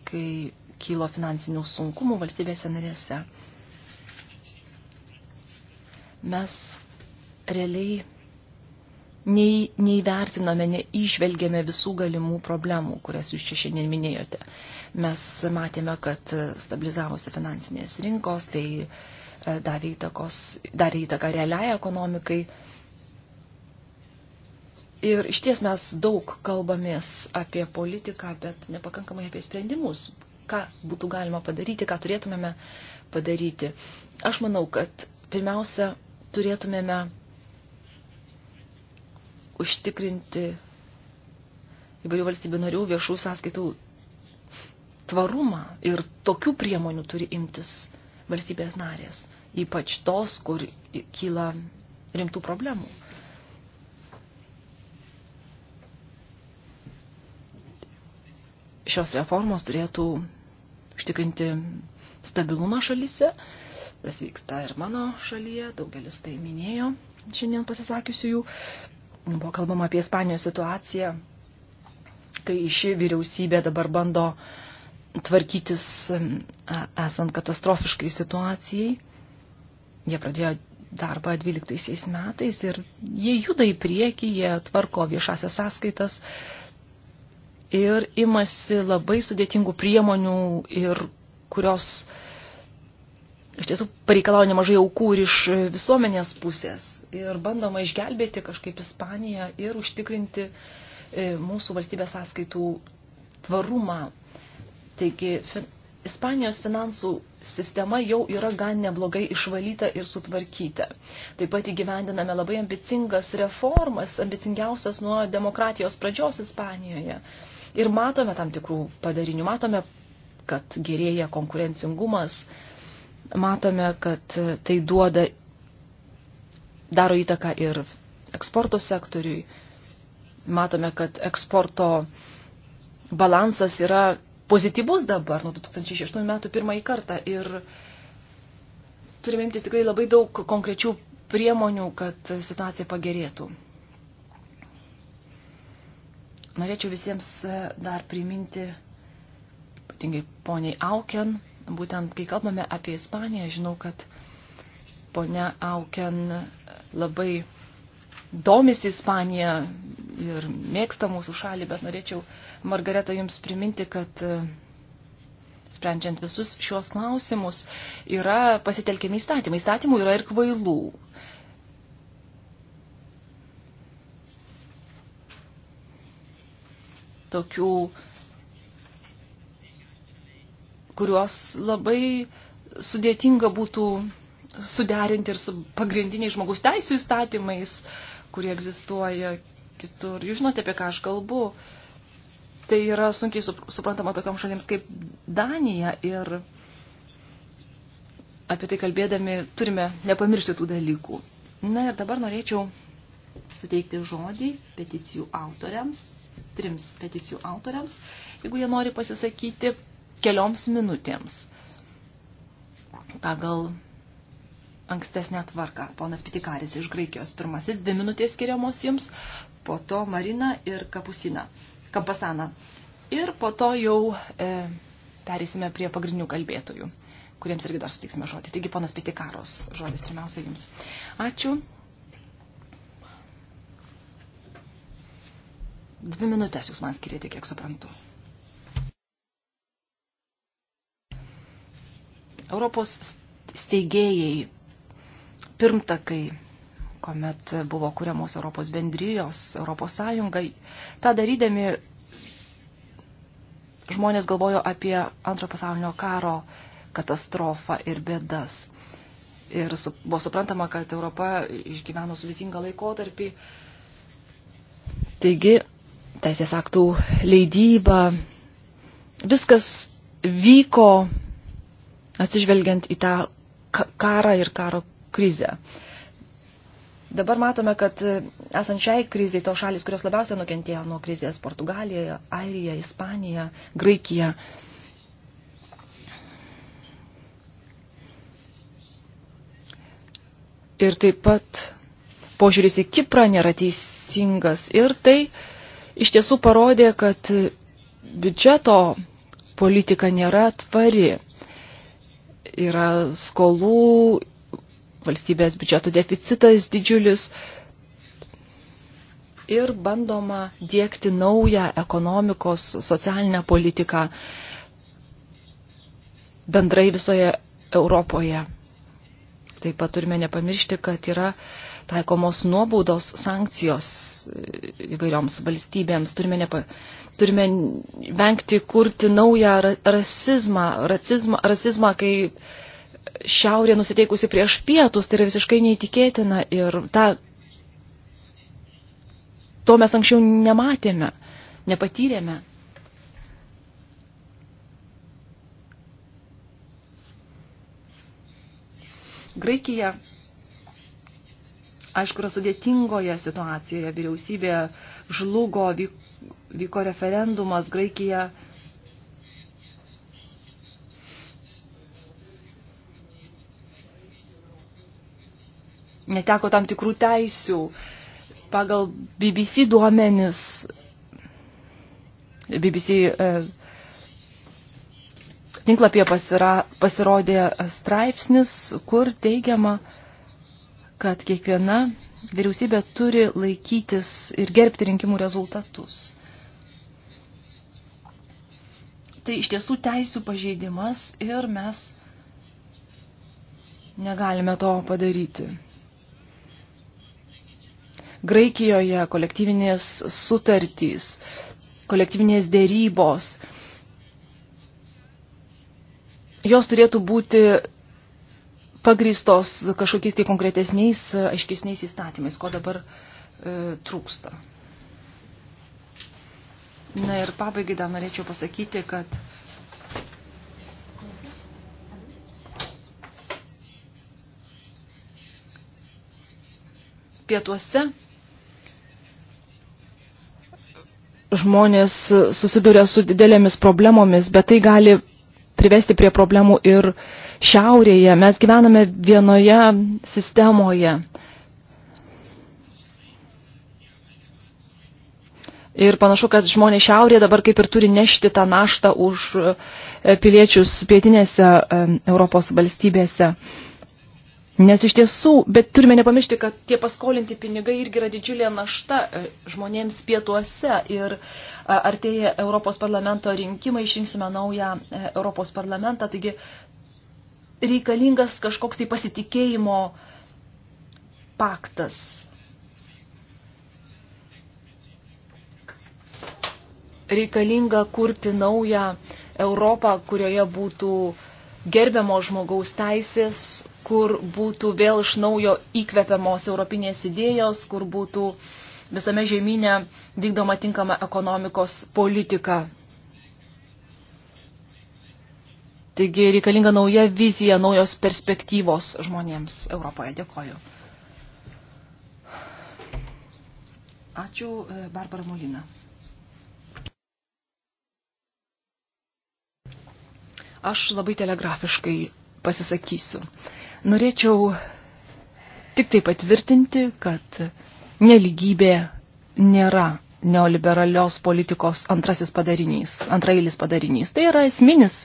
kai kylo finansinių sunkumų valstybėse narėse, mes realiai nei, neįvertinome, neišvelgėme visų galimų problemų, kurias jūs čia šiandien minėjote. Mes matėme, kad stabilizavosi finansinės rinkos, tai e, davė įtakos, darė įtaką realiai ekonomikai, Ir iš ties mes daug kalbamės apie politiką, bet nepakankamai apie sprendimus, ką būtų galima padaryti, ką turėtumėme padaryti. Aš manau, kad pirmiausia, turėtumėme užtikrinti įvairių valstybių narių viešų sąskaitų tvarumą ir tokių priemonių turi imtis valstybės narės, ypač tos, kur kyla rimtų problemų šios reformos turėtų užtikrinti stabilumą šalyse. Tas vyksta ir mano šalyje, daugelis tai minėjo šiandien pasisakiusių jų. Buvo kalbama apie Ispanijos situaciją, kai ši vyriausybė dabar bando tvarkytis e, esant katastrofiškai situacijai. Jie pradėjo darbą 12 metais ir jie juda į priekį, jie tvarko viešasias sąskaitas, ir imasi labai sudėtingų priemonių ir kurios iš tiesų pareikalauja nemažai aukų ir iš visuomenės pusės. Ir bandoma išgelbėti kažkaip Ispaniją ir užtikrinti e, mūsų valstybės sąskaitų tvarumą. Taigi fin Ispanijos finansų sistema jau yra gan neblogai išvalyta ir sutvarkyta. Taip pat įgyvendiname labai ambicingas reformas, ambicingiausias nuo demokratijos pradžios Ispanijoje ir matome tam tikrų padarinių. Matome, kad gerėja konkurencingumas, matome, kad tai duoda, daro įtaką ir eksporto sektoriui, matome, kad eksporto balansas yra pozityvus dabar nuo 2006 metų pirmąjį kartą ir turime imtis tikrai labai daug konkrečių priemonių, kad situacija pagerėtų. Norėčiau visiems e, dar priminti, ypatingai poniai Auken, būtent kai kalbame apie Ispaniją, žinau, kad ponia Auken e, labai domisi Ispanija ir mėgsta mūsų šalį, bet norėčiau, Margareta, jums priminti, kad e, sprendžiant visus šios klausimus yra pasitelkiami įstatymai. Įstatymų yra ir kvailų. tokių, kuriuos labai sudėtinga būtų suderinti ir su pagrindiniais žmogus teisų įstatymais, kurie egzistuoja kitur. Jūs žinote, apie ką aš kalbu. Tai yra sunkiai suprantama tokiam šalims kaip Danija ir apie tai kalbėdami turime nepamiršti tų dalykų. Na ir dabar norėčiau suteikti žodį peticijų autoriams trims peticijų autoriams, jeigu jie nori pasisakyti kelioms minutėms pagal ankstesnę tvarką. Ponas Pitikaris iš Graikijos pirmasis, dvi minutės skiriamos jums, po to Marina ir Kapusina, Kampasana. Ir po to jau e, perėsime prie pagrindinių kalbėtojų, kuriems irgi dar sutiksime žodį. Taigi, ponas Pitikaros, žodis pirmiausia jums. Ačiū, Dvi minutės jūs man skirėte, kiek suprantu. Europos steigėjai, pirmtakai, kuomet buvo kuriamos Europos bendrijos, Europos sąjungai, tą darydami žmonės galvojo apie antro pasaulinio karo katastrofą ir bėdas. Ir su, buvo suprantama, kad Europa išgyveno sudėtingą laikotarpį. Taigi, teisės aktų leidyba, viskas vyko atsižvelgiant į tą karą ir karo krizę. Dabar matome, kad esant šiai kriziai, to šalis, kurios labiausiai nukentėjo nuo krizės - Portugalija, Airija, Ispanija, Graikija. Ir taip pat požiūris į Kiprą nėra teisingas. Ir tai uh, iš tiesų parodė, kad biudžeto politika nėra tvari. Yra skolų, valstybės biudžeto deficitas didžiulis ir bandoma dėkti naują ekonomikos socialinę politiką bendrai visoje Europoje. Taip pat turime nepamiršti, kad yra uh, taikomos nuobaudos, sankcijos e, įvairioms valstybėms. Turime, nepa, turime vengti kurti naują rasizmą, rasizmą, rasizmą kai šiaurė nusiteikusi prieš pietus, tai yra visiškai neįtikėtina ir ta, to mes anksčiau nematėme, nepatyrėme. Graikija aišku, yra sudėtingoje situacijoje. Vyriausybė žlugo, vyko referendumas Graikija. Neteko tam tikrų teisių. Pagal BBC duomenis, BBC e, tinklapyje pasira, pasirodė straipsnis, kur teigiama, e, kad kiekviena vyriausybė turi laikytis ir gerbti rinkimų rezultatus. Tai iš tiesų teisų pažeidimas ir mes negalime to padaryti. Graikijoje kolektyvinės sutartys, kolektyvinės dėrybos, jos turėtų būti pagrįstos kažkokiais tai konkretesniais, aiškesniais įstatymais, ko dabar e, trūksta. Na ir pabaigai dar norėčiau pasakyti, kad pietuose žmonės susiduria su didelėmis problemomis, bet tai gali privesti prie problemų ir šiaurėje. Mes gyvename vienoje sistemoje. Ir panašu, kad žmonės šiaurėje dabar kaip ir turi nešti tą naštą už e, piliečius pietinėse e, Europos valstybėse. Nes iš tiesų, bet turime nepamiršti, kad tie paskolinti pinigai irgi yra didžiulė našta e, žmonėms pietuose ir e, artėja Europos parlamento rinkimai, išrinksime naują e, Europos parlamentą, taigi reikalingas kažkoks tai pasitikėjimo paktas. Reikalinga kurti naują Europą, kurioje būtų uh, gerbiamo žmogaus teisės, kur būtų vėl iš naujo įkvepiamos europinės idėjos, kur būtų visame žemynė vykdoma tinkama ekonomikos politika. Taigi reikalinga nauja vizija, naujos perspektyvos žmonėms Europoje. Dėkoju. Ačiū, e, Barbara Molina. Aš labai telegrafiškai pasisakysiu. Norėčiau tik tai patvirtinti, kad neligybė nėra neoliberalios politikos antrasis padarinys, antrailis padarinys. Tai yra esminis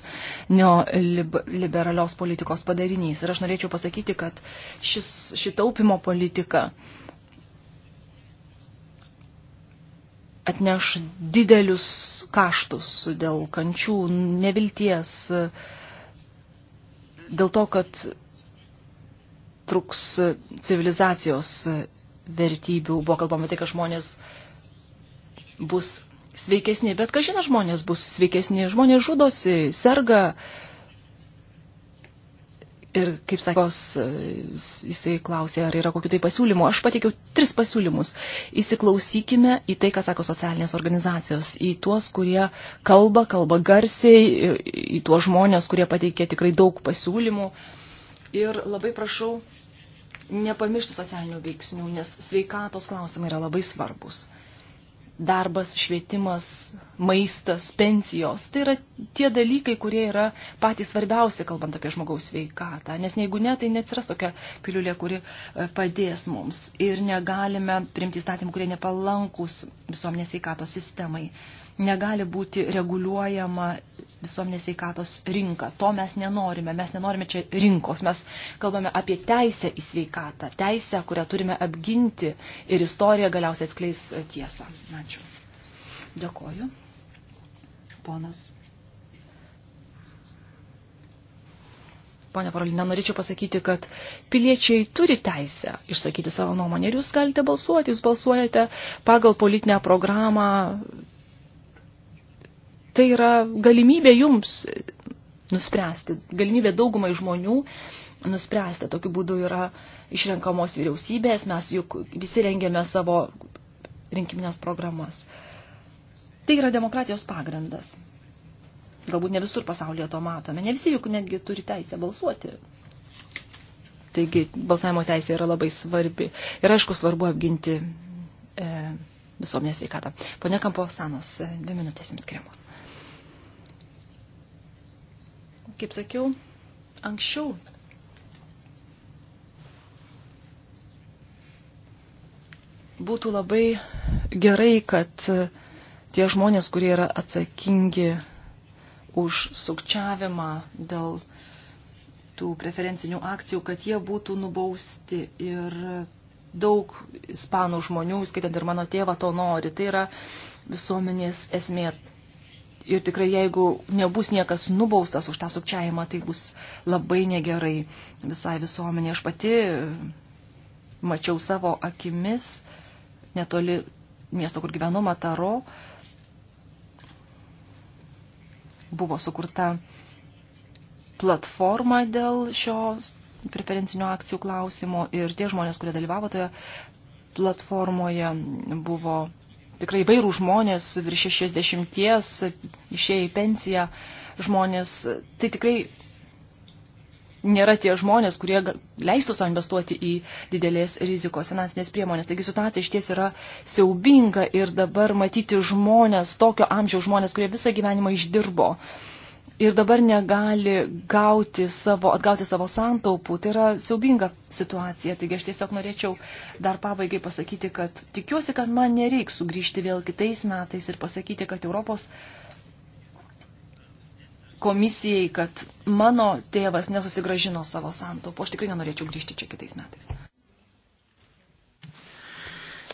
neoliberalios politikos padarinys. Ir aš norėčiau pasakyti, kad šis, šitaupimo politika uh, atneš didelius kaštus dėl kančių, nevilties, dėl to, kad truks civilizacijos vertybių. Buvo kalbama tai, kad žmonės bus sveikesni, bet kažina žmonės bus sveikesni, žmonės žudosi, serga, Ir, kaip sakos, e, jisai klausė, ar yra kokiu tai pasiūlymu. Aš pateikiau tris pasiūlymus. Įsiklausykime į tai, ką sako socialinės organizacijos, į tuos, kurie kalba, kalba garsiai, į tuos žmonės, kurie pateikė tikrai daug pasiūlymų. Ir labai prašau nepamiršti socialinių veiksnių, nes sveikatos klausimai yra labai svarbus darbas, švietimas, maistas, pensijos. Tai yra tie dalykai, kurie yra patys svarbiausi, kalbant apie žmogaus sveikatą. Nes jeigu ne, tai neatsiras tokia piliulė, kuri e, padės mums. Ir negalime priimti įstatymų, kurie nepalankus visuomenės sveikatos sistemai negali būti reguliuojama visuomenės veikatos rinka. To mes nenorime. Mes nenorime čia rinkos. Mes kalbame apie teisę į sveikatą. Teisę, kurią turime apginti ir istorija galiausiai atskleis tiesą. Ačiū. Dėkoju. Ponas. Pone Parolina, norėčiau pasakyti, kad piliečiai turi teisę išsakyti savo nuomonę ir jūs galite balsuoti, jūs balsuojate pagal politinę programą, tai yra galimybė jums nuspręsti, galimybė daugumai žmonių nuspręsti. Tokiu būdu yra išrenkamos vyriausybės, mes juk visi rengėme savo rinkiminės programas. Tai yra demokratijos pagrindas. Galbūt ne visur pasaulyje to matome. Ne visi juk netgi turi teisę balsuoti. Taigi balsavimo teisė yra labai svarbi. Ir aišku, svarbu apginti e, visuomenės sveikatą. Pone Kampo Sanos, dvi minutės jums skiriamos. Kaip sakiau, anksčiau būtų labai gerai, kad tie žmonės, kurie yra atsakingi už sukčiavimą dėl tų preferencinių akcijų, kad jie būtų nubausti. Ir daug ispanų žmonių, skaitant ir mano tėvą, to nori. Tai yra visuomenės esmė. Ir tikrai, jeigu nebus niekas nubaustas už tą sukčiavimą, tai bus labai negerai visai visuomenė. Aš pati e, mačiau savo akimis netoli miesto, kur gyvenu, Mataro, buvo sukurta platforma dėl šios preferencinio akcijų klausimo ir tie žmonės, kurie dalyvavo toje platformoje, buvo tikrai vairų žmonės, virš 60, išėję į pensiją žmonės, tai tikrai nėra tie žmonės, kurie leistų savo investuoti į didelės rizikos finansinės priemonės. Taigi situacija iš ties yra siaubinga ir dabar matyti žmonės, tokio amžiaus žmonės, kurie visą gyvenimą išdirbo, uh, ir dabar negali gauti savo, atgauti savo santaupų. Tai yra siaubinga situacija. Taigi aš tiesiog norėčiau dar pabaigai pasakyti, kad tikiuosi, kad man nereiks sugrįžti vėl kitais metais ir pasakyti, kad Europos komisijai, kad mano tėvas nesusigražino savo santaupų. Aš tikrai nenorėčiau grįžti čia kitais metais.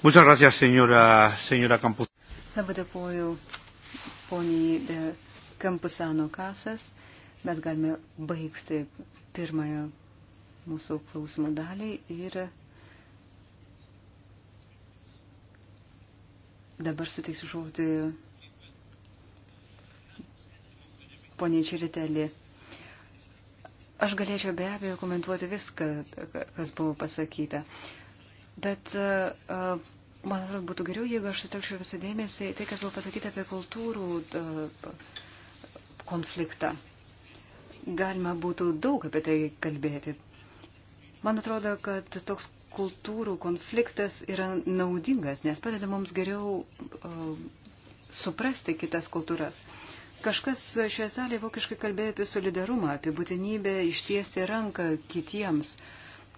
Muchas gracias, señora, señora Campos. Labai dėkuoju, poniai. De... Kampusano kasas. Mes galime baigti pirmąją mūsų klausimų dalį ir dabar suteiksiu žodį poniai Čiritelį. Aš galėčiau be abejo komentuoti viską, kas buvo pasakyta, bet uh, man atrodo būtų geriau, jeigu aš sutelkčiau visą dėmesį tai, kas buvo pasakyta apie kultūrų. Uh, konfliktą. Galima būtų daug apie tai kalbėti. Man atrodo, kad toks kultūrų konfliktas yra naudingas, nes padeda mums geriau o, uh, suprasti kitas kultūras. Kažkas šioje salėje vokiškai kalbėjo apie solidarumą, apie būtinybę ištiesti ranką kitiems,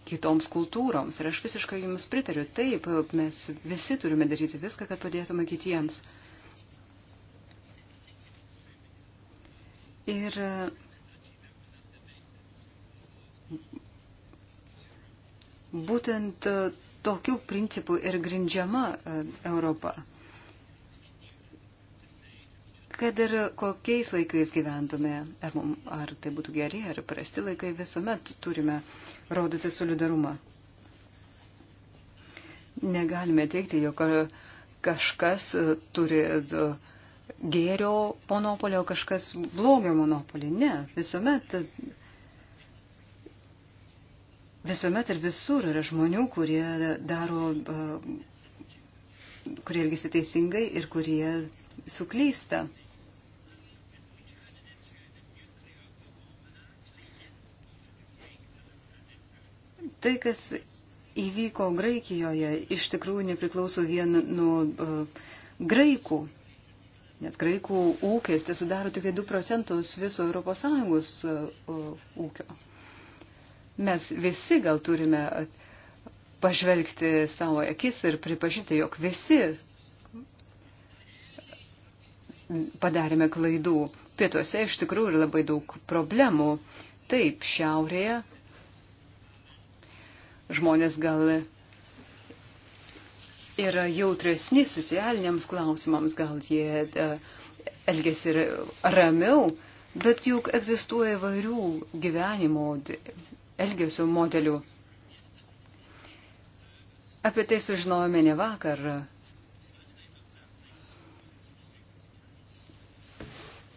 kitoms kultūroms. Ir aš visiškai jums pritariu. Taip, mes visi turime daryti viską, kad padėtume kitiems. Ir būtent tokių principų ir grindžiama e, Europa. Kad ir kokiais laikais gyventume, ar, ar tai būtų geri ar prasti laikai, visuomet turime rodyti solidarumą. Negalime teikti, jog kažkas e, turi uh, gėrio monopolio, kažkas blogio monopolio. Ne, visuomet, visuomet ir visur yra žmonių, kurie daro, e, kurie elgesi teisingai ir kurie suklysta. Tai, kas įvyko Graikijoje, iš tikrųjų nepriklauso vien nuo uh, graikų. Nes graikų ūkis tai sudaro tik 2 procentus viso ES e, ūkio. Mes visi gal turime pažvelgti savo akis ir pripažinti, jog visi padarėme klaidų. Pietuose iš tikrųjų yra labai daug problemų. Taip, šiaurėje žmonės gal yra jautresni socialiniams klausimams, gal jie e, elgesi ramiau, bet juk egzistuoja vairių gyvenimo elgesio modelių. Apie tai sužinojome ne vakar,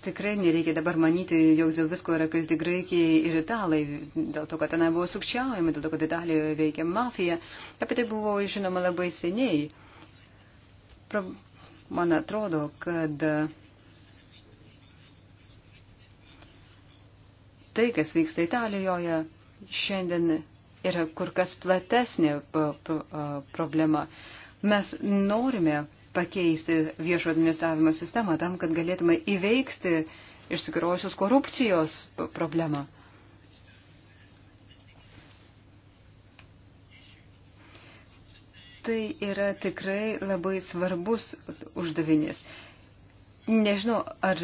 Tikrai nereikia dabar manyti, jog dėl visko yra kalti graikiai ir italai, dėl to, kad tenai buvo sukčiaujami, dėl to, kad Italijoje veikia mafija. Apie tai buvo žinoma labai seniai. Pro, man atrodo, kad tai, kas vyksta Italijoje, šiandien yra kur kas platesnė problema. Mes norime pakeisti viešo administravimo sistemą tam, kad galėtume įveikti išsikirojusios korupcijos problemą. Tai yra tikrai labai svarbus uždavinys. Nežinau, ar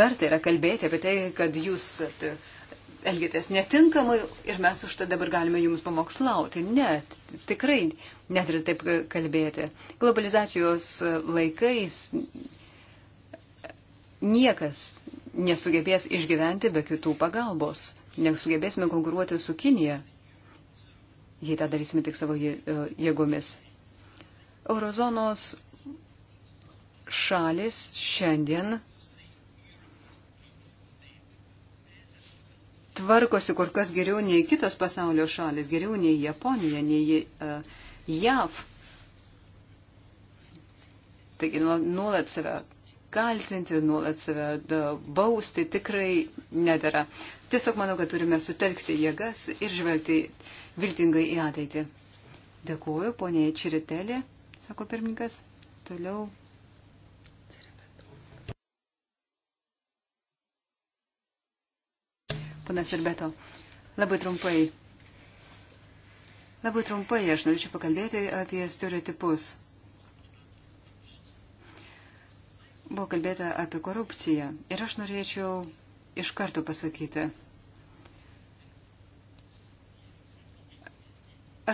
verta yra kalbėti apie tai, kad jūs elgėtės netinkamai ir mes už tai dabar galime jums pamokslauti. Ne, tikrai net ir taip kalbėti. Globalizacijos laikais niekas nesugebės išgyventi be kitų pagalbos. Nesugebėsime konkuruoti su Kinija, jei tą darysime tik savo e, jėgomis. Eurozonos šalis šiandien tvarkosi kur kas geriau nei kitos pasaulio šalis, geriau nei Japonija, nei uh, JAV. Taigi nuolat save kaltinti, nuolat save e, bausti tikrai nedėra. Tiesiog manau, kad turime sutelkti jėgas ir žvelgti viltingai į ateitį. Dėkuoju, ponė Čiritelė, sako pirmininkas. Toliau Panas Irbeto, labai trumpai. Labai trumpai aš norėčiau pakalbėti apie stereotipus. Buvo kalbėta apie korupciją ir aš norėčiau iš karto pasakyti.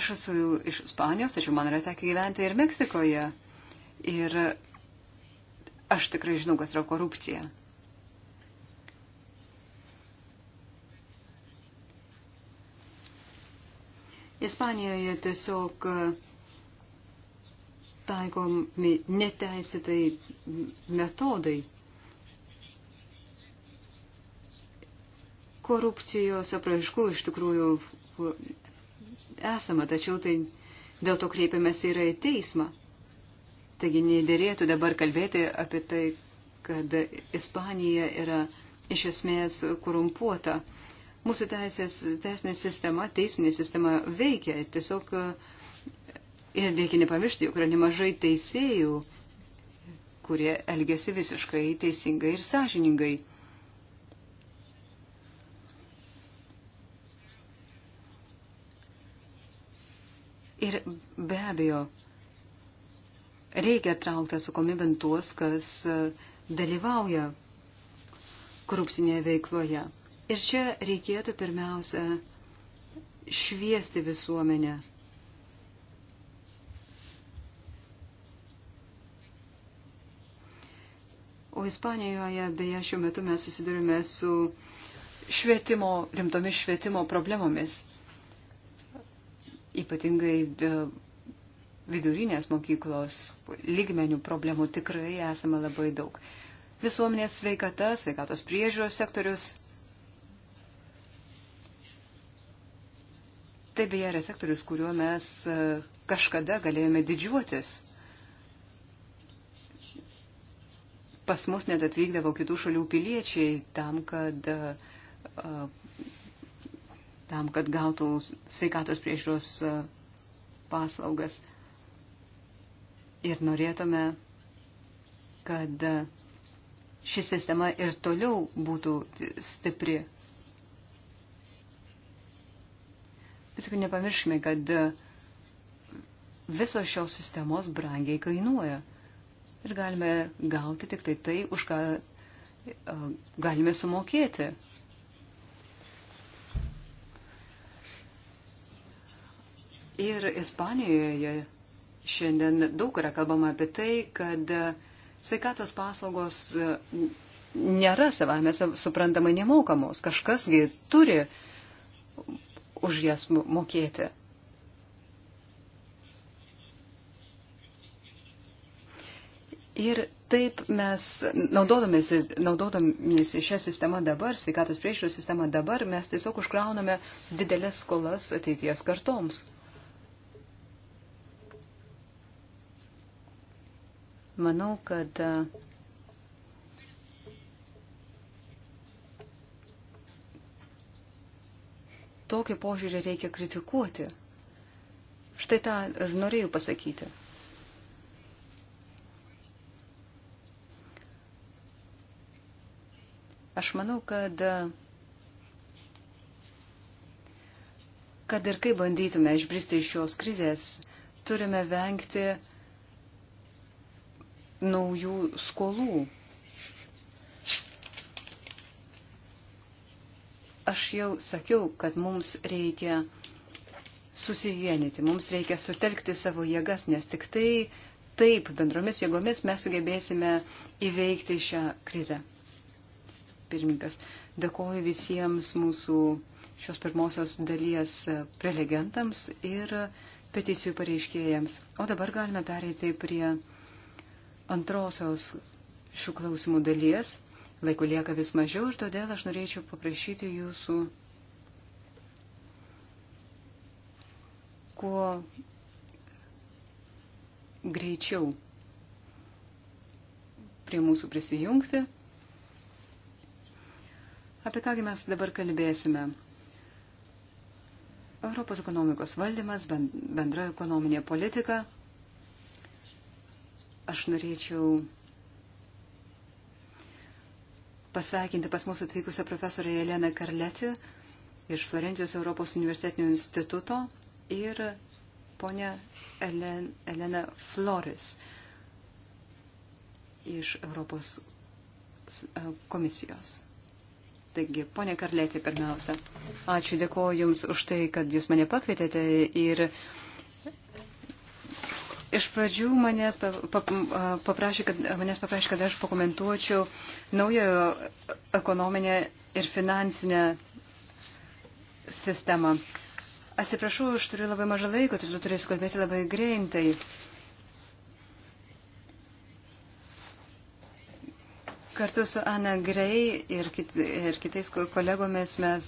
Aš esu iš Ispanijos, tačiau man yra tekę gyventi ir Meksikoje. Ir aš tikrai žinau, kas yra korupcija. Ispanijoje tiesiog e, taikomi neteisėtai metodai korupcijos apraiškų iš tikrųjų esama, tačiau tai dėl to kreipiamės yra į teismą. Taigi nedėrėtų dabar kalbėti apie tai, kad Ispanija yra iš esmės korumpuota. Mūsų teisės, teisinė sistema, teisminė sistema veikia. Tiesiog e, ir reikia nepamiršti, jog yra nemažai teisėjų, kurie elgesi visiškai teisingai ir sąžiningai. Ir be abejo, reikia traukti atsakomybę tuos, kas e, dalyvauja korupsinėje veikloje. Ir čia reikėtų pirmiausia šviesti visuomenę. O Ispanijoje beje šiuo metu mes susidurime su švietimo, rimtomis švietimo problemomis. Ypatingai e, vidurinės mokyklos lygmenių problemų tikrai esame labai daug. Visuomenės sveikata, sveikatos priežiūros sektorius Tai beje yra sektorius, kuriuo mes e, kažkada galėjome didžiuotis. Pas mus net atvykdavo kitų šalių piliečiai tam, kad, e, e, tam, kad gautų sveikatos priežiūros paslaugas. Ir norėtume, kad ši sistema ir toliau būtų stipri. Vis tik nepamirškime, kad e, visos šios sistemos brangiai kainuoja. Ir galime gauti tik tai tai, už ką e, galime sumokėti. Ir Ispanijoje šiandien daug yra kalbama apie tai, kad e, sveikatos paslaugos nėra savame suprantamai nemokamos. Kažkasgi turi už jas mokėti. Ir taip mes, naudodamėsi, naudodamėsi šią sistemą dabar, sveikatos priežiūros sistemą dabar, mes tiesiog užkrauname didelės skolas ateities kartoms. Manau, kad uh, tokį požiūrį reikia kritikuoti. Štai tą ir norėjau pasakyti. Aš manau, kad kad ir kaip bandytume išbristi iš šios krizės, turime vengti naujų skolų, Aš jau sakiau, kad mums reikia susivienyti, mums reikia sutelkti savo jėgas, nes tik tai taip bendromis jėgomis mes sugebėsime įveikti šią krizę. Pirmininkas, dėkoju visiems mūsų šios pirmosios dalies prelegentams ir peticijų pareiškėjams. O dabar galime pereiti prie antrosios šių klausimų dalies. Laiko lieka vis mažiau ir todėl aš norėčiau paprašyti jūsų kuo greičiau prie mūsų prisijungti. Apie kągi mes dabar kalbėsime? Europos ekonomikos valdymas, bendra ekonominė politika. Aš norėčiau pasveikinti pas mūsų atvykusią profesorę Jeleną Karletį iš Florencijos Europos universitetinio instituto ir ponę Elen, Eleną Flores iš Europos e, komisijos. Taigi, ponė Karletė, pirmiausia, ačiū, dėkoju Jums už tai, kad Jūs mane pakvietėte ir uh, Iš pradžių manęs paprašė, kad, manęs paprašė, kad aš pakomentuočiau naują ekonominę ir finansinę sistemą. Atsiprašau, aš turiu labai mažą laiko, todėl turėsiu kalbėti labai greitai. Kartu su Ana Grey ir, kit, ir kitais kolegomis mes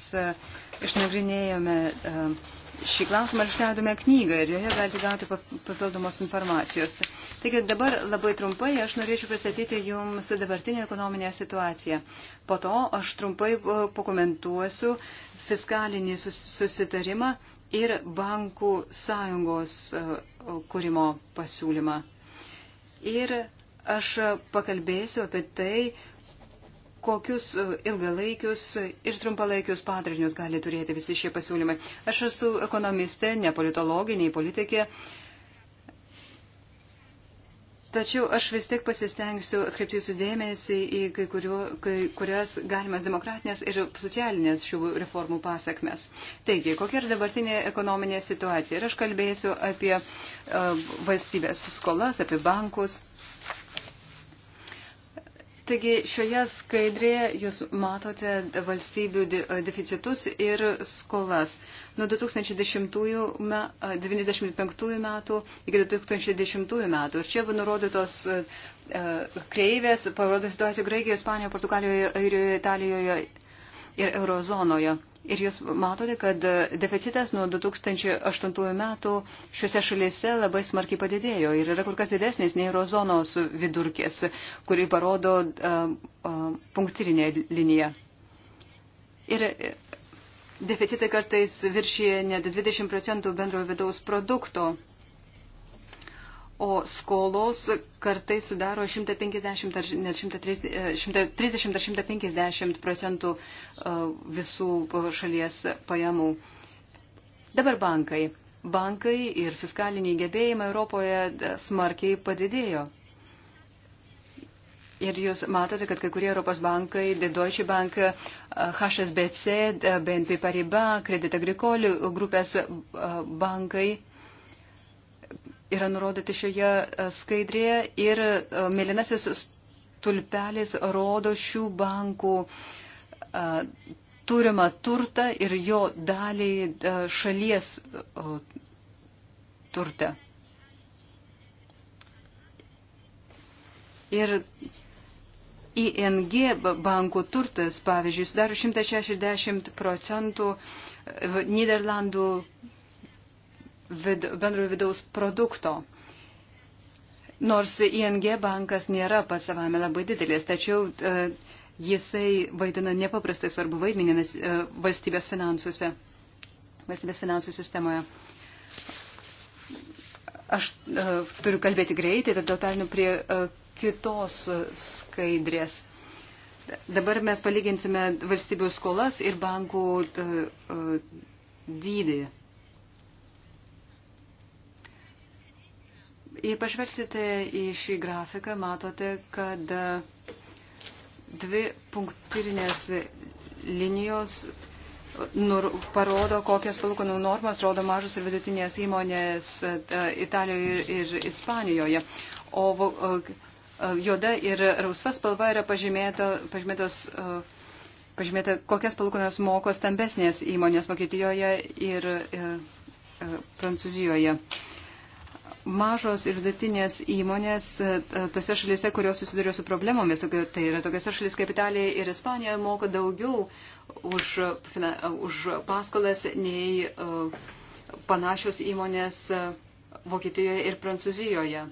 išnagrinėjome uh, šį klausimą išleidome knygą ir joje galite gauti papildomos informacijos. Taigi dabar labai trumpai aš norėčiau pristatyti Jums dabartinę ekonominę situaciją. Po to aš trumpai e, pakomentuosiu fiskalinį susitarimą ir bankų sąjungos e, kūrimo pasiūlymą. Ir aš pakalbėsiu apie tai, kokius e, ilgalaikius ir trumpalaikius padarinius gali turėti visi šie pasiūlymai. Aš esu ekonomistė, ne politologė, nei politikė. Tačiau aš vis tiek pasistengsiu atkreipti jūsų dėmesį į kai, kuriu, kai kurias galimas demokratinės ir socialinės šių reformų pasiekmes. Taigi, kokia yra dabartinė ekonominė situacija? Ir aš kalbėsiu apie uh, valstybės skolas, apie bankus. Uh, Taigi šioje skaidrėje jūs matote valstybių deficitus ir skolas. Nuo 2095 metų iki 2010 metų. Ir čia nurodytos kreivės, parodo situaciją Graikijoje, Ispanijoje, Portugalijoje, Airijoje, Italijoje ir Eurozonoje. Ir jūs matote, kad deficitas nuo 2008 metų šiuose šalyse labai smarkiai padidėjo ir yra kur kas didesnis nei eurozonos vidurkis, kurį parodo uh, uh, punktyrinė linija. Ir deficitai kartais viršyje net 20 procentų bendrojo vidaus produkto. Uh, o skolos kartais sudaro 150 ar 130 e, ar 150 procentų e, visų šalies pajamų. Dabar bankai. Bankai ir fiskaliniai gebėjimai Europoje e, smarkiai padidėjo. Ir jūs matote, kad kai kurie Europos bankai, Deutsche Bank, HSBC, BNP Paribas, Credit Agricole grupės bankai yra nurodyti šioje e, skaidrėje ir e, mėlynasis stulpelis rodo šių bankų e, turimą turtą ir jo dalį šalies turte. Ir ING bankų turtas, pavyzdžiui, sudaro 160 procentų Niderlandų vid, bendrojo vidaus produkto. Nors ING bankas nėra pats savame labai didelis, tačiau uh, jisai vaidina nepaprastai svarbu vaidmenį uh, valstybės finansuose, valstybės finansų sistemoje. Aš uh, turiu kalbėti greitai, todėl perinu prie uh, kitos skaidrės. Dabar mes palyginsime valstybių skolas ir bankų uh, uh, dydį. Jei pažvelgsite į šį grafiką, matote, kad e, dvi punktyrinės linijos nur, parodo, kokias palūkanų normas rodo mažos ir vidutinės įmonės e, e, Italijoje ir, ir Ispanijoje. O, o juoda ir rausva spalva yra pažymėta, pažymėtos. Pažymėta, kokias palūkanas moko stambesnės įmonės Vokietijoje ir e, e, Prancūzijoje. E, mažos ir vidutinės įmonės e, tose šalyse, kurios susiduria su problemomis, tai yra tokiose šalis kaip Italija ir Ispanija, moka daugiau už, fina, už paskolas nei e, panašios įmonės e, Vokietijoje ir Prancūzijoje.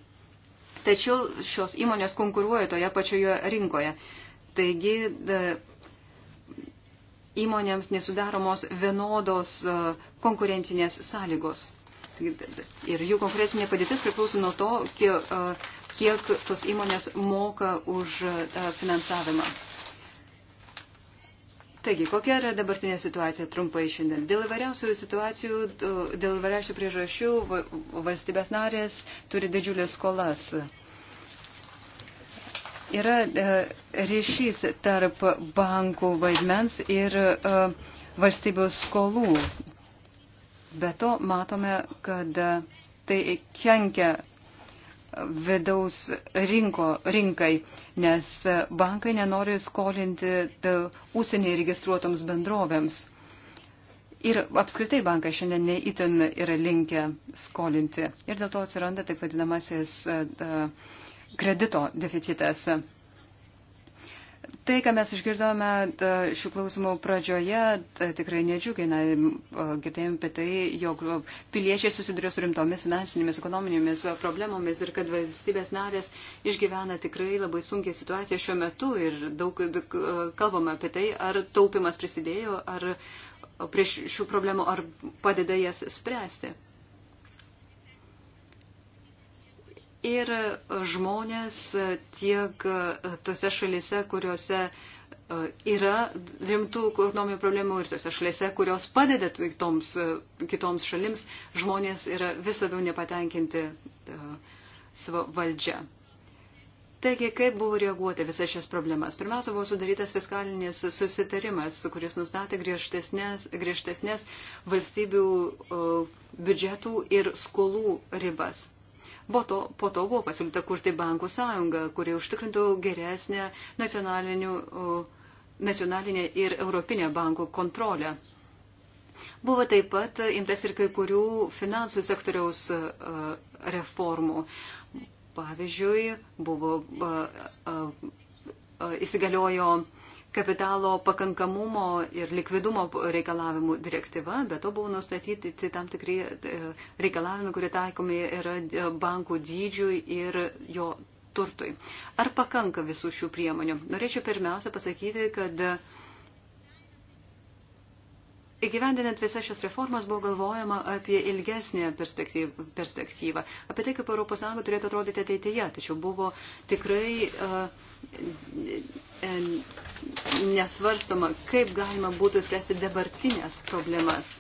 Tačiau šios įmonės konkuruoja toje pačioje rinkoje. Taigi da, įmonėms nesudaromos vienodos konkurencinės sąlygos. Ir jų konkurencinė padėtis priklauso nuo to, kiek, kiek tos įmonės moka už finansavimą. Taigi, kokia yra dabartinė situacija trumpai šiandien? Dėl įvairiausių situacijų, dėl įvairiausių priežasčių valstybės narės turi didžiulės skolas. Yra e, ryšys tarp bankų vaidmens ir e, valstybių skolų Be to matome, kad tai kenkia vidaus rinko, rinkai, nes bankai nenori skolinti ūsieniai registruotoms bendrovėms. Ir apskritai bankai šiandien neįtin yra linkę skolinti. Ir dėl to atsiranda taip vadinamasis kredito deficitas. Tai, ką mes išgirdome šių klausimų pradžioje, tikrai nedžiugina. Girdėjom apie tai, jog piliečiai susiduria su rimtomis finansinėmis, ekonominėmis problemomis ir kad valstybės narės išgyvena tikrai labai sunkia situacija šiuo metu ir daug kalbama apie tai, ar taupimas prisidėjo, ar prie šių problemų, ar padeda jas spręsti. ir žmonės tiek tose šalise, kuriuose e, yra rimtų ekonominių problemų ir tose šalise, kurios padeda toms, kitoms šalims, žmonės yra vis labiau nepatenkinti e, savo valdžią. Taigi, kaip buvo reaguoti visas šias problemas? Pirmiausia, buvo sudarytas fiskalinis susitarimas, kuris nustatė griežtesnės, griežtesnės valstybių e, biudžetų ir skolų ribas. Bo to, po to buvo pasiūlyta kurti bankų sąjungą, kuri užtikrintų geresnę nacionalinę ir europinę bankų kontrolę. Buvo taip pat imtas ir kai kurių finansų sektoriaus e, reformų. Pavyzdžiui, buvo e, e, įsigaliojo uh, uh, uh, kapitalo pakankamumo ir likvidumo reikalavimų direktyva, bet to buvo nustatyti tam tikri e, reikalavimai, kurie taikomi yra e, bankų dydžiui ir jo turtui. Ar pakanka visų šių priemonių? Norėčiau pirmiausia pasakyti, kad Įgyvendinant visas šias reformas buvo galvojama apie ilgesnį perspektyvą, apie tai, kaip ES turėtų atrodyti ateityje, tačiau buvo tikrai uh, nesvarstoma, kaip galima būtų spręsti dabartinės problemas.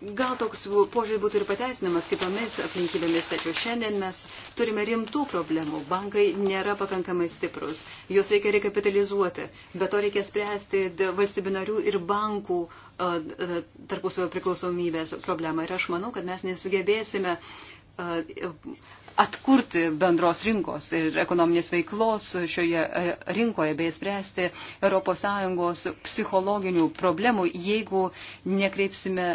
Gal toks požiūris būtų ir pateisinamas kitomis aplinkybėmis, tačiau šiandien mes turime rimtų problemų. Bankai nėra pakankamai stiprus, juos reikia rekapitalizuoti, bet to reikia spręsti valstybių narių ir bankų tarpusavio priklausomybės problemą. Ir aš manau, kad mes nesugebėsime atkurti bendros rinkos ir ekonominės veiklos šioje rinkoje bei spręsti ES psichologinių problemų, jeigu nekreipsime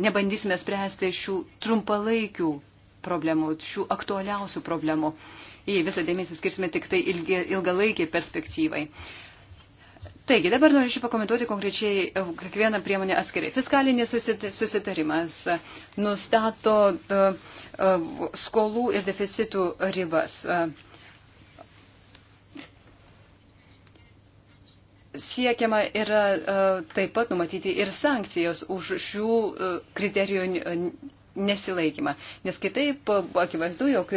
nebandysime spręsti šių trumpalaikių problemų, šių aktualiausių problemų. Jei visą dėmesį skirsime tik tai ilgi, ilgalaikiai perspektyvai. Taigi, dabar norėčiau pakomentuoti konkrečiai e, kiekvieną priemonę atskirai. Fiskalinis susitarimas nustato e, e, skolų ir deficitų ribas. Uh, siekiama yra e, taip pat numatyti ir sankcijos už šių e, kriterijų e, nesilaikymą. Nes kitaip akivaizdu, jog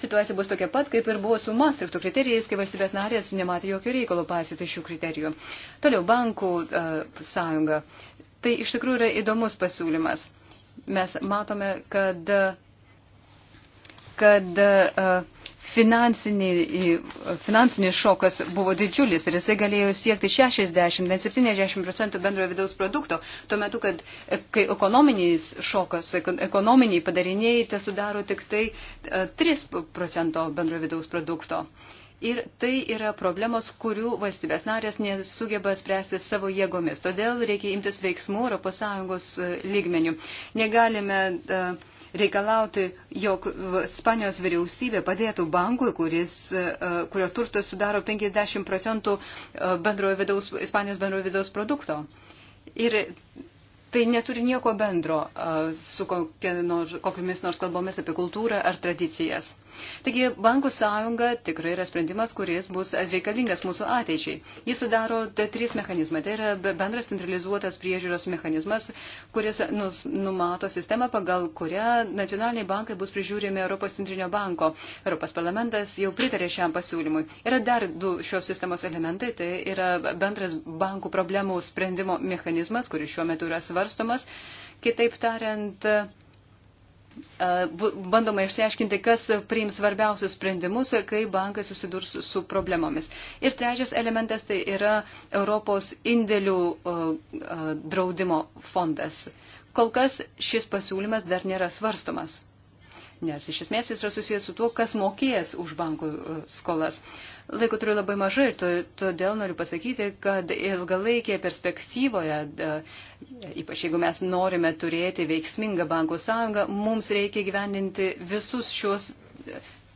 situacija bus tokia pat, kaip ir buvo su Maastrichto kriterijais, kai valstybės narės nematė jokio reikalo pasityti šių kriterijų. Toliau, bankų sąjunga. Tai iš tikrųjų yra įdomus pasiūlymas. Mes matome, kad, kad uh, finansinis šokas buvo didžiulis ir jisai galėjo siekti 60, net 70 procentų bendrojo vidaus produkto, tuo metu, kad e, kai ekonominis šokas, ekonominiai padariniai, tai sudaro tik tai 3 e, procento bendrojo vidaus produkto. Ir tai yra problemos, kurių valstybės narės nesugeba spręsti savo jėgomis. Todėl reikia imtis veiksmų ES e, lygmenių. Negalime uh, reikalauti, jog Spanijos vyriausybė padėtų bankui, kuris, e, e, kurio turtas sudaro 50 procentų e, bendrojo vidaus, Ispanijos bendrojo vidaus produkto. Ir tai neturi nieko bendro su kokiamis nors kalbomis apie kultūrą ar tradicijas. Taigi, bankų sąjunga tikrai yra sprendimas, kuris bus reikalingas mūsų ateičiai. Jis sudaro trys mechanizmai. Tai yra bendras centralizuotas priežiūros mechanizmas, kuris nus, numato sistemą, pagal kurią nacionaliniai bankai bus prižiūrimi Europos centrinio banko. Europos parlamentas jau pritarė šiam pasiūlymui. Yra dar du šios sistemos elementai. Tai yra bendras bankų problemų sprendimo mechanizmas, kuris šiuo metu yra svarstomas. Kitaip tariant, E, bandoma išsiaiškinti, kas priims svarbiausius sprendimus, kai bankas susidurs su problemomis. Ir trečias elementas tai yra Europos indėlių e, e, draudimo fondas. Kol kas šis pasiūlymas dar nėra svarstomas, nes iš esmės jis yra susijęs su tuo, kas mokės už bankų skolas. Uh, Laiko turiu labai mažai ir todėl noriu pasakyti, kad ilgalaikėje perspektyvoje, ypač jeigu mes norime turėti veiksmingą bankų sąjungą, mums reikia gyvendinti visus šios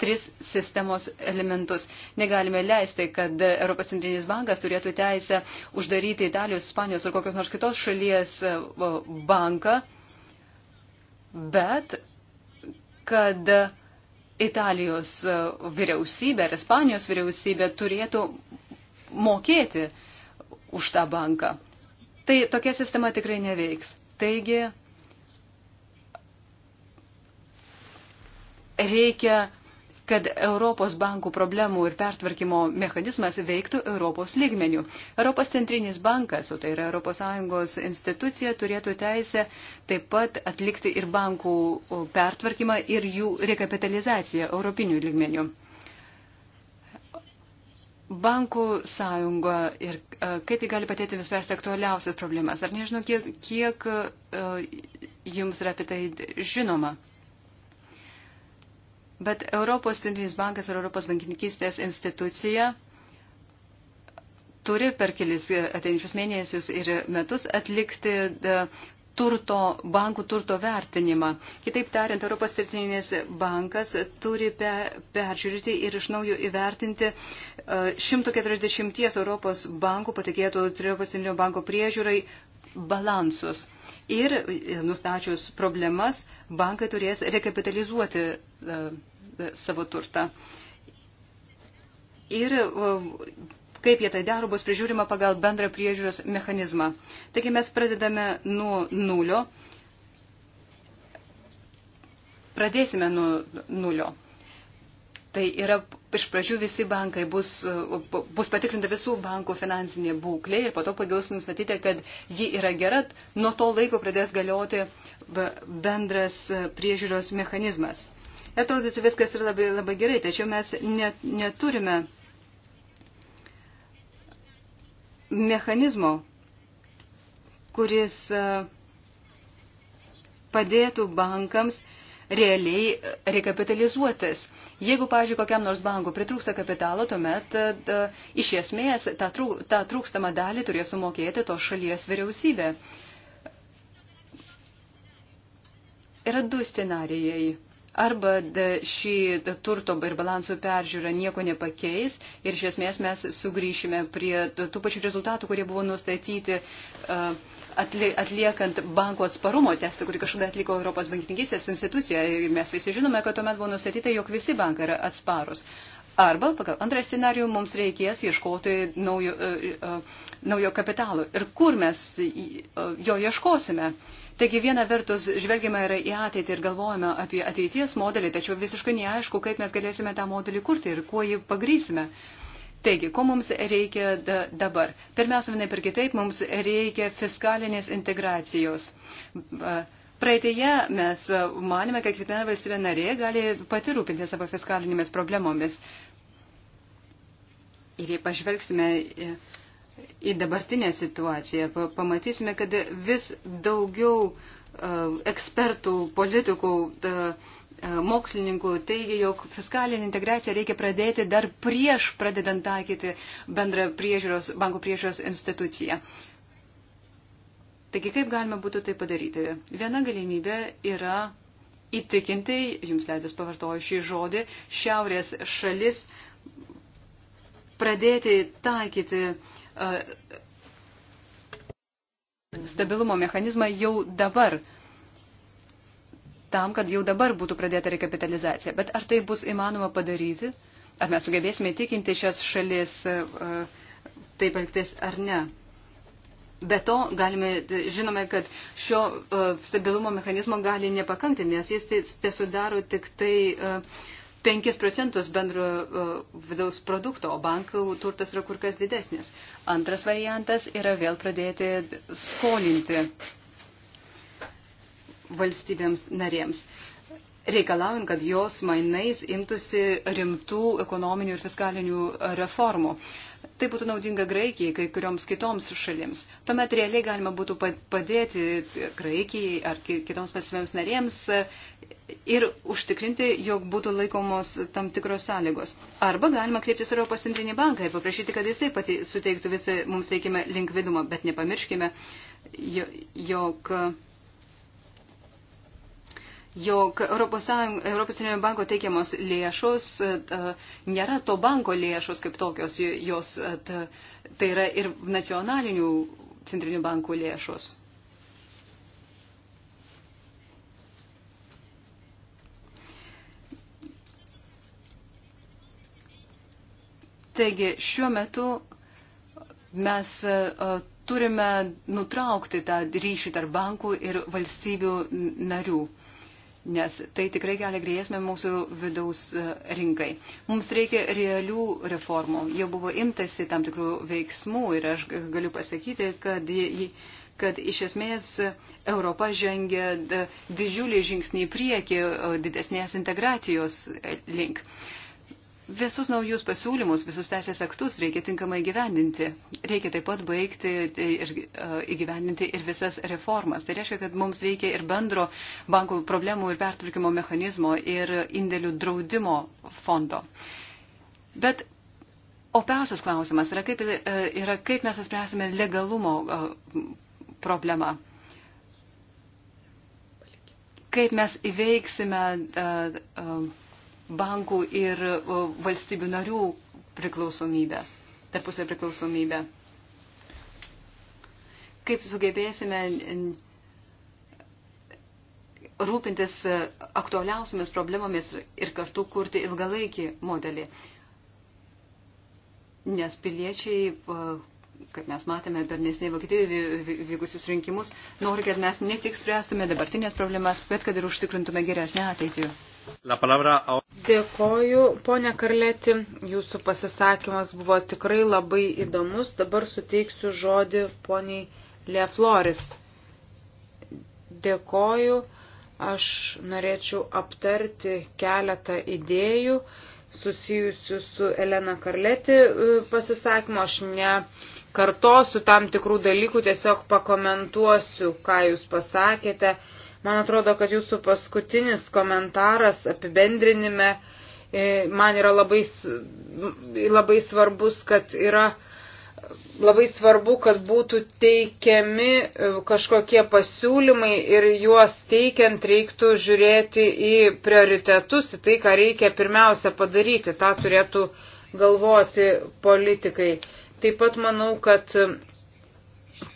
tris sistemos elementus. Negalime leisti, kad Europos centrinis bankas turėtų teisę uždaryti Italijos, Ispanijos ar kokios nors kitos šalies e, banką, bet kad Italijos e, vyriausybė ar Ispanijos vyriausybė turėtų mokėti už tą banką. Tai tokia sistema tikrai neveiks. Taigi reikia kad Europos bankų problemų ir pertvarkymo mechanizmas veiktų Europos lygmenių. Europos centrinis bankas, o tai yra ES institucija, turėtų teisę taip pat atlikti ir bankų pertvarkymą ir jų rekapitalizaciją europinių lygmenių. Bankų sąjunga ir kaip tai gali patėti vispręsti aktualiausias problemas. Ar nežinau, kiek, kiek jums yra apie tai žinoma? Bet Europos centrinis bankas ir Europos bankininkystės institucija turi per kelis ateinčius mėnesius ir metus atlikti e, turto, bankų turto vertinimą. Kitaip tariant, Europos centrinis bankas turi pe, peržiūrėti ir iš naujo įvertinti 140 e, Europos bankų patikėtų Europos centrinio banko priežiūrai balansus. Ir e, nustačius problemas, bankai turės rekapitalizuoti E, savo turtą. Ir e, kaip jie tai daro, bus prižiūrima pagal bendrą priežiūros mechanizmą. Taigi mes pradedame nuo nulio. Pradėsime nuo nulio. Tai yra iš pradžių visi bankai bus, e, bus patikrinta visų bankų finansinė būklė ir po to pagaus nustatyti, kad ji yra gera, nuo to laiko pradės galioti bendras priežiūros mechanizmas. Atrodytų viskas yra labai, labai gerai, tačiau mes net, neturime mechanizmo, kuris e, padėtų bankams realiai e, rekapitalizuotis. Jeigu, pažiūrėjau, kokiam nors bankų pritrūksta kapitalo, tuomet e, da, iš esmės tą, trūk, tą trūkstamą dalį turės sumokėti tos šalies vyriausybė. Yra du scenarijai arba šį turto ir balansų peržiūrą nieko nepakeis ir iš esmės mes sugrįšime prie tų pačių rezultatų, kurie buvo nustatyti atliekant banko atsparumo testą, kurį kažkada atliko Europos bankininkystės institucija. Ir mes visi žinome, kad tuomet buvo nustatyta, jog visi bankai yra atsparus. Arba, pagal antrą scenarių, mums reikės ieškoti naujo, e, e, naujo kapitalo. Ir kur mes jo ieškosime? Uh, Taigi viena vertus žvelgiame yra į ateitį ir galvojame apie ateities modelį, tačiau visiškai neaišku, kaip mes galėsime tą modelį kurti ir kuo jį pagrysime. Taigi, ko mums reikia dabar? Pirmiausia, vienai per kitaip, mums reikia fiskalinės integracijos. Praeitėje mes manėme, kad kiekviena valstybė narė gali pati rūpinti savo fiskalinėmis problemomis. Ir jei pažvelgsime į dabartinę situaciją, pamatysime, kad vis daugiau e, ekspertų, politikų, e, e, mokslininkų teigia, jog fiskalinį integraciją reikia pradėti dar prieš pradedant taikyti bendrą priežiūros, bankų priežiūros instituciją. Taigi, kaip galima būtų tai padaryti? Viena galimybė yra įtikinti, jums leidus pavartoju šį žodį, šiaurės šalis pradėti taikyti uh, stabilumo mechanizmą jau dabar, tam, kad jau dabar būtų pradėta rekapitalizacija. Bet ar tai bus įmanoma padaryti? Ar mes sugebėsime įtikinti šias šalis e, taip elgtis ar ne? Be to, galime, žinome, kad šio e, stabilumo mechanizmo gali nepakankti, nes jis tai sudaro tik tai uh, 5 procentus bendro e, vidaus produkto, o bankų turtas yra kur kas didesnis. Antras variantas yra vėl pradėti skolinti valstybėms narėms, reikalaujant, kad jos mainais imtųsi rimtų ekonominių ir fiskalinių reformų. Tai būtų naudinga Graikijai, kai kurioms kitoms šalims. Tuomet realiai galima būtų padėti Graikijai ar kitoms valstybėms narėms e, ir užtikrinti, jog būtų laikomos tam tikros sąlygos. Arba galima kreiptis Europos centrinį banką ir paprašyti, kad jisai pati suteiktų visą mums reikimą linkvidumą, bet nepamirškime, jog. Jo, jog Europos, Europos Centrinio banko teikiamos lėšos e, nėra to banko lėšos kaip tokios, jos e, tai yra ir nacionalinių centrinių bankų lėšos. Taigi šiuo metu mes e, turime nutraukti tą ryšį tarp bankų ir valstybių narių nes tai tikrai kelia grėsmę mūsų vidaus e, rinkai. Mums reikia realių reformų. Jau buvo imtasi tam tikrų veiksmų ir aš galiu pasakyti, kad, kad iš esmės Europa žengia e, didžiulį žingsnį į priekį didesnės integracijos e, link. Visus naujus pasiūlymus, visus teisės aktus reikia tinkamai gyvendinti. Reikia taip pat baigti e, ir e, įgyvendinti ir visas reformas. Tai reiškia, kad mums reikia ir bendro bankų problemų ir pertvarkymo mechanizmo ir indėlių draudimo fondo. Bet opiausias klausimas yra kaip, e, yra, kaip mes spręsime legalumo problemą. Kaip mes įveiksime. Uh, uh, bankų ir valstybių narių priklausomybę, tarpusio priklausomybę. Kaip sugebėsime rūpintis aktualiausiamis problemomis ir kartu kurti ilgalaikį modelį. Nes piliečiai, kaip mes matėme per nesnei Vokietijoje vykusius rinkimus, nori, kad mes ne tik spręstume dabartinės problemas, bet kad ir užtikrintume geresnę ateitį. Dėkoju, ponė Karleti, jūsų pasisakymas buvo tikrai labai įdomus. Dabar suteiksiu žodį poniai Lefloris. Dėkoju, aš norėčiau aptarti keletą idėjų susijusių su Elena Karleti e, pasisakymu. Aš nekartosiu tam tikrų dalykų, tiesiog pakomentuosiu, ką jūs pasakėte. Man atrodo, kad jūsų paskutinis komentaras apibendrinime e, man yra labai, labai svarbus, kad yra labai svarbu, kad būtų teikiami e, kažkokie pasiūlymai ir juos teikiant reiktų žiūrėti į prioritetus, į tai, ką reikia pirmiausia padaryti. Ta turėtų galvoti politikai. Taip pat manau, kad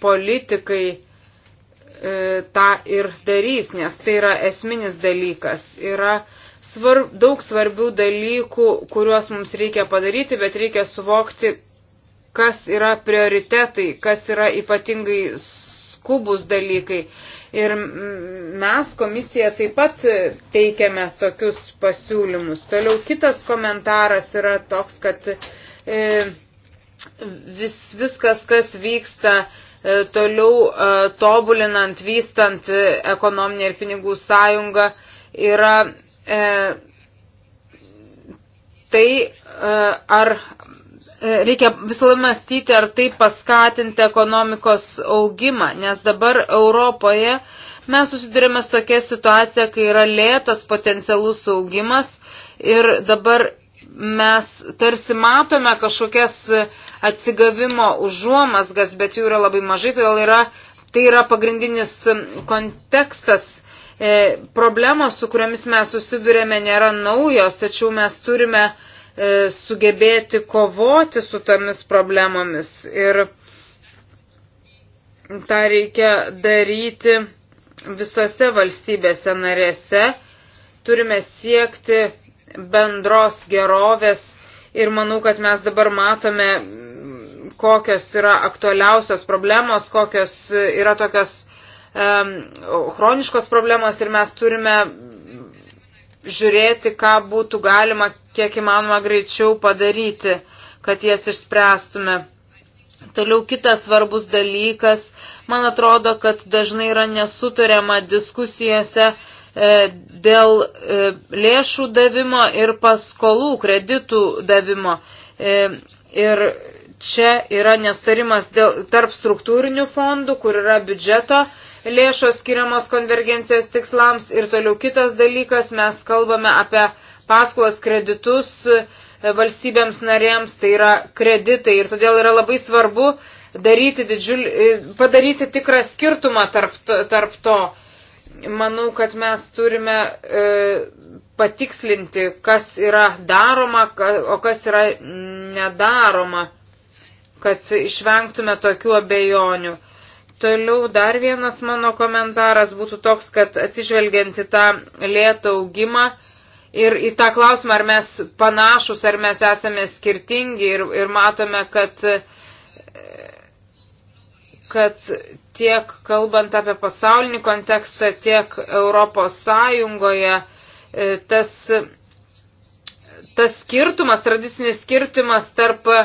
politikai E, tą ir darys, nes tai yra esminis dalykas. Yra svarb, daug svarbių dalykų, kuriuos mums reikia padaryti, bet reikia suvokti, kas yra prioritetai, kas yra ypatingai skubus dalykai. Ir mes komisija taip pat teikiame tokius pasiūlymus. Toliau kitas komentaras yra toks, kad e, vis, viskas, kas vyksta e, E, toliau e, tobulinant, vystant e, ekonominę ir pinigų sąjungą yra tai, ar reikia visada mąstyti, ar tai paskatinti ekonomikos augimą, nes dabar Europoje mes susidurime su tokia situacija, kai yra lėtas potencialus augimas ir dabar mes tarsi matome kažkokias atsigavimo užuomasgas, bet jų yra labai mažai, todėl yra, tai yra pagrindinis kontekstas. E, problemos, su kuriamis mes susidurėme, nėra naujos, tačiau mes turime e, sugebėti kovoti su tomis problemomis. Ir tą reikia daryti visose valstybėse narėse. Turime siekti bendros gerovės ir manau, kad mes dabar matome, kokios yra aktualiausios problemos, kokios yra tokios um, chroniškos problemos ir mes turime žiūrėti, ką būtų galima kiek įmanoma greičiau padaryti, kad jas išspręstume. Toliau kitas svarbus dalykas, man atrodo, kad dažnai yra nesutariama diskusijose, uh, E, dėl e, lėšų davimo ir paskolų kreditų davimo. E, ir čia yra nestarimas dėl, tarp struktūrinių fondų, kur yra biudžeto lėšos skiriamos konvergencijos tikslams. Ir toliau kitas dalykas, mes kalbame apie paskolas kreditus valstybėms narėms, tai yra kreditai. Ir todėl yra labai svarbu daryti didžiulį, padaryti tikrą skirtumą tarp to. Tarp to manau, kad mes turime e, patikslinti, kas yra daroma, ka, o kas yra nedaroma, kad išvengtume tokių abejonių. Toliau dar vienas mano komentaras būtų toks, kad atsižvelgiant į tą lėtą augimą ir į tą klausimą, ar mes panašus, ar mes esame skirtingi ir, ir matome, kad, kad tiek kalbant apie pasaulinį kontekstą, tiek Europos Sąjungoje, e, tas, tas skirtumas, tradicinis skirtumas tarp e,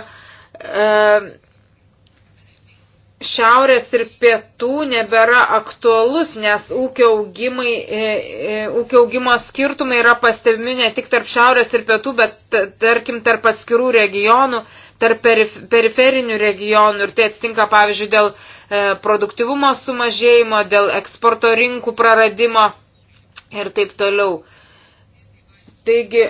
šiaurės ir pietų nebėra aktualus, nes ūkio, augimai, e, e, ūkio augimo skirtumai yra pastebimi ne tik tarp šiaurės ir pietų, bet tarkim tarp atskirų regionų, tarp periferinių regionų ir tai atsitinka pavyzdžiui dėl E, produktivumo sumažėjimo, dėl eksporto rinkų praradimo ir taip toliau. Taigi,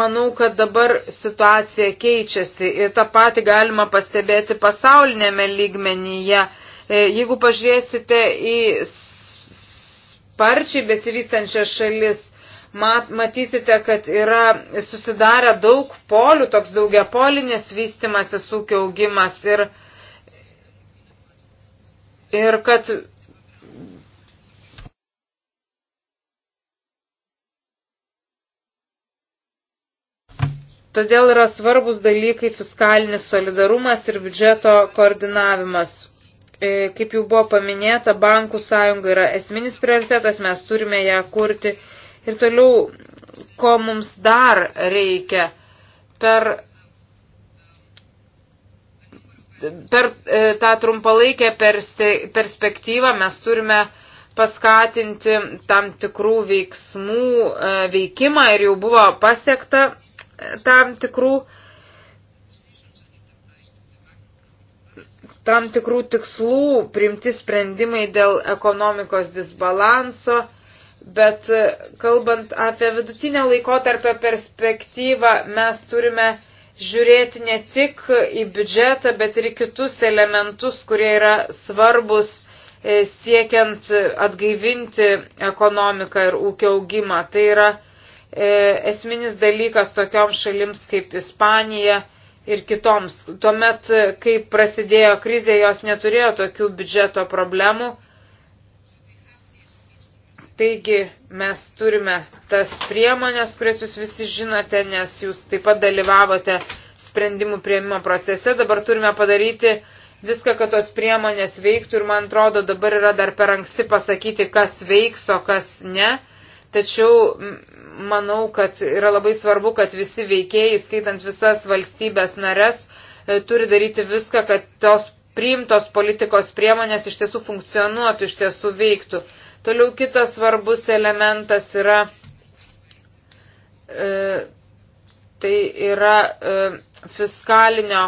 manau, kad dabar situacija keičiasi ir tą patį galima pastebėti pasaulinėme lygmenyje. E, jeigu pažiūrėsite į sparčiai besivystančias šalis, mat, matysite, kad yra susidarę daug polių, toks daugia polinis vystimasis ūkio augimas ir e, ir kad Todėl yra svarbus dalykai fiskalinis solidarumas ir biudžeto koordinavimas. E, kaip jau buvo paminėta, bankų sąjunga yra esminis prioritetas, mes turime ją kurti. Ir toliau, ko mums dar reikia per per e, tą trumpalaikę perspektyvą mes turime paskatinti tam tikrų veiksmų e, veikimą ir jau buvo pasiekta e, tam tikrų, tam tikrų tikslų priimti sprendimai dėl ekonomikos disbalanso, bet kalbant apie vidutinę laikotarpio perspektyvą, mes turime uh, žiūrėti ne tik į biudžetą, bet ir į kitus elementus, kurie yra svarbus e, siekiant atgaivinti ekonomiką ir ūkio augimą. Tai yra e, esminis dalykas tokiom šalims kaip Ispanija ir kitoms. Tuomet, kai prasidėjo krizė, jos neturėjo tokių biudžeto problemų Taigi mes turime tas priemonės, kurias jūs visi žinote, nes jūs taip pat dalyvavote sprendimų prieimimo procese. Dabar turime padaryti viską, kad tos priemonės veiktų ir man atrodo dabar yra dar per anksti pasakyti, kas veiks, o kas ne. Tačiau manau, kad yra labai svarbu, kad visi veikėjai, skaitant visas valstybės nares, e, turi daryti viską, kad tos priimtos politikos priemonės iš tiesų funkcionuotų, iš tiesų veiktų. Toliau kitas svarbus elementas yra, e, tai yra e, fiskalinio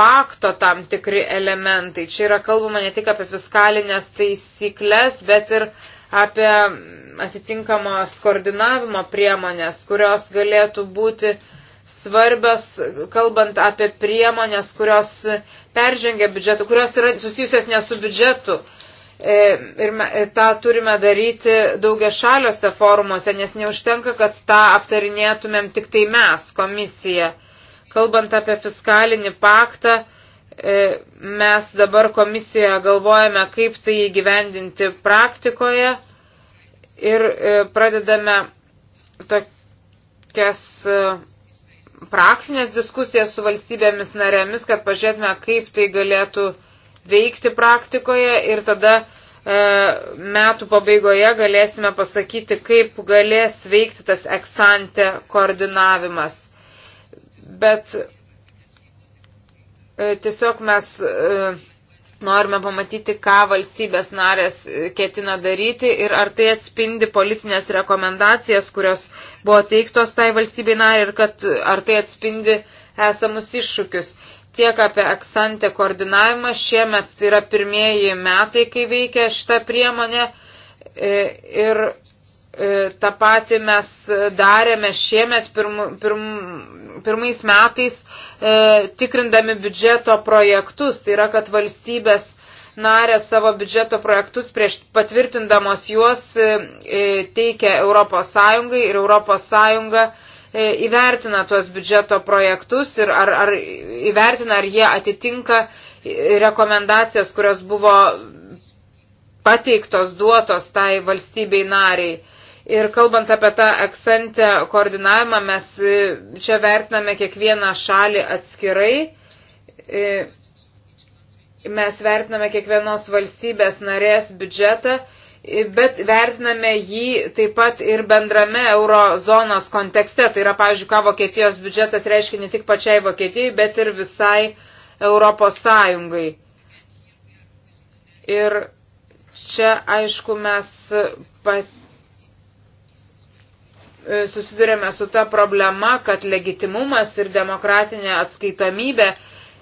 pakto tam tikri elementai. Čia yra kalbama ne tik apie fiskalinės taisyklės, bet ir apie atitinkamos koordinavimo priemonės, kurios galėtų būti svarbios, kalbant apie priemonės, kurios peržengia biudžetų, kurios yra susijusios ne su biudžetu. E, E, ir e, tą turime daryti daugia šaliuose forumuose, nes neužtenka, kad tą aptarinėtumėm tik tai mes, komisija. Kalbant apie fiskalinį paktą, e, mes dabar komisijoje galvojame, kaip tai įgyvendinti praktikoje ir pradedame tokias praktinės diskusijas su valstybėmis narėmis, kad pažiūrėtume, kaip tai galėtų veikti praktikoje ir tada e, metų pabaigoje galėsime pasakyti, kaip galės veikti tas eksante koordinavimas. Bet e, tiesiog mes e, norime pamatyti, ką valstybės narės ketina daryti ir ar tai atspindi politinės rekomendacijas, kurios buvo teiktos tai valstybei narė ir kad ar tai atspindi esamus iššūkius tiek apie eksantę koordinavimą. Šiemet yra pirmieji metai, kai veikia šita priemonė e, ir e, tą patį mes darėme šiemet pirm, pirm, pirmais metais e, tikrindami biudžeto projektus. Tai yra, kad valstybės narė savo biudžeto projektus prieš patvirtindamos juos teikia Europos Sąjungai ir Europos Sąjunga E, įvertina tuos biudžeto projektus ir ar, ar įvertina, ar jie atitinka rekomendacijas, kurios buvo pateiktos, duotos tai valstybei nariai. Ir kalbant apie tą eksantę koordinavimą, mes e, čia vertiname kiekvieną šalį atskirai. E, mes vertiname kiekvienos valstybės narės biudžetą bet vertiname jį taip pat ir bendrame eurozonos kontekste. Tai yra, pavyzdžiui, ką Vokietijos biudžetas reiškia ne tik pačiai Vokietijai, bet ir visai Europos Sąjungai. Ir čia, aišku, mes pat susidurėme su ta problema, kad legitimumas ir demokratinė atskaitomybė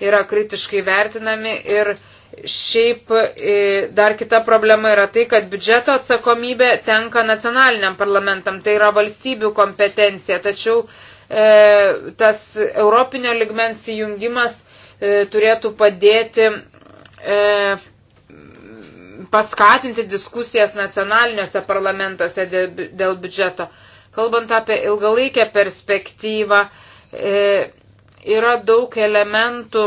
yra kritiškai vertinami ir Šiaip e, dar kita problema yra tai, kad biudžeto atsakomybė tenka nacionaliniam parlamentam, tai yra valstybių kompetencija, tačiau e, tas europinio ligmens įjungimas e, turėtų padėti e, paskatinti diskusijas nacionaliniuose parlamentuose dėl, dėl biudžeto. Kalbant apie ilgalaikę perspektyvą, e, yra daug elementų,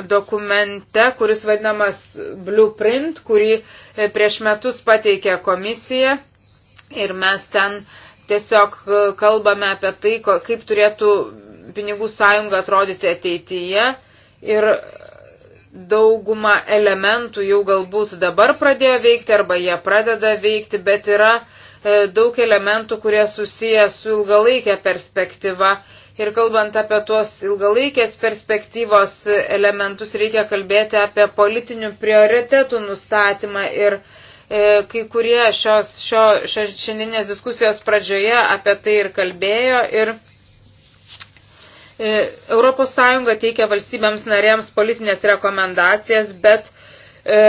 dokumente, kuris vadinamas blueprint, kurį e, prieš metus pateikė komisija ir mes ten tiesiog e, kalbame apie tai, kaip turėtų pinigų sąjunga atrodyti ateityje ir dauguma elementų jau galbūt dabar pradėjo veikti arba jie pradeda veikti, bet yra e, daug elementų, kurie susiję su ilgalaikė perspektyva Ir kalbant apie tuos ilgalaikės perspektyvos elementus, reikia kalbėti apie politinių prioritetų nustatymą ir e, kai kurie šios, šio, šio, šiandienės diskusijos pradžioje apie tai ir kalbėjo. Ir e, Europos Sąjunga teikia valstybėms narėms politinės rekomendacijas, bet e,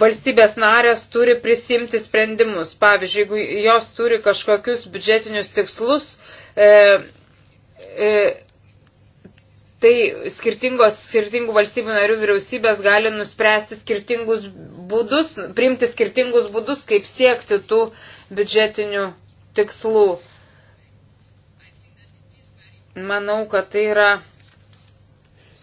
valstybės narės turi prisimti sprendimus. Pavyzdžiui, jeigu jos turi kažkokius biudžetinius tikslus, E, e, tai skirtingos, skirtingų valstybių narių vyriausybės gali nuspręsti skirtingus būdus, priimti skirtingus būdus, kaip siekti tų biudžetinių tikslų. Manau, kad tai yra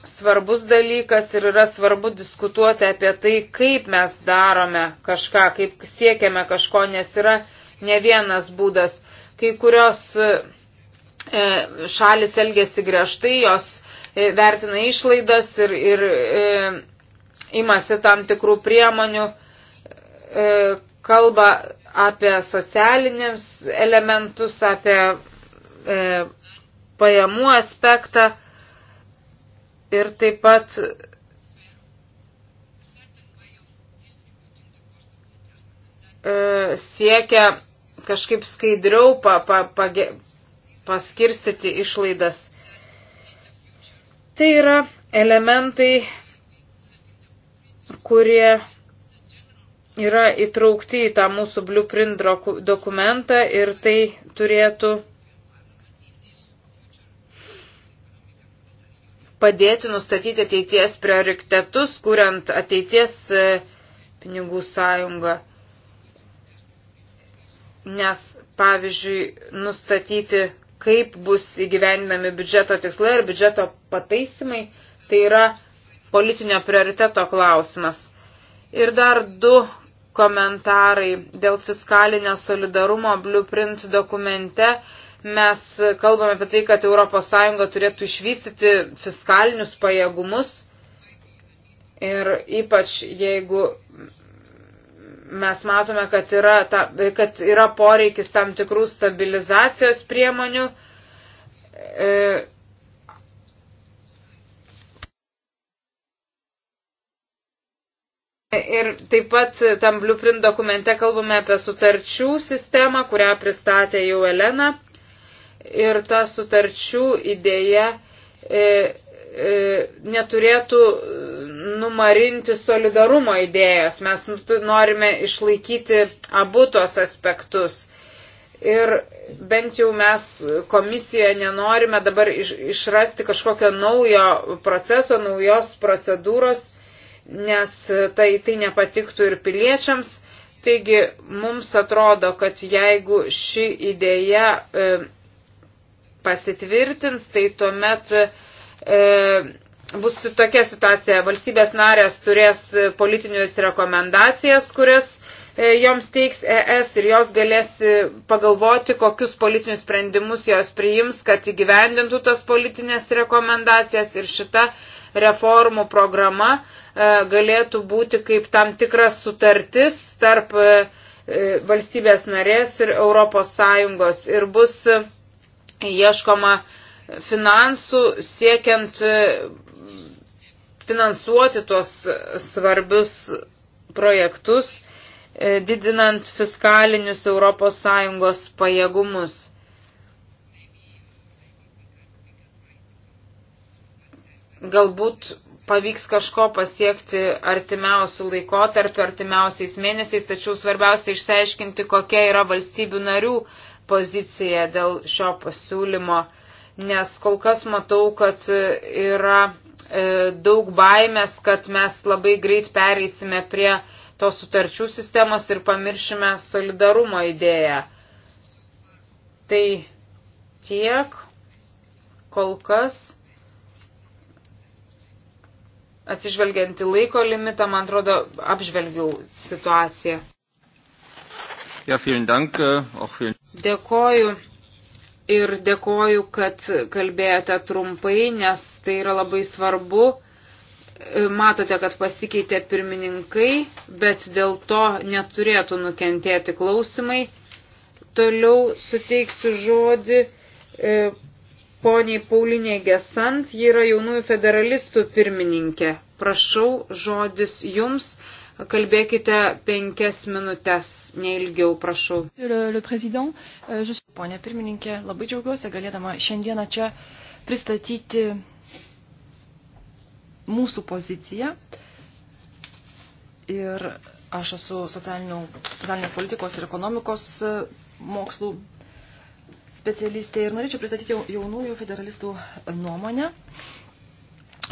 svarbus dalykas ir yra svarbu diskutuoti apie tai, kaip mes darome kažką, kaip siekiame kažko, nes yra ne vienas būdas. Kai kurios E, šalis elgesi griežtai, jos e, vertina išlaidas ir, ir e, imasi tam tikrų priemonių, e, kalba apie socialinius elementus, apie e, pajamų aspektą ir taip pat e, siekia kažkaip skaidriau pa, pa, pa, paskirstyti išlaidas. Tai yra elementai, kurie yra įtraukti į tą mūsų blueprint dokumentą ir tai turėtų padėti nustatyti ateities prioritetus, kuriant ateities e, pinigų sąjungą. Nes, pavyzdžiui, nustatyti kaip bus įgyvendinami biudžeto tikslai ir biudžeto pataisimai, tai yra politinio prioriteto klausimas. Ir dar du komentarai dėl fiskalinio solidarumo blueprint dokumente. Mes kalbame apie tai, kad ES turėtų išvystyti fiskalinius pajėgumus ir ypač jeigu mes matome, kad yra, ta, kad yra poreikis tam tikrų stabilizacijos priemonių. E, Ir taip pat tam blueprint dokumente kalbame apie sutarčių sistemą, kurią pristatė jau Elena. Ir ta sutarčių idėja e, E, neturėtų e, numarinti solidarumo idėjos. Mes nu, norime išlaikyti abu tos aspektus. Ir bent jau mes komisijoje nenorime dabar iš, išrasti kažkokio naujo proceso, naujos procedūros, nes tai, tai nepatiktų ir piliečiams. Taigi mums atrodo, kad jeigu ši idėja e, pasitvirtins, tai tuomet e, E, bus tokia situacija. Valstybės narės turės politinius rekomendacijas, kurias e, joms teiks ES ir jos galės e, pagalvoti, kokius politinius sprendimus jos priims, kad įgyvendintų tas politinės rekomendacijas ir šita reformų programa galėtų būti kaip tam tikras sutartis tarp valstybės narės ir Europos Sąjungos ir bus ieškoma finansų siekiant e, finansuoti tuos svarbius projektus, e, didinant fiskalinius ES pajėgumus. Galbūt pavyks kažko pasiekti artimiausių laikotarpių, artimiausiais mėnesiais, tačiau svarbiausia išsiaiškinti, kokia yra valstybių narių pozicija dėl šio pasiūlymo nes kol kas matau, kad e, yra e, daug baimės, kad mes labai greit pereisime prie tos sutarčių sistemos ir pamiršime solidarumo idėją. Tai tiek kol kas. Atsižvelgianti laiko limitą, man atrodo, apžvelgiau situaciją. Ja, vielen Dank, äh, auch vielen... Dėkoju ir dėkoju, kad kalbėjote trumpai, nes tai yra labai svarbu. Matote, kad pasikeitė pirmininkai, bet dėl to neturėtų nukentėti klausimai. Toliau suteiksiu žodį e, poniai Paulinė Gesant, ji yra jaunųjų federalistų pirmininkė. Prašau, žodis jums. Kalbėkite penkias minutės, neilgiau, prašau. Euh, Pone pirmininkė, labai džiaugiuosi galėdama šiandieną čia pristatyti mūsų poziciją. Ir aš esu socialinės politikos ir ekonomikos e, mokslų specialistė ir norėčiau pristatyti jaunųjų federalistų nuomonę.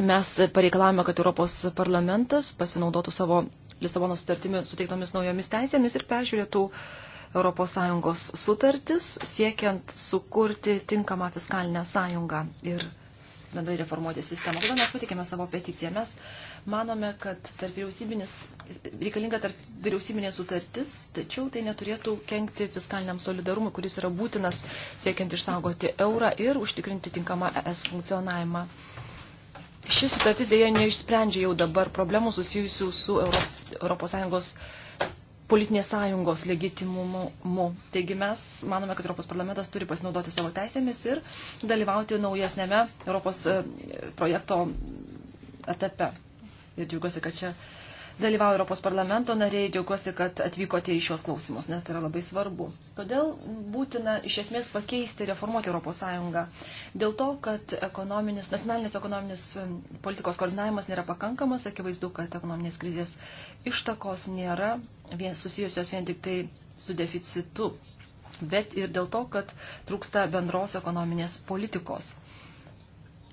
Mes pareikalavome, kad Europos parlamentas pasinaudotų savo Lisabono sutartimi suteiktomis naujomis teisėmis ir peržiūrėtų ES sutartis, siekiant sukurti tinkamą fiskalinę sąjungą ir bendrai reformuoti sistemą. Kodėl mes patikėme savo peticiją? Mes manome, kad tarp reikalinga tarp vyriausybinė sutartis, tačiau tai neturėtų kenkti fiskaliniam solidarumui, kuris yra būtinas siekiant išsaugoti eurą ir užtikrinti tinkamą ES funkcionavimą. Šis sutartis dėja neišsprendžia jau dabar problemų susijusių su ES politinės sąjungos legitimumu. Taigi mes manome, kad Europos parlamentas turi pasinaudoti savo teisėmis ir dalyvauti naujasnėme Europos e, projekto etape. Ir džiugiuosi, kad čia uh, dalyvauja Europos parlamento nariai, džiaugiuosi, kad atvykote į šios klausimus, nes tai yra labai svarbu. Kodėl būtina iš esmės pakeisti, reformuoti Europos Sąjungą? Dėl to, kad ekonominis, nacionalinis ekonominis politikos koordinavimas nėra pakankamas, akivaizdu, kad ekonominės krizės ištakos nėra vien, susijusios vien tik tai su deficitu, bet ir dėl to, kad trūksta bendros ekonominės politikos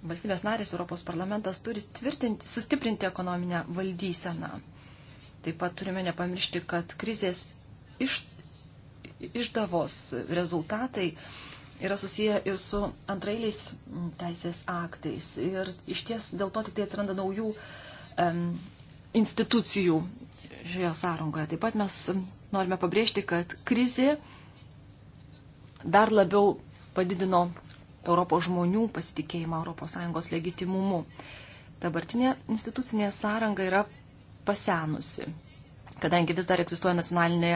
valstybės narės Europos parlamentas turi tvirtinti, sustiprinti ekonominę valdyseną. Taip pat turime nepamiršti, kad krizės iš, išdavos rezultatai yra susiję ir su antrailiais teisės aktais. Ir iš ties dėl to tik tai atsiranda naujų um, institucijų šioje sąrangoje. Taip pat mes norime pabrėžti, kad krizė dar labiau padidino Europos žmonių pasitikėjimą ES legitimumu. Dabartinė institucinė sąranga yra pasenusi, kadangi vis dar egzistuoja nacionalinė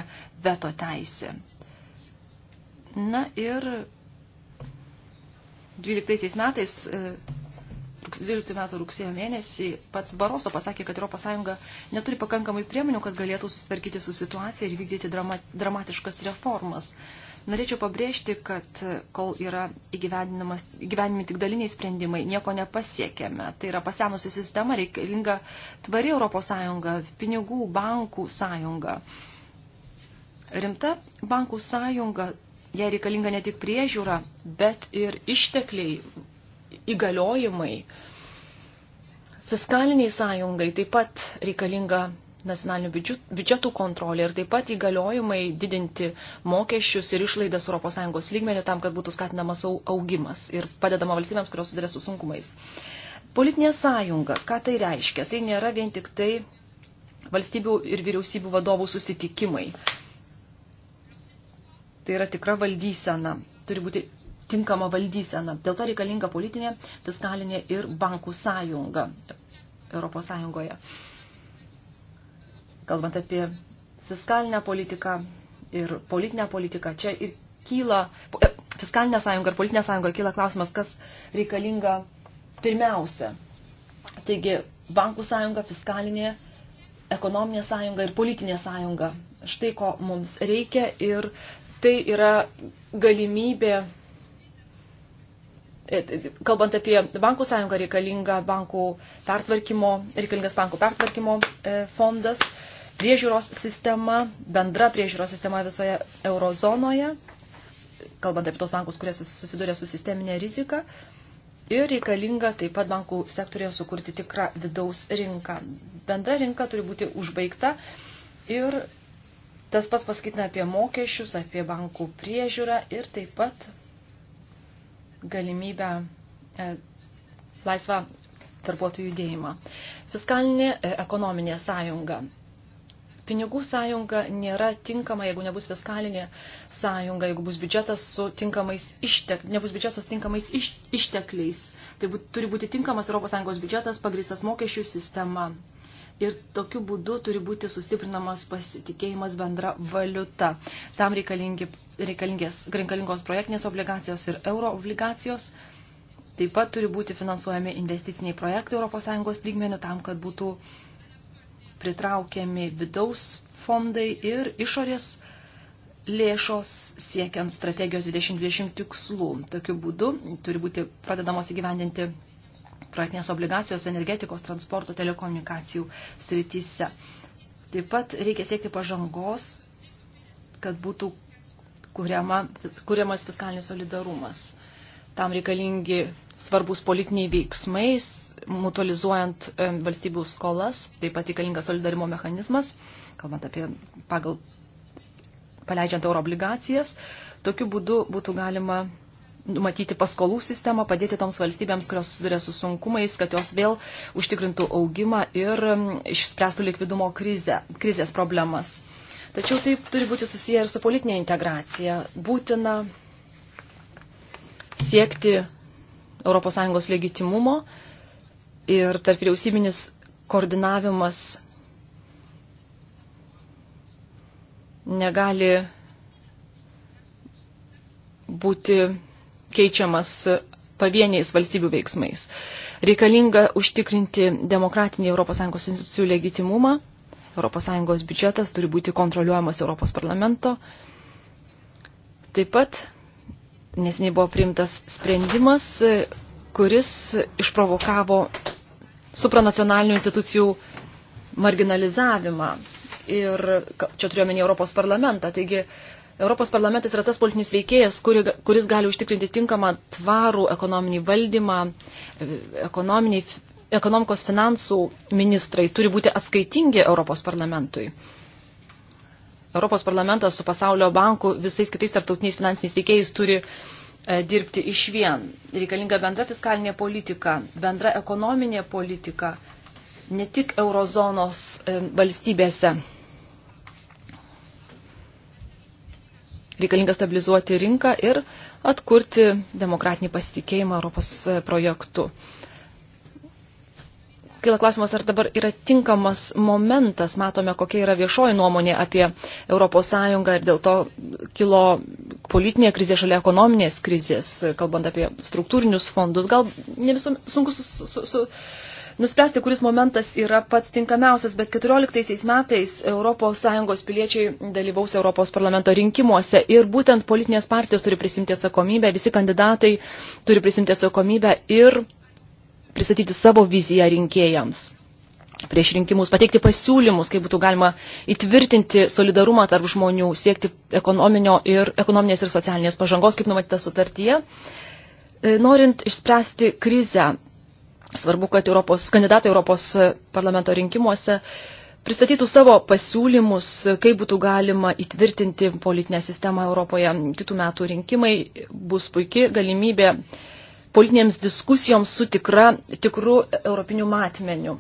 veto teisė. Na ir 12 metais, 12 e, metų rugsėjo mėnesį, pats Baroso pasakė, kad ES neturi pakankamai priemonių, kad galėtų susitvarkyti su situacija ir vykdyti dramatiškas reformas. Norėčiau pabrėžti, kad kol yra įgyvenimi tik daliniai sprendimai, nieko nepasiekėme. Tai yra pasenusi sistema, reikalinga tvari Europos Sąjunga, pinigų bankų sąjunga. Rimta bankų sąjunga, jai reikalinga ne tik priežiūra, bet ir ištekliai, įgaliojimai. Fiskaliniai sąjungai taip pat reikalinga nacionalinių biudžetų kontrolė ir taip pat įgaliojimai didinti mokesčius ir išlaidas ES lygmenių tam, kad būtų skatinamas augimas ir padedama valstybėms, kurios sudarė su sunkumais. Politinė sąjunga, ką tai reiškia? Tai nėra vien tik tai valstybių ir vyriausybių vadovų susitikimai. Tai yra tikra valdysena. Turi būti tinkama valdysena. Dėl to reikalinga politinė, fiskalinė ir bankų sąjunga Europos Sąjungoje kalbant apie fiskalinę politiką ir politinę politiką, čia ir kyla, e, fiskalinė sąjunga ir politinė sąjunga kyla klausimas, kas reikalinga pirmiausia. Taigi, bankų sąjunga, fiskalinė, ekonominė sąjunga ir politinė sąjunga. Štai ko mums reikia ir tai yra galimybė, e, kalbant apie bankų sąjungą, reikalinga bankų pertvarkymo, reikalingas bankų pertvarkymo e, fondas priežiūros sistema, bendra priežiūros sistema visoje eurozonoje, kalbant apie tos bankus, kurie susiduria su sisteminė rizika. Ir reikalinga taip pat bankų sektorėje sukurti tikrą vidaus rinką. Bendra rinka turi būti užbaigta ir tas pats paskaitina apie mokesčius, apie bankų priežiūrą ir taip pat galimybę e, laisvą darbuotojų judėjimą. Fiskalinė e, ekonominė sąjunga. Pinigų sąjunga nėra tinkama, jeigu nebus fiskalinė sąjunga, jeigu bus biudžetas su tinkamais ištek, nebus biudžetas su tinkamais iš, ištekliais. Tai būt, turi būti tinkamas ES biudžetas, pagristas mokesčių sistema. Ir tokiu būdu turi būti sustiprinamas pasitikėjimas bendra valiuta. Tam reikalingos projektinės obligacijos ir euro obligacijos. Taip pat turi būti finansuojami investiciniai projektai ES lygmenių tam, kad būtų uh, pritraukiami vidaus fondai ir išorės lėšos siekiant strategijos 2020 tikslų. Tokiu būdu turi būti pradedamos įgyvendinti projektinės obligacijos energetikos, transporto, telekomunikacijų srityse. Taip pat reikia siekti pažangos, kad būtų kuriama, kuriamas fiskalinis solidarumas. Tam reikalingi svarbus politiniai veiksmais, mutualizuojant e, valstybių skolas, taip pat reikalingas solidarimo mechanizmas, kalbant apie pagal paleidžiant euro obligacijas. Tokiu būdu būtų galima numatyti paskolų sistemą, padėti toms valstybėms, kurios susiduria su sunkumais, kad jos vėl užtikrintų augimą ir išspręstų likvidumo krizę, krizės problemas. Tačiau tai turi būti susiję ir su politinė integracija. Būtina siekti ES legitimumo ir tarp vyriausybinis koordinavimas negali būti keičiamas pavieniais valstybių veiksmais. Reikalinga užtikrinti demokratinį ES institucijų legitimumą. ES biudžetas turi būti kontroliuojamas ES parlamento. Taip pat nesiniai buvo priimtas sprendimas, kuris išprovokavo supranacionalinių institucijų marginalizavimą. Ir čia turiuomenį Europos parlamentą. Taigi Europos parlamentas yra tas politinis veikėjas, kuri, kuris gali užtikrinti tinkamą tvarų ekonominį valdymą, ekonominį, ekonomikos finansų ministrai turi būti atskaitingi Europos parlamentui. Europos parlamentas su pasaulio banku visais kitais tarptautiniais finansiniais veikėjais turi uh, E, dirbti iš vien. Reikalinga bendra fiskalinė politika, bendra ekonominė politika, ne tik eurozonos e, valstybėse. Reikalinga stabilizuoti rinką ir atkurti demokratinį pasitikėjimą Europos e, projektu kyla klausimas, ar dabar yra tinkamas momentas, matome, kokia yra viešoji nuomonė apie ES ir dėl to kilo politinė krizė šalia ekonominės krizės, kalbant apie struktūrinius fondus. Gal ne visų sunku su, su, su, nuspręsti, kuris momentas yra pats tinkamiausias, bet 14 metais ES piliečiai dalyvaus Europos parlamento rinkimuose ir būtent politinės partijos turi prisimti atsakomybę, visi kandidatai turi prisimti atsakomybę ir pristatyti savo viziją rinkėjams prieš rinkimus, pateikti pasiūlymus, kaip būtų galima įtvirtinti solidarumą tarp žmonių, siekti ir, ekonominės ir socialinės pažangos, kaip numatyta sutartyje. E, norint išspręsti krizę, svarbu, kad Europos, kandidatai Europos parlamento rinkimuose pristatytų savo pasiūlymus, kaip būtų galima įtvirtinti politinę sistemą Europoje. Kitų metų rinkimai bus puikia galimybė uh, politinėms diskusijoms su tikra, tikru europiniu matmeniu.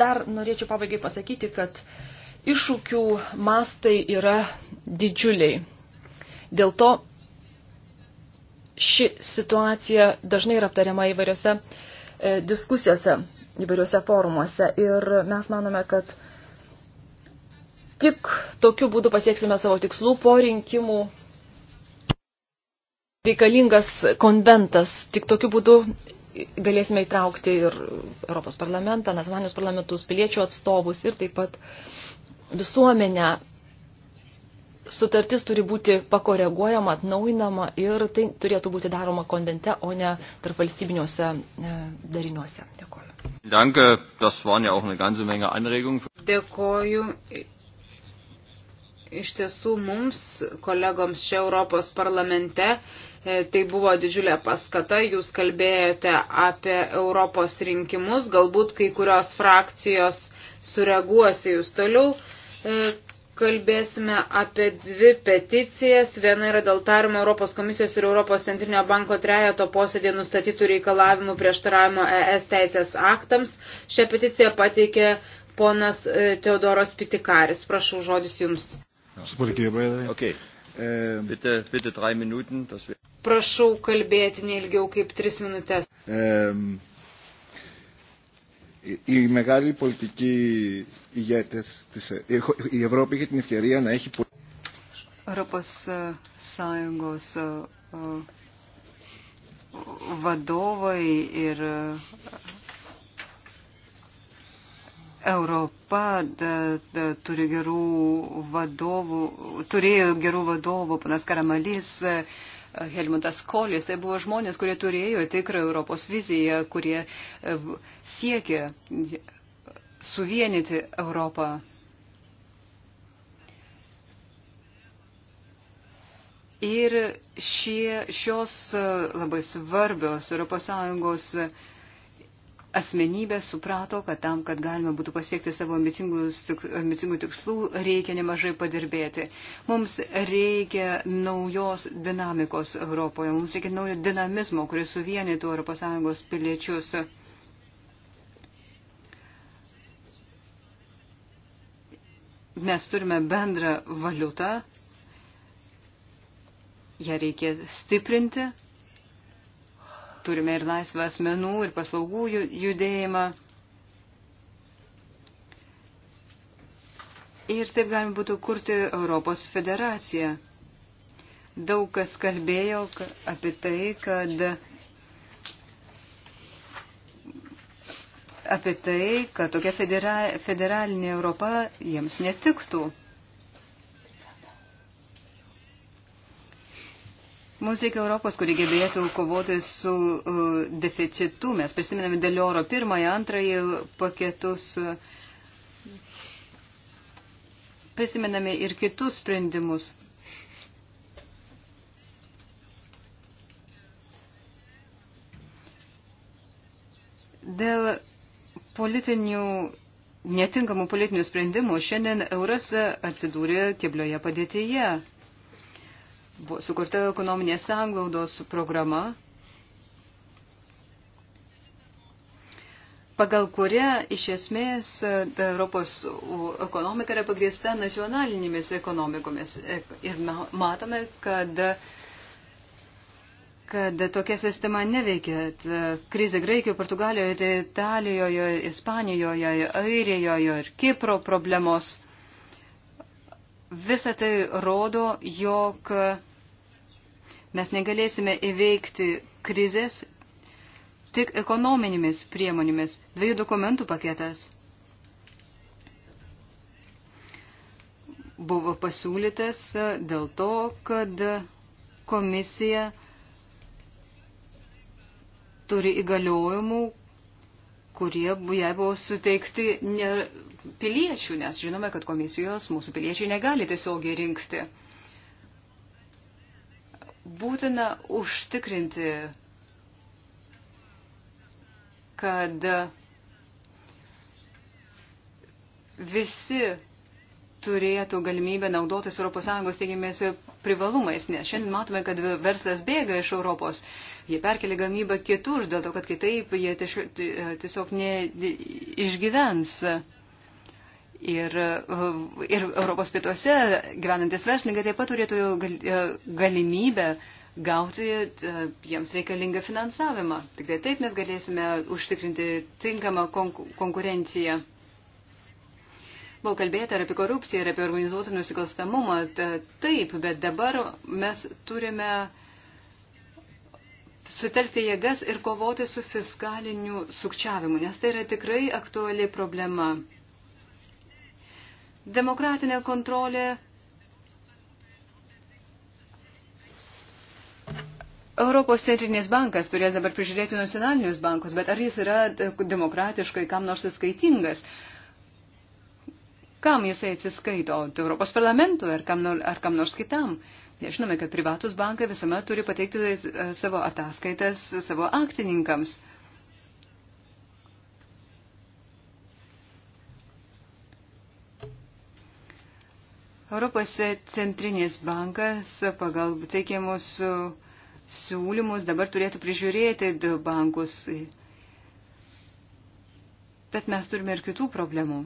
Dar norėčiau pabaigai pasakyti, kad iššūkių mastai yra didžiuliai. Dėl to ši situacija dažnai yra aptariama įvairiose e, diskusijose, įvairiuose forumuose. Ir mes manome, kad tik tokiu būdu pasieksime savo tikslų po rinkimų reikalingas konventas. Tik tokiu būdu galėsime įtraukti ir Europos parlamentą, nacionalinius parlamentus, piliečių atstovus ir taip pat visuomenę. Sutartis turi būti pakoreguojama, atnaujinama ir tai turėtų būti daroma konvente, o ne tarp valstybiniuose e, dariniuose. Dėkoju. Danke, das waren ja auch eine ganze Menge Anregungen. Dėkoju iš tiesų mums, kolegoms čia Europos parlamente, E, tai buvo didžiulė paskata, jūs kalbėjote apie Europos rinkimus, galbūt kai kurios frakcijos sureaguos jūs toliau. E, kalbėsime apie dvi peticijas. Viena yra dėl tarimo Europos komisijos ir Europos centrinio banko trejato posėdė nustatytų reikalavimų prieštaravimo ES teisės aktams. Šią peticiją pateikė ponas e, Teodoros Pitikaris. Prašau, žodis jums. Okay. Ehm, bitte, bitte drei Minuten. Wir... Prašau kalbėti neilgiau kaip tris minutės. Οι ehm, μεγάλοι πολιτικοί ηγέτες της η Ευρώπη είχε την ευκαιρία να έχει πολύ... Europos Sąjungos vadovai ir Europa da, da, turi gerų vadovų, turėjo gerų vadovų, panas Karamalys, Helmutas Kolis, tai buvo žmonės, kurie turėjo tikrą Europos viziją, kurie e, siekė suvienyti Europą. Ir šie, šios e, labai svarbios ES asmenybė suprato, kad tam, kad galima būtų pasiekti savo ambicingų, ambicingų tikslų, reikia nemažai padirbėti. Mums reikia naujos dinamikos Europoje, mums reikia naujo dinamizmo, kuris suvienytų ES piliečius. Mes turime bendrą valiutą, ją reikia stiprinti turime ir laisvą asmenų ir paslaugų judėjimą. Ir taip galima būtų kurti Europos federaciją. Daug kas kalbėjo apie tai, kad apie tai, kad tokia federa, federalinė Europa jiems netiktų. Mums reikia Europos, kuri gebėtų kovoti su uh, deficitu. Mes prisiminame Delioro pirmąją, antrąjį paketus. Prisiminame ir kitus sprendimus. Dėl politinių, netinkamų politinių sprendimų šiandien euras atsidūrė keblioje padėtyje buvo sukurta ekonominės sanglaudos programa, pagal kurią iš esmės e, Europos ekonomika yra pagrįsta nacionalinėmis ekonomikomis. E, ir matome, kad, kad tokia sistema neveikia. E, krizė Graikijoje, Portugalijoje, Italijoje, Ispanijoje, Airijoje ir Kipro problemos Visa tai rodo, jog mes negalėsime įveikti krizės tik ekonominėmis priemonėmis. Dviejų dokumentų paketas buvo pasiūlytas dėl to, kad komisija turi įgaliojimų, kurie jai buvo suteikti ne piliečių, nes žinome, kad komisijos mūsų piliečiai negali tiesiogiai rinkti. Būtina užtikrinti, kad visi turėtų galimybę naudotis ES teigiamės privalumais, nes šiandien matome, kad verslas bėga iš Europos, jie perkelia gamybą kitur, dėl to, kad kitaip jie tiesiog neišgyvens. Ir, ir Europos pietuose gyvenantis verslininkai taip pat turėtų e, galimybę gauti e, jiems reikalingą finansavimą. Tik tai taip mes galėsime užtikrinti tinkamą konkurenciją. Buvo kalbėta ir apie korupciją, ir apie organizuotą nusikalstamumą. Taip, bet dabar mes turime sutelkti jėgas ir kovoti su fiskaliniu sukčiavimu, nes tai yra tikrai aktuali problema. Demokratinė kontrolė Europos centrinės bankas turės dabar prižiūrėti nacionalinius bankus, bet ar jis yra demokratiškai kam nors įskaitingas? Uh, Kam jisai atsiskaito? Europos parlamentui ar kam, ar kam nors kitam? Žinome, kad privatus bankai visuomet turi pateikti e, savo ataskaitas savo akcininkams. Europos centrinis bankas pagal teikiamus siūlymus dabar turėtų prižiūrėti bankus. Bet mes turime ir kitų problemų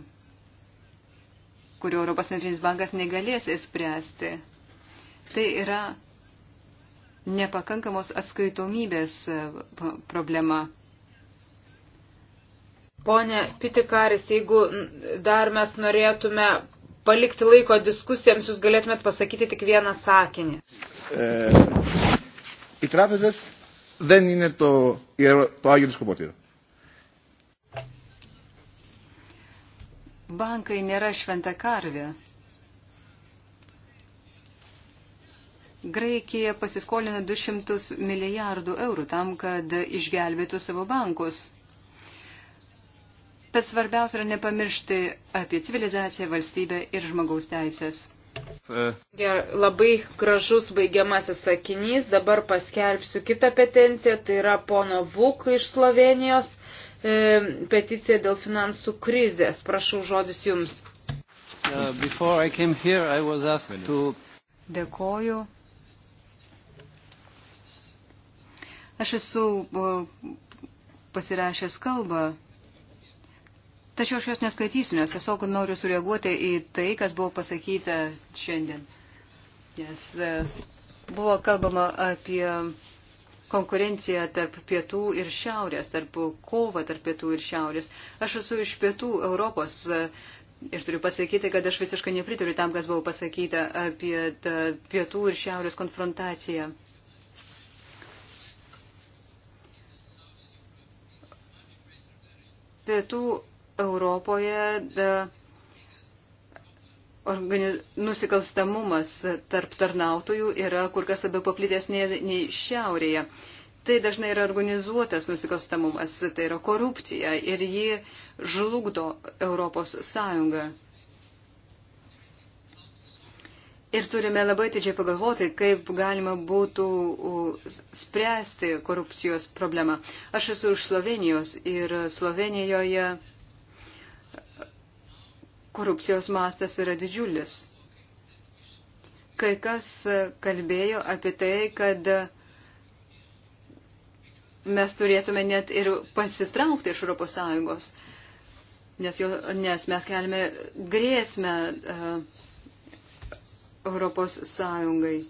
kurio Europos centrinis bankas negalės įspręsti. Tai yra nepakankamos atskaitomybės e, problema. Pone Pitikaris, jeigu dar mes norėtume palikti laiko diskusijoms, jūs galėtumėt pasakyti tik vieną sakinį. Οι τράπεζες δεν είναι το, το Άγιο Δισκοπότηρο. Bankai nėra šventa karvė. Graikija pasiskolino 200 milijardų eurų tam, kad išgelbėtų savo bankus. Bet svarbiausia yra nepamiršti apie civilizaciją, valstybę ir žmogaus teisės. Ger, labai gražus baigiamasis sakinys. Dabar paskelbsiu kitą petenciją, tai yra pono Vuk iš Slovenijos. E, peticiją dėl finansų krizės. Prašau žodis jums. Uh, here, to... Dėkoju. Aš esu pasirašęs kalbą, tačiau aš jos neskaitysiu, nes tiesiog noriu sureaguoti į tai, kas buvo pasakyta šiandien. Nes e, buvo kalbama apie konkurenciją tarp pietų ir šiaurės, tarp kovą tarp pietų ir šiaurės. Aš esu iš pietų Europos e, ir turiu pasakyti, kad aš visiškai nepritariu tam, kas buvo pasakyta apie e, pietų ir šiaurės konfrontaciją. Pietų Europoje da, e, organiz... nusikalstamumas tarp tarnautojų yra kur kas labiau paplitęs nei, nei šiaurėje. Tai dažnai yra organizuotas nusikalstamumas, tai yra korupcija ir ji žlugdo Europos Sąjungą. Ir turime labai atidžiai pagalvoti, kaip galima būtų spręsti korupcijos problemą. Aš esu iš Slovenijos ir Slovenijoje korupcijos mastas yra didžiulis. Kai kas kalbėjo apie tai, kad mes turėtume net ir pasitraukti iš Europos Sąjungos, nes, jo, nes mes kelime grėsmę uh, Europos Sąjungai.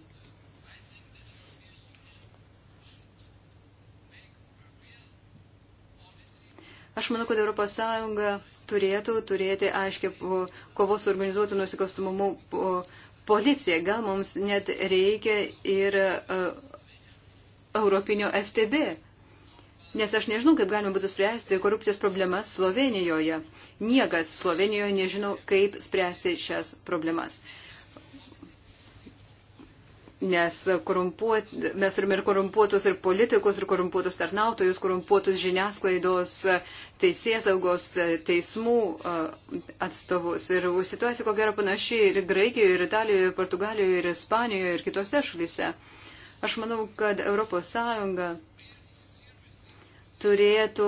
Aš manau, kad Europos Sąjunga turėtų turėti aiškiai kovos organizuotų nusikalstamumų policiją. Gal mums net reikia ir e, Europinio FTB. Nes aš nežinau, kaip galima būtų spręsti korupcijos problemas Slovenijoje. Niekas Slovenijoje nežino, kaip spręsti šias problemas nes korumpuot, mes turime ir korumpuotus ir politikus, ir korumpuotus tarnautojus, korumpuotus žiniasklaidos, e, teisėsaugos, e, teismų e, atstovus. Ir situacija ko gero panašiai ir Graikijoje, ir Italijoje, ir Portugalijoje, ir Ispanijoje, ir kitose šalyse. Aš manau, kad ES turėtų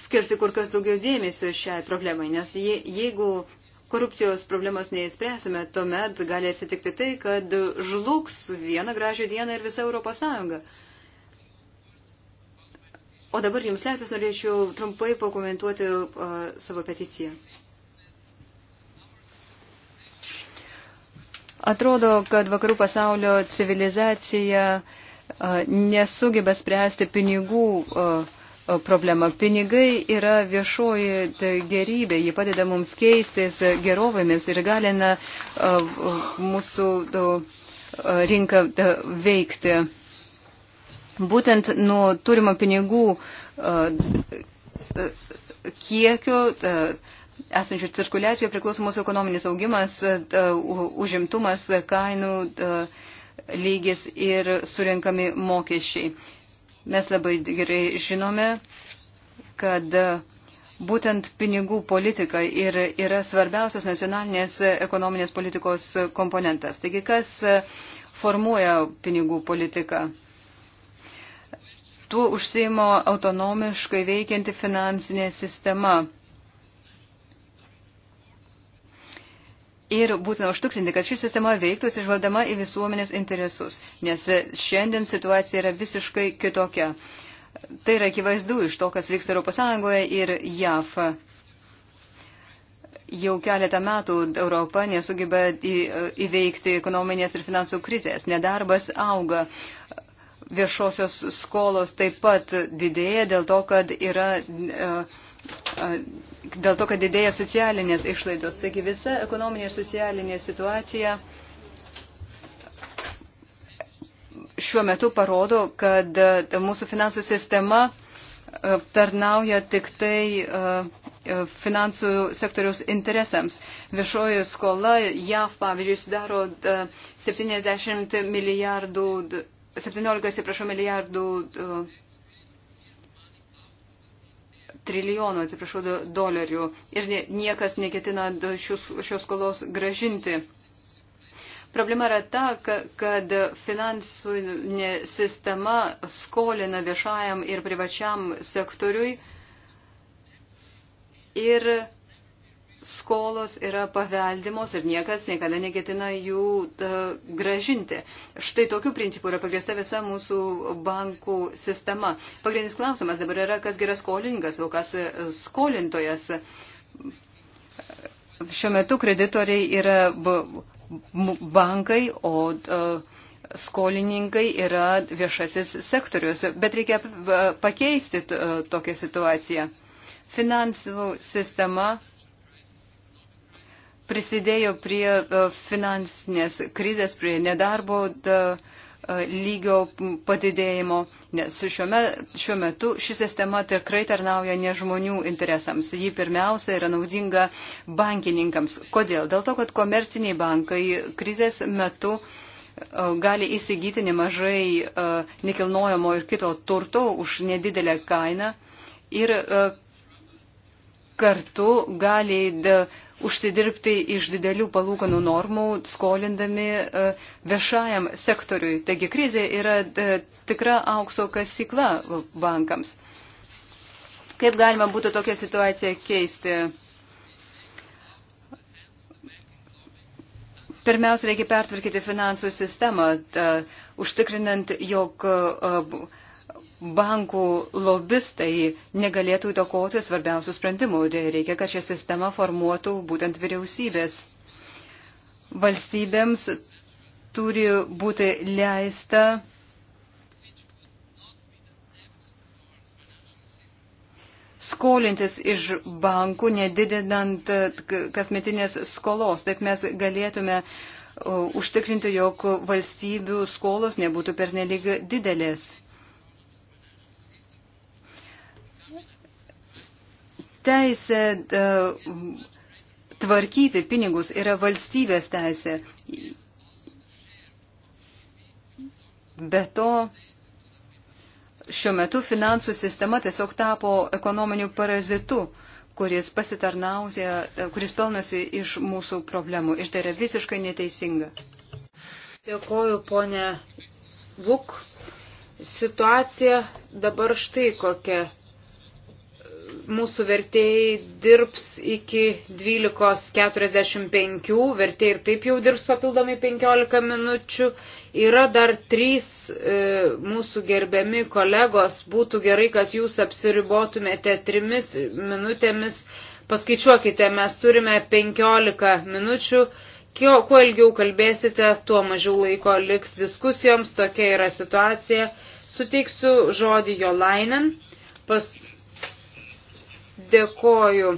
skirti kur kas daugiau dėmesio šiai problemai, nes je, jeigu korupcijos problemos neįspręsime, tuomet gali atsitikti tai, kad žlugs vieną gražią dieną ir visa Europos Sąjunga. O dabar jums leidus norėčiau trumpai pakomentuoti uh, savo peticiją. Atrodo, kad vakarų pasaulio civilizacija uh, nesugeba spręsti pinigų uh, problema. Pinigai yra viešoji tai, gerybė, ji padeda mums keistis gerovėmis ir galina mūsų rinką veikti. Būtent nuo turimo pinigų kiekio esančių cirkuliacijų priklausomos ekonominis augimas, užimtumas, kainų lygis ir surinkami mokesčiai. Mes labai gerai žinome, kad būtent pinigų politika ir yra svarbiausias nacionalinės ekonominės politikos komponentas. Taigi, kas formuoja pinigų politiką? Tuo užsieimo autonomiškai veikianti finansinė sistema Ir būtina užtikrinti, kad ši sistema veiktų atsižvaldama į visuomenės interesus, nes šiandien situacija yra visiškai kitokia. Tai yra akivaizdu iš to, kas vyksta Europos Sąjungoje ir JAF. Jau keletą metų Europa nesugeba įveikti ekonominės ir finansų krizės. Nedarbas auga viešosios skolos taip pat didėja dėl to, kad yra e, dėl to, kad didėja socialinės išlaidos. Taigi visa ekonominė ir socialinė situacija šiuo metu parodo, kad mūsų finansų sistema tarnauja tik tai finansų sektoriaus interesams. Viešoji skola JAV, pavyzdžiui, sudaro 70 milijardų, 17, atsiprašau, milijardų trilijonų, atsiprašau, dolerių ir niekas neketina šios, šios skolos gražinti. Problema yra ta, kad finansinė sistema skolina viešajam ir privačiam sektoriui ir skolos yra paveldimos ir niekas niekada neketina jų ta, e, gražinti. Štai tokiu principu yra pagrįsta visa mūsų bankų sistema. Pagrindinis klausimas dabar yra, kas yra skolininkas, o kas e, skolintojas. Šiuo metu kreditoriai yra bankai, o e, skolininkai yra viešasis sektorius, bet reikia pakeisti tokią situaciją. Finansų sistema prisidėjo prie e, finansinės krizės, prie nedarbo e, lygio padidėjimo, nes šiuo metu ši sistema tikrai tarnauja ne žmonių interesams. Ji pirmiausia yra naudinga bankininkams. Kodėl? Dėl to, kad komerciniai bankai krizės metu e, gali įsigyti nemažai nekilnojamo ir kito turto už nedidelę kainą ir kartu gali užsidirbti iš didelių palūkanų normų, skolindami e, viešajam sektoriui. Taigi krizė yra e, tikra aukso kasykla bankams. Kaip galima būtų tokią situaciją keisti? Pirmiausia, reikia pertvarkyti finansų sistemą, ta, užtikrinant, jog uh, bankų lobistai negalėtų įtakoti svarbiausių sprendimų. Reikia, kad šią sistemą formuotų būtent vyriausybės. Valstybėms turi būti leista skolintis iš bankų, nedidinant kasmetinės skolos. Taip mes galėtume uh, užtikrinti, jog valstybių skolos nebūtų pernelyg didelės. teisė e, tvarkyti pinigus yra valstybės teisė. Be to, šiuo metu finansų sistema tiesiog tapo ekonominiu parazitu, kuris pasitarnausia, e, kuris pelnosi iš mūsų problemų. Ir tai yra visiškai neteisinga. Dėkoju, ponė Vuk. Situacija dabar štai kokia mūsų vertėjai dirbs iki 12.45, vertėjai ir taip jau dirbs papildomai 15 minučių. Yra dar trys e, mūsų gerbiami kolegos, būtų gerai, kad jūs apsiribotumėte trimis minutėmis. Paskaičiuokite, mes turime 15 minučių. Kio, kuo ilgiau kalbėsite, tuo mažiau laiko liks diskusijoms, tokia yra situacija. Suteiksiu žodį jo lainin. Pas, Dėkoju.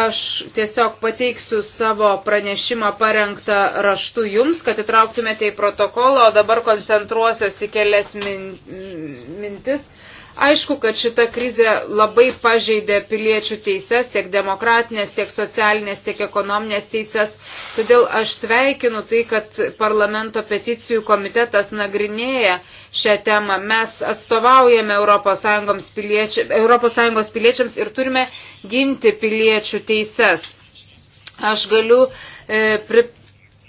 Aš tiesiog pateiksiu savo pranešimą parengtą raštu jums, kad įtrauktumėte į protokolą, o dabar koncentruosiuosi kelias min, mintis Aišku, kad šita krizė labai pažeidė piliečių teises, tiek demokratinės, tiek socialinės, tiek ekonominės teises. Todėl aš sveikinu tai, kad parlamento peticijų komitetas nagrinėja šią temą. Mes atstovaujame ES piliečiams, ES piliečiams ir turime ginti piliečių teises. Aš galiu e, prit,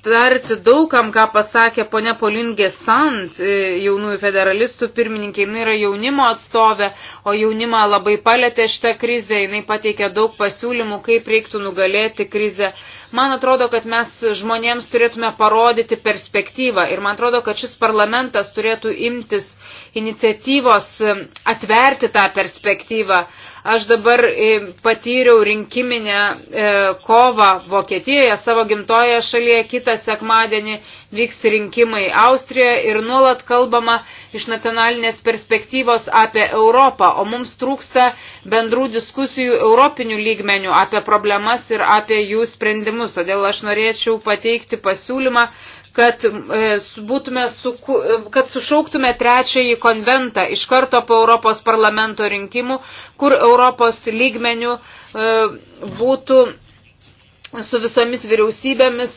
pritarti daugam, ką pasakė ponia Polingė Sant, e, jaunųjų federalistų pirmininkė, jinai yra jaunimo atstovė, o jaunimą labai palėtė šitą krizę, jinai pateikė daug pasiūlymų, kaip reiktų nugalėti krizę. Man atrodo, kad mes žmonėms turėtume parodyti perspektyvą ir man atrodo, kad šis parlamentas turėtų imtis iniciatyvos e, atverti tą perspektyvą. Aš dabar e, patyriau rinkiminę e, kovą Vokietijoje, savo gimtoje šalyje, kitą sekmadienį vyks rinkimai Austrijoje ir nuolat kalbama iš nacionalinės perspektyvos apie Europą, o mums trūksta bendrų diskusijų europinių lygmenių apie problemas ir apie jų sprendimus. Todėl aš norėčiau pateikti pasiūlymą, kad, e, būtume suku, e, kad sušauktume trečiąjį konventą iš karto po Europos parlamento rinkimų, kur Europos lygmenių e, būtų su visomis vyriausybėmis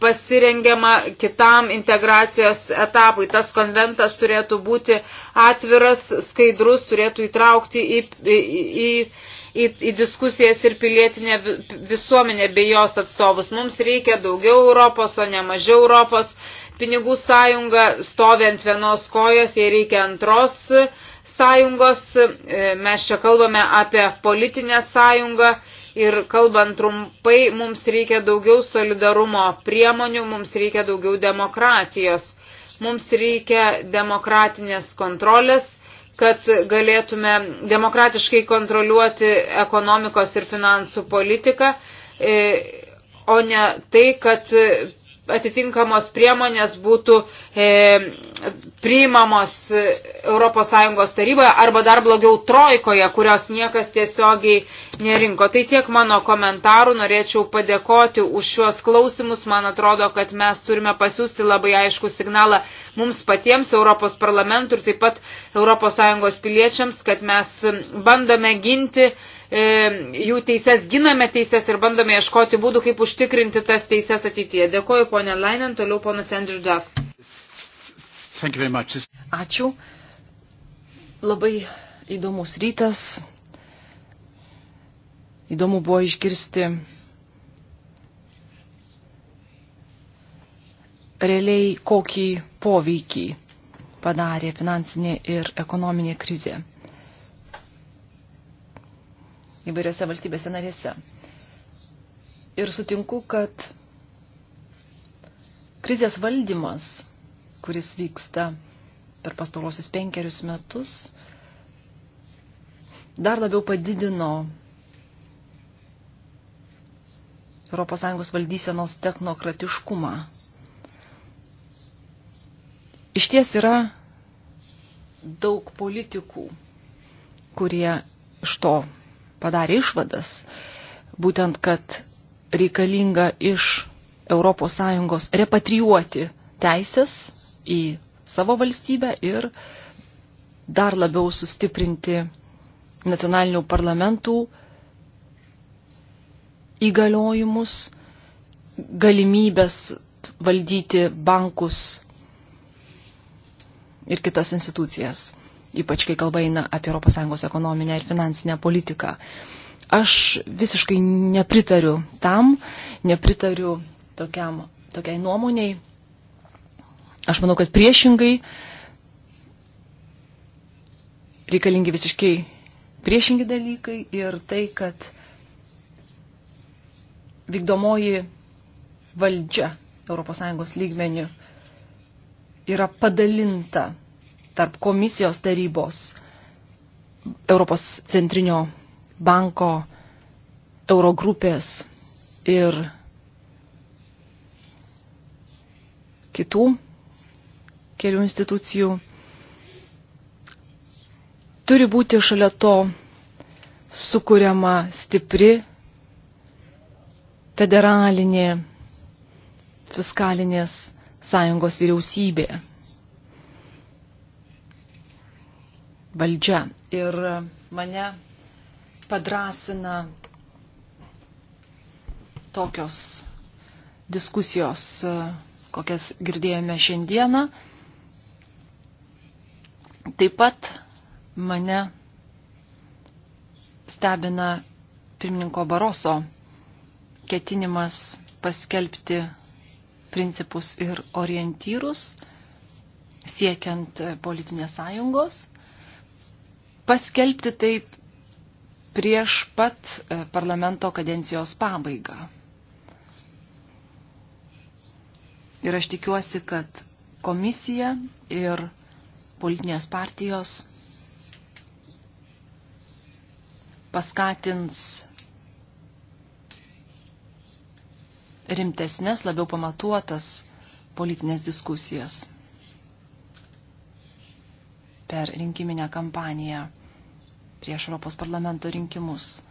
pasirengiama kitam integracijos etapui. Tas konventas turėtų būti atviras, skaidrus, turėtų įtraukti į, į, į į, į diskusijas ir pilietinę visuomenę bei jos atstovus. Mums reikia daugiau Europos, o ne mažiau Europos. Pinigų sąjunga stovi ant vienos kojos, jai reikia antros sąjungos. E, mes čia kalbame apie politinę sąjungą. Ir kalbant trumpai, mums reikia daugiau solidarumo priemonių, mums reikia daugiau demokratijos, mums reikia demokratinės kontrolės kad galėtume demokratiškai kontroliuoti ekonomikos ir finansų politiką, e, o ne tai, kad atitinkamos priemonės būtų e, priimamos ES taryboje arba dar blogiau trojkoje, kurios niekas tiesiogiai nerinko. Tai tiek mano komentarų, norėčiau padėkoti už šiuos klausimus. Man atrodo, kad mes turime pasiūsti labai aišku signalą mums patiems Europos parlamentui ir taip pat ES piliečiams, kad mes bandome ginti E, jų teises giname teises ir bandome ieškoti būdų, kaip užtikrinti tas teises ateityje. Dėkuoju, ponė Lainen, toliau ponas Andrew Duff. Ačiū. Labai įdomus rytas. Įdomu buvo išgirsti realiai kokį poveikį padarė finansinė ir ekonominė krizė įvairiose valstybėse narėse. Ir sutinku, kad krizės valdymas, kuris vyksta per pastarosius penkerius metus, dar labiau padidino ES valdysenos technokratiškumą. Iš ties yra daug politikų, kurie iš to padarė išvadas, būtent, kad reikalinga iš ES repatrijuoti teisės į savo valstybę ir dar labiau sustiprinti nacionalinių parlamentų įgaliojimus, galimybės valdyti bankus ir kitas institucijas ypač kai kalba eina apie ES ekonominę ir finansinę politiką. Aš visiškai nepritariu tam, nepritariu tokiam, tokiai nuomoniai. Aš manau, kad priešingai reikalingi visiškai priešingi dalykai ir tai, kad vykdomoji valdžia ES lygmenių yra padalinta tarp komisijos tarybos, Europos centrinio banko, Eurogrupės ir kitų kelių institucijų turi būti šalia to sukūriama stipri federalinė fiskalinės sąjungos vyriausybė. valdžia. Ir mane padrasina tokios diskusijos, kokias girdėjome šiandieną. Taip pat mane stebina pirmininko Baroso ketinimas paskelbti principus ir orientyrus siekiant politinės sąjungos paskelbti taip prieš pat e, parlamento kadencijos pabaigą. Ir aš tikiuosi, kad komisija ir politinės partijos paskatins rimtesnės, labiau pamatuotas politinės diskusijas per rinkiminę kampaniją prieš Europos parlamento rinkimus.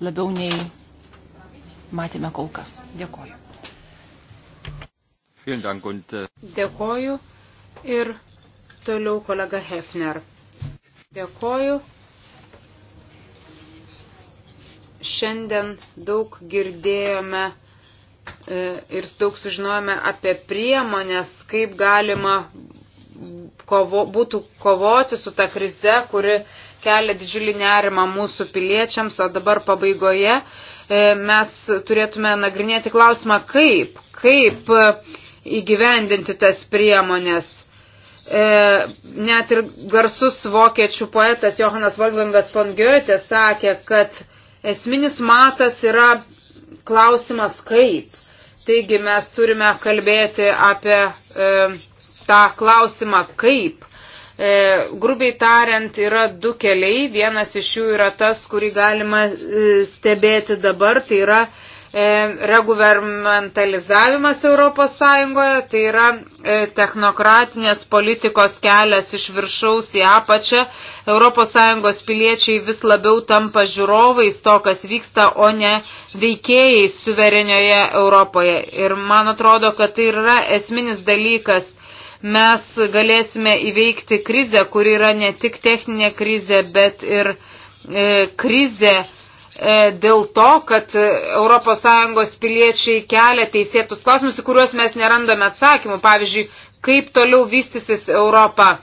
Labiau nei matėme kol kas. Dėkoju. Äh, Dėkoju ir toliau kolega Hefner. Dėkoju. Šiandien daug girdėjome e, ir daug sužinojome apie priemonės, kaip galima kovo, būtų kovoti su ta krize, kuri kelia didžiulį nerimą mūsų piliečiams, o dabar pabaigoje e, mes turėtume nagrinėti klausimą, kaip, kaip e, įgyvendinti tas priemonės. E, net ir garsus vokiečių poetas Johanas Volgangas von Goethe sakė, kad esminis matas yra klausimas kaip. Taigi mes turime kalbėti apie e, tą klausimą kaip. E, grubiai tariant, yra du keliai. Vienas iš jų yra tas, kurį galima e, stebėti dabar, tai yra e, reguvermentalizavimas Europos Sąjungoje, tai yra e, technokratinės politikos kelias iš viršaus į apačią. Europos Sąjungos piliečiai vis labiau tampa žiūrovais to, kas vyksta, o ne veikėjai suverenioje Europoje. Ir man atrodo, kad tai yra esminis dalykas mes galėsime įveikti krizę, kuri yra ne tik techninė krizė, bet ir e, krizė e, dėl to, kad ES piliečiai kelia teisėtus klausimus, į kuriuos mes nerandame atsakymų. Pavyzdžiui, kaip toliau vystysis Europa,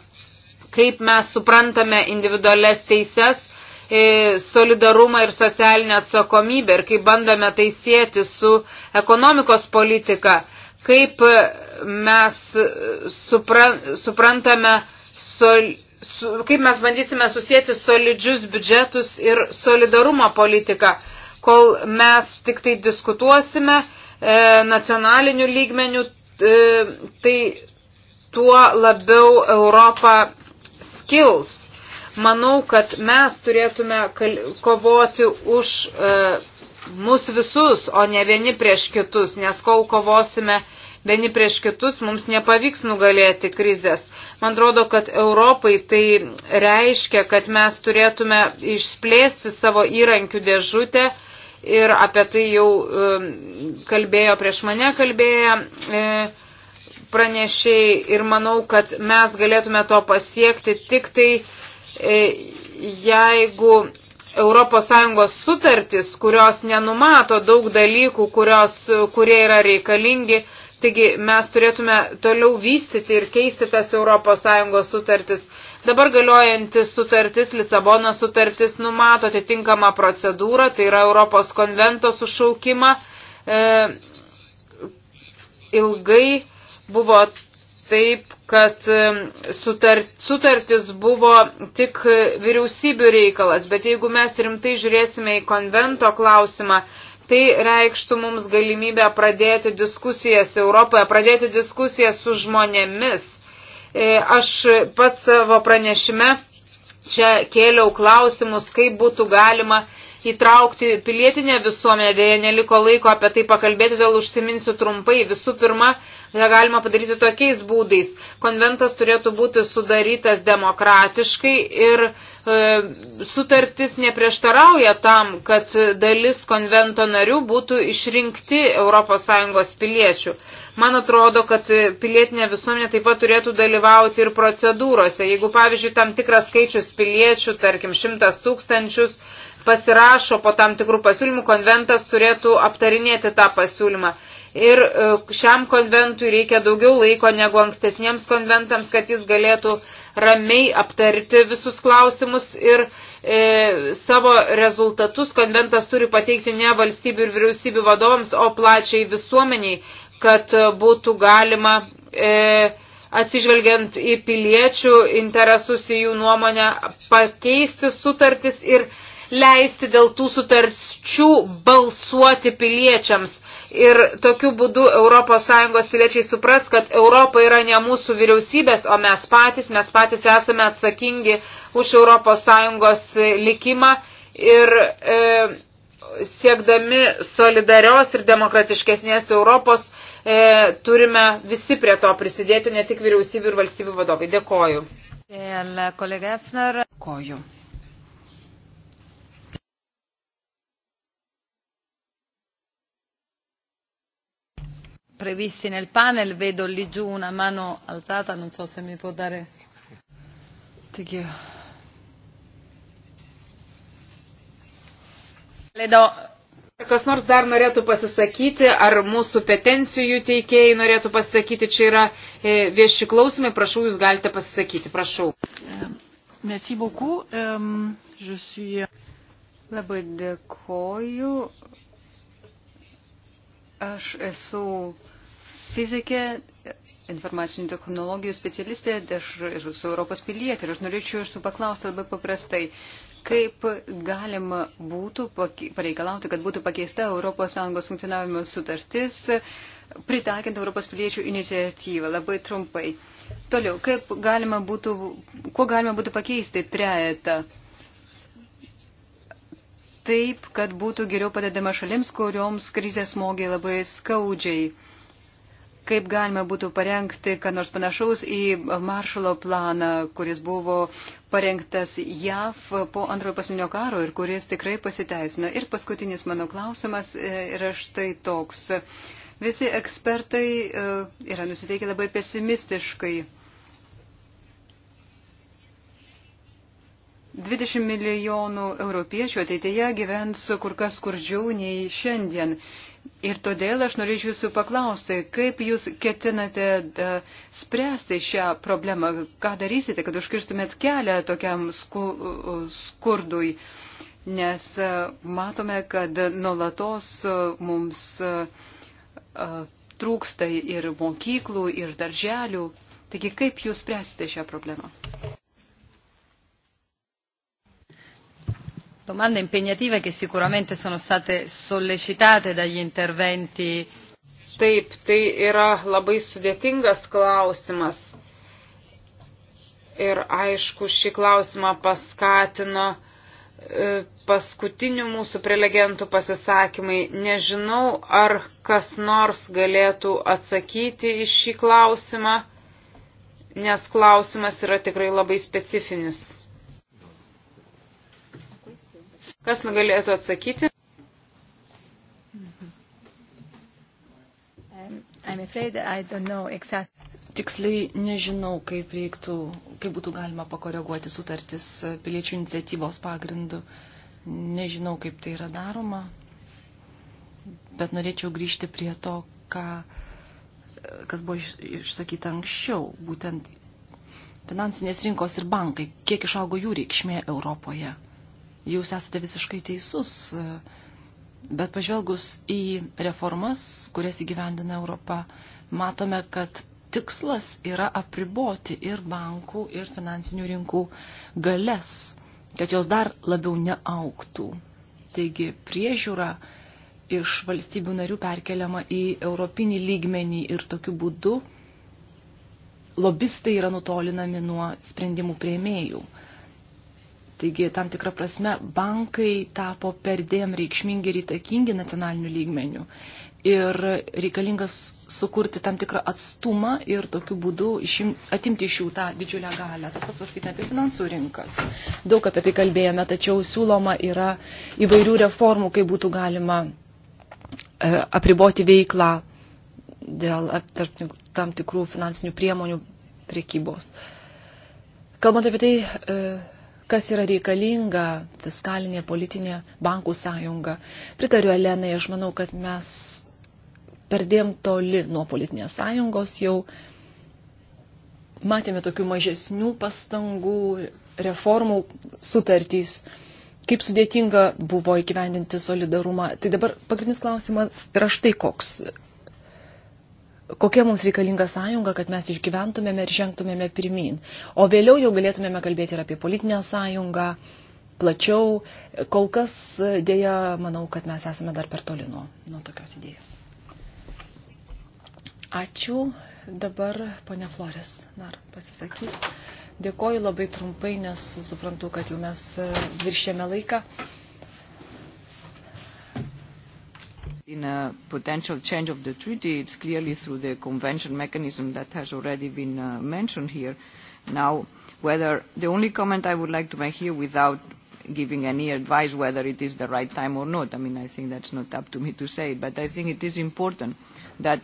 kaip mes suprantame individualias teises, e, solidarumą ir socialinę atsakomybę ir kaip bandome tai sieti su ekonomikos politika, kaip mes e, supra, suprantame, sol, su, kaip mes bandysime susijęti solidžius biudžetus ir solidarumo politiką. Kol mes tik tai diskutuosime e, nacionaliniu lygmeniu, e, tai tuo labiau Europa skils. Manau, kad mes turėtume kovoti už e, mus visus, o ne vieni prieš kitus, nes kol kovosime e, vieni prieš kitus, mums nepavyks nugalėti krizės. Man atrodo, kad Europai tai reiškia, kad mes turėtume išplėsti savo įrankių dėžutę ir apie tai jau e, kalbėjo prieš mane kalbėję e, pranešiai ir manau, kad mes galėtume to pasiekti tik tai e, jeigu ES sutartis, kurios nenumato daug dalykų, kurios, kurie yra reikalingi, Taigi mes turėtume toliau vystyti ir keisti tas ES sutartis. Dabar galiojantis sutartis, Lisabono sutartis numato atitinkamą procedūrą, tai yra Europos konvento sušaukimą. E, ilgai buvo taip, kad e, sutart, sutartis buvo tik vyriausybių reikalas, bet jeigu mes rimtai žiūrėsime į konvento klausimą, Tai reikštų mums galimybę pradėti diskusijas Europoje, pradėti diskusijas su žmonėmis. E, aš pats savo pranešime čia kėliau klausimus, kaip būtų galima įtraukti pilietinę visuomenę, dėja neliko laiko apie tai pakalbėti, todėl užsiminsiu trumpai. Visų pirma, galima padaryti tokiais būdais. Konventas turėtų būti sudarytas demokratiškai ir e, sutartis neprieštarauja tam, kad dalis konvento narių būtų išrinkti ES piliečių. Man atrodo, kad pilietinė visuomenė taip pat turėtų dalyvauti ir procedūrose. Jeigu, pavyzdžiui, tam tikras skaičius piliečių, tarkim, šimtas tūkstančius, pasirašo po tam tikrų pasiūlymų, konventas turėtų aptarinėti tą pasiūlymą ir e, šiam konventui reikia daugiau laiko negu ankstesniems konventams, kad jis galėtų ramiai aptarti visus klausimus ir e, savo rezultatus konventas turi pateikti ne valstybių ir vyriausybių vadovams, o plačiai visuomeniai, kad e, būtų galima e, atsižvelgiant į piliečių interesus į jų nuomonę pakeisti sutartis ir leisti dėl tų sutarčių balsuoti piliečiams ir tokiu būdu ES piliečiai supras, kad Europa yra ne mūsų vyriausybės, o mes patys, mes patys esame atsakingi už ES likimą ir e, siekdami solidarios ir demokratiškesnės Europos e, turime visi prie to prisidėti, ne tik vyriausybių ir valstybių vadovai. Dėkoju. Dėkoju. previsti nel panel, vedo lì giù una mano alzata, non so se mi può dare. Thank you. Le do Ar kas nors dar norėtų pasisakyti, ar mūsų petencijų teikėjai norėtų pasisakyti, čia yra e, vieši klausimai, prašau, jūs galite pasisakyti, prašau. Euh, merci beaucoup. Um, je suis... Labai dėkoju. Aš esu fizikė, informacinių technologijų specialistė, aš esu Europos pilietė ir aš norėčiau jūsų paklausti labai paprastai, kaip galima būtų pareikalauti, kad būtų pakeista ES funkcionavimo sutartis, pritaikint Europos piliečių iniciatyvą labai trumpai. Toliau, kaip galima būtų, kuo galima būtų pakeisti trejetą? taip, kad būtų geriau padedama šalims, kurioms krizės smogė labai skaudžiai. Kaip galima būtų parengti, kad nors panašaus į maršalo planą, kuris buvo parengtas JAV po antrojo pasaulinio karo ir kuris tikrai pasiteisino. Ir paskutinis mano klausimas e, yra štai toks. Visi ekspertai e, yra nusiteikę labai pesimistiškai 20 milijonų europiečių ateityje gyvens kur kas skurdžiau nei šiandien. Ir todėl aš norėčiau jūsų paklausti, kaip jūs ketinate da, e, spręsti šią problemą, ką darysite, kad užkirstumėt kelią tokiam sku, e, skurdui, nes e, matome, kad nuolatos mums trūksta ir mokyklų, ir darželių. Taigi, kaip jūs spręsite šią problemą? domande impegnative che sicuramente sono state sollecitate dagli interventi. Taip, tai yra labai sudėtingas klausimas. Ir aišku, šį klausimą paskatino e, paskutinių mūsų prelegentų pasisakymai. Nežinau, ar kas nors galėtų atsakyti į šį klausimą, nes klausimas yra tikrai labai specifinis. Kas galėtų atsakyti? Mhm. Exactly. Tiksliai nežinau, kaip, reiktų, kaip būtų galima pakoreguoti sutartis piliečių iniciatyvos pagrindu. Nežinau, kaip tai yra daroma, bet norėčiau grįžti prie to, ką, kas buvo išsakyta anksčiau, būtent finansinės rinkos ir bankai, kiek išaugo jų reikšmė Europoje jūs esate visiškai teisus, bet pažvelgus į reformas, kurias įgyvendina Europa, matome, kad tikslas yra apriboti ir bankų, ir finansinių rinkų galės, kad jos dar labiau neauktų. Taigi priežiūra iš valstybių narių perkeliama į europinį lygmenį ir tokiu būdu lobistai yra nutolinami nuo sprendimų prieimėjų. Taigi, tam tikrą prasme, bankai tapo perdėm reikšmingi ir įtakingi nacionaliniu lygmeniu. Ir reikalingas sukurti tam tikrą atstumą ir tokiu būdu išim, atimti iš jų tą didžiulę galę. Tas pats paskaitė apie finansų rinkas. Daug apie tai kalbėjome, tačiau siūloma yra įvairių reformų, kaip būtų galima e, apriboti veiklą dėl tarp, tam tikrų finansinių priemonių priekybos. Kalbant apie tai, e, kas yra reikalinga fiskalinė, politinė, bankų sąjunga. Pritariu Elenai, aš manau, kad mes perdėm toli nuo politinės sąjungos jau. Matėme tokių mažesnių pastangų, reformų sutartys, kaip sudėtinga buvo įgyvendinti solidarumą. Tai dabar pagrindinis klausimas yra štai koks kokia mums reikalinga sąjunga, kad mes išgyventumėme ir žengtumėme pirmin. O vėliau jau galėtumėme kalbėti ir apie politinę sąjungą plačiau. Kol kas dėja, manau, kad mes esame dar per toli nuo, nuo tokios idėjos. Ačiū. Dabar ponia Flores dar pasisakys. Dėkoju labai trumpai, nes suprantu, kad jau mes viršėme laiką. in a potential change of the treaty, it's clearly through the convention mechanism that has already been uh, mentioned here. Now, whether the only comment I would like to make here without giving any advice whether it is the right time or not, I mean, I think that's not up to me to say, but I think it is important that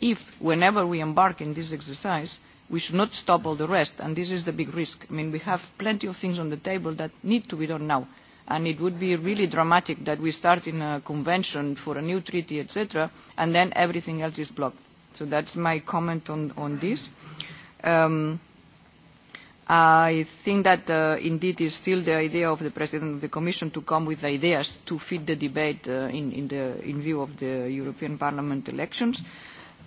if, whenever we embark in this exercise, we should not stop all the rest, and this is the big risk. I mean, we have plenty of things on the table that need to be done now and it would be really dramatic that we start in a convention for a new treaty, etc., and then everything else is blocked. So that's my comment on, on this. Um, I think that uh, indeed is still the idea of the President of the Commission to come with ideas to fit the debate uh, in, in, the, in view of the European Parliament elections.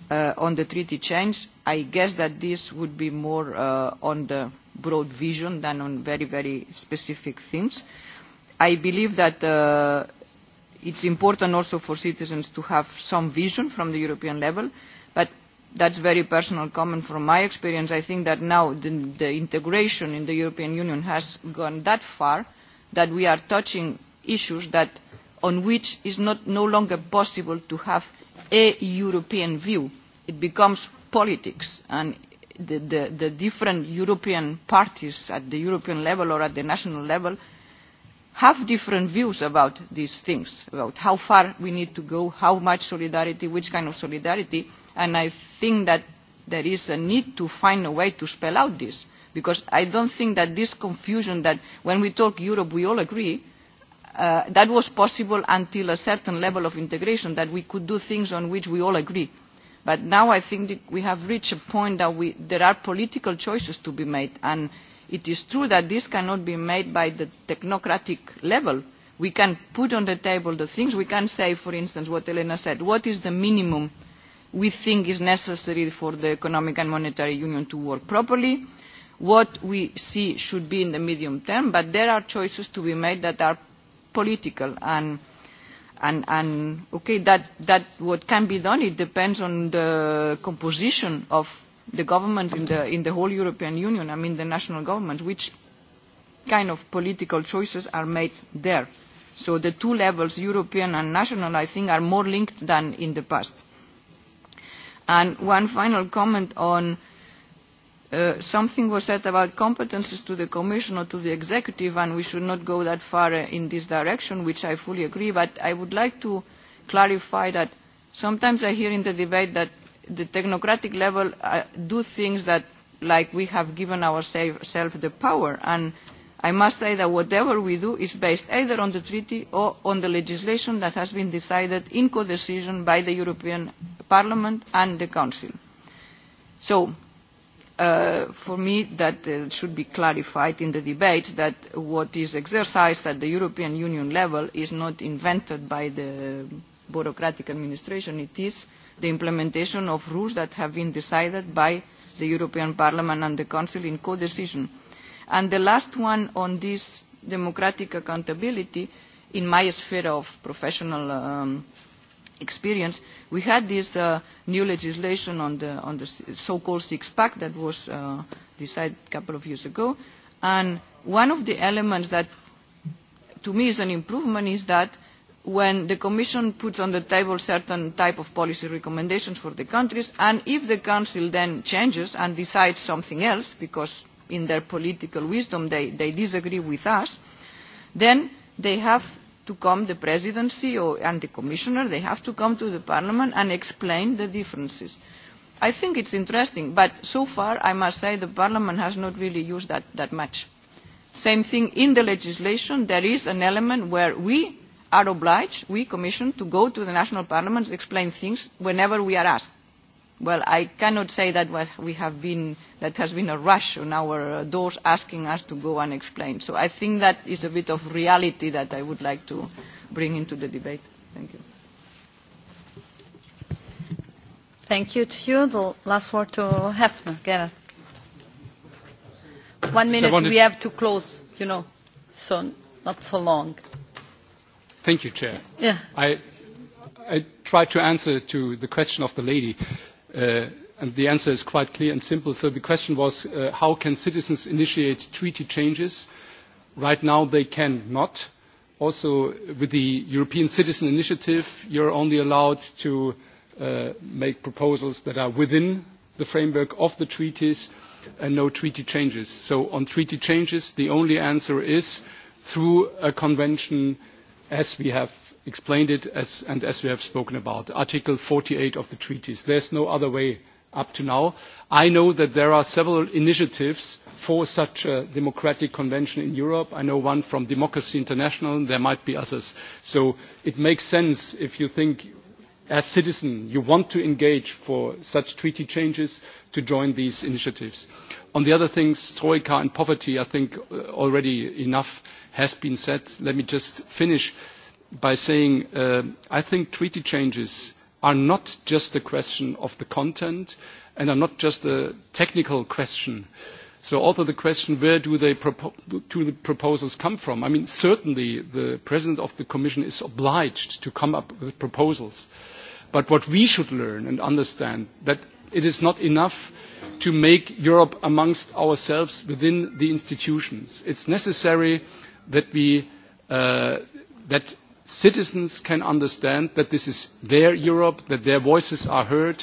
Uh, on the treaty change, I guess that this would be more uh, on the broad vision than on very, very specific themes. Uh, I believe that uh, it's important also for citizens to have some vision from the European level, but that's very personal comment from my experience. I think that now the, the integration in the European Union has gone that far that we are touching issues that on which is not no longer possible to have a European view. It becomes politics and the, the, the different European parties at the European level or at the national level uh, have different views about these things, about how far we need to go, how much solidarity, which kind of solidarity, and I think that there is a need to find a way to spell out this, because I don't think that this confusion that when we talk Europe we all agree, uh, that was possible until a certain level of integration, that we could do things on which we all agree. But now I think that we have reached a point that we, there are political choices to be made, and it is true that this cannot be made by the technocratic level. We can put on the table the things. We can say, for instance, what Elena said, what is the minimum we think is necessary for the economic and monetary union to work properly, what we see should be in the medium term, but there are choices to be made that are political and and and okay that that what can be done it depends on the composition of the governments in the, in the whole European Union, I mean the national governments, which kind of political choices are made there. So the two levels, European and national, I think are more linked than in the past. And one final comment on uh, something was said about competences to the Commission or to the Executive, and we should not go that far uh, in this direction, which I fully agree, but I would like to clarify that sometimes I hear in the debate that the technocratic level uh, do things that, like we have given ourselves the power. And I must say that whatever we do is based either on the treaty or on the legislation that has been decided in co-decision by the European Parliament and the Council. So, uh, for me, that uh, should be clarified in the debates that what is exercised at the European Union level is not invented by the bureaucratic administration. It is uh, the implementation of rules that have been decided by the European Parliament and the Council in co-decision. And the last one on this democratic accountability, in my sphere of professional um, experience, we had this uh, new legislation on the, on the so-called six-pack that was uh, decided a couple of years ago. And one of the elements that to me is an improvement is that when the commission puts on the table certain type of policy recommendations for the countries and if the council then changes and decides something else because in their political wisdom they, they disagree with us then they have to come the presidency or, and the commissioner they have to come to the parliament and explain the differences i think it's interesting but so far i must say the parliament has not really used that that much same thing in the legislation there is an element where we are obliged, we, Commission, to go to the national parliaments to explain things whenever we are asked. Well, I cannot say that what we have been, that has been a rush on our doors asking us to go and explain. So I think that is a bit of reality that I would like to bring into the debate. Thank you. Thank you to you. The last word to Hefner. Gerard. One minute, so wanted... we have to close, you know, so not so long. Thank you, Chair. Yeah. I, I tried to answer to the question of the lady, uh, and the answer is quite clear and simple. So the question was, uh, how can citizens initiate treaty changes? Right now, they cannot. Also, with the European Citizen Initiative, you're only allowed to uh, make proposals that are within the framework of the treaties and no treaty changes. So on treaty changes, the only answer is through a convention uh, as we have explained it as, and as we have spoken about, Article 48 of the treaties. There's no other way up to now. I know that there are several initiatives for such a democratic convention in Europe. I know one from Democracy International. There might be others. So it makes sense if you think as citizens you want to engage for such treaty changes to join these initiatives. on the other things troika and poverty i think uh, already enough has been said. let me just finish by saying uh, i think treaty changes are not just a question of the content and are not just a technical question uh, So also the question, where do, they propo- do the proposals come from? I mean, certainly the President of the Commission is obliged to come up with proposals. But what we should learn and understand that it is not enough to make Europe amongst ourselves within the institutions. It's necessary that we, uh, that citizens can understand that this is their Europe, that their voices are heard,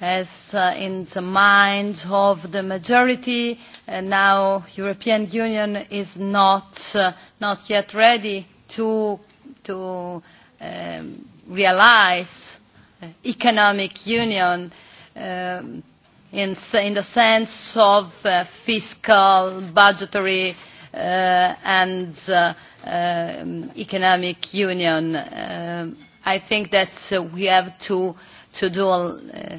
as uh, in the minds of the majority, and now European Union is not, uh, not yet ready to, to um, realize economic union um, in, in the sense of uh, fiscal, budgetary, uh, and uh, um, economic union. Um, I think that uh, we have to, to do uh,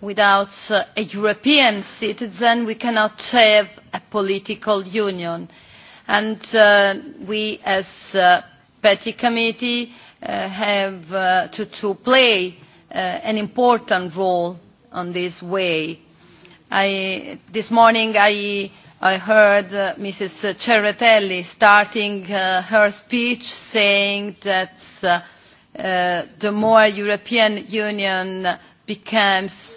without uh, a European citizen, we cannot have a political union. And uh, we, as uh, Petty Committee, uh, have uh, to, to play uh, an important role on this way. I, this morning I, I heard uh, Mrs. Cerretelli starting uh, her speech saying that uh, uh, the more European Union becomes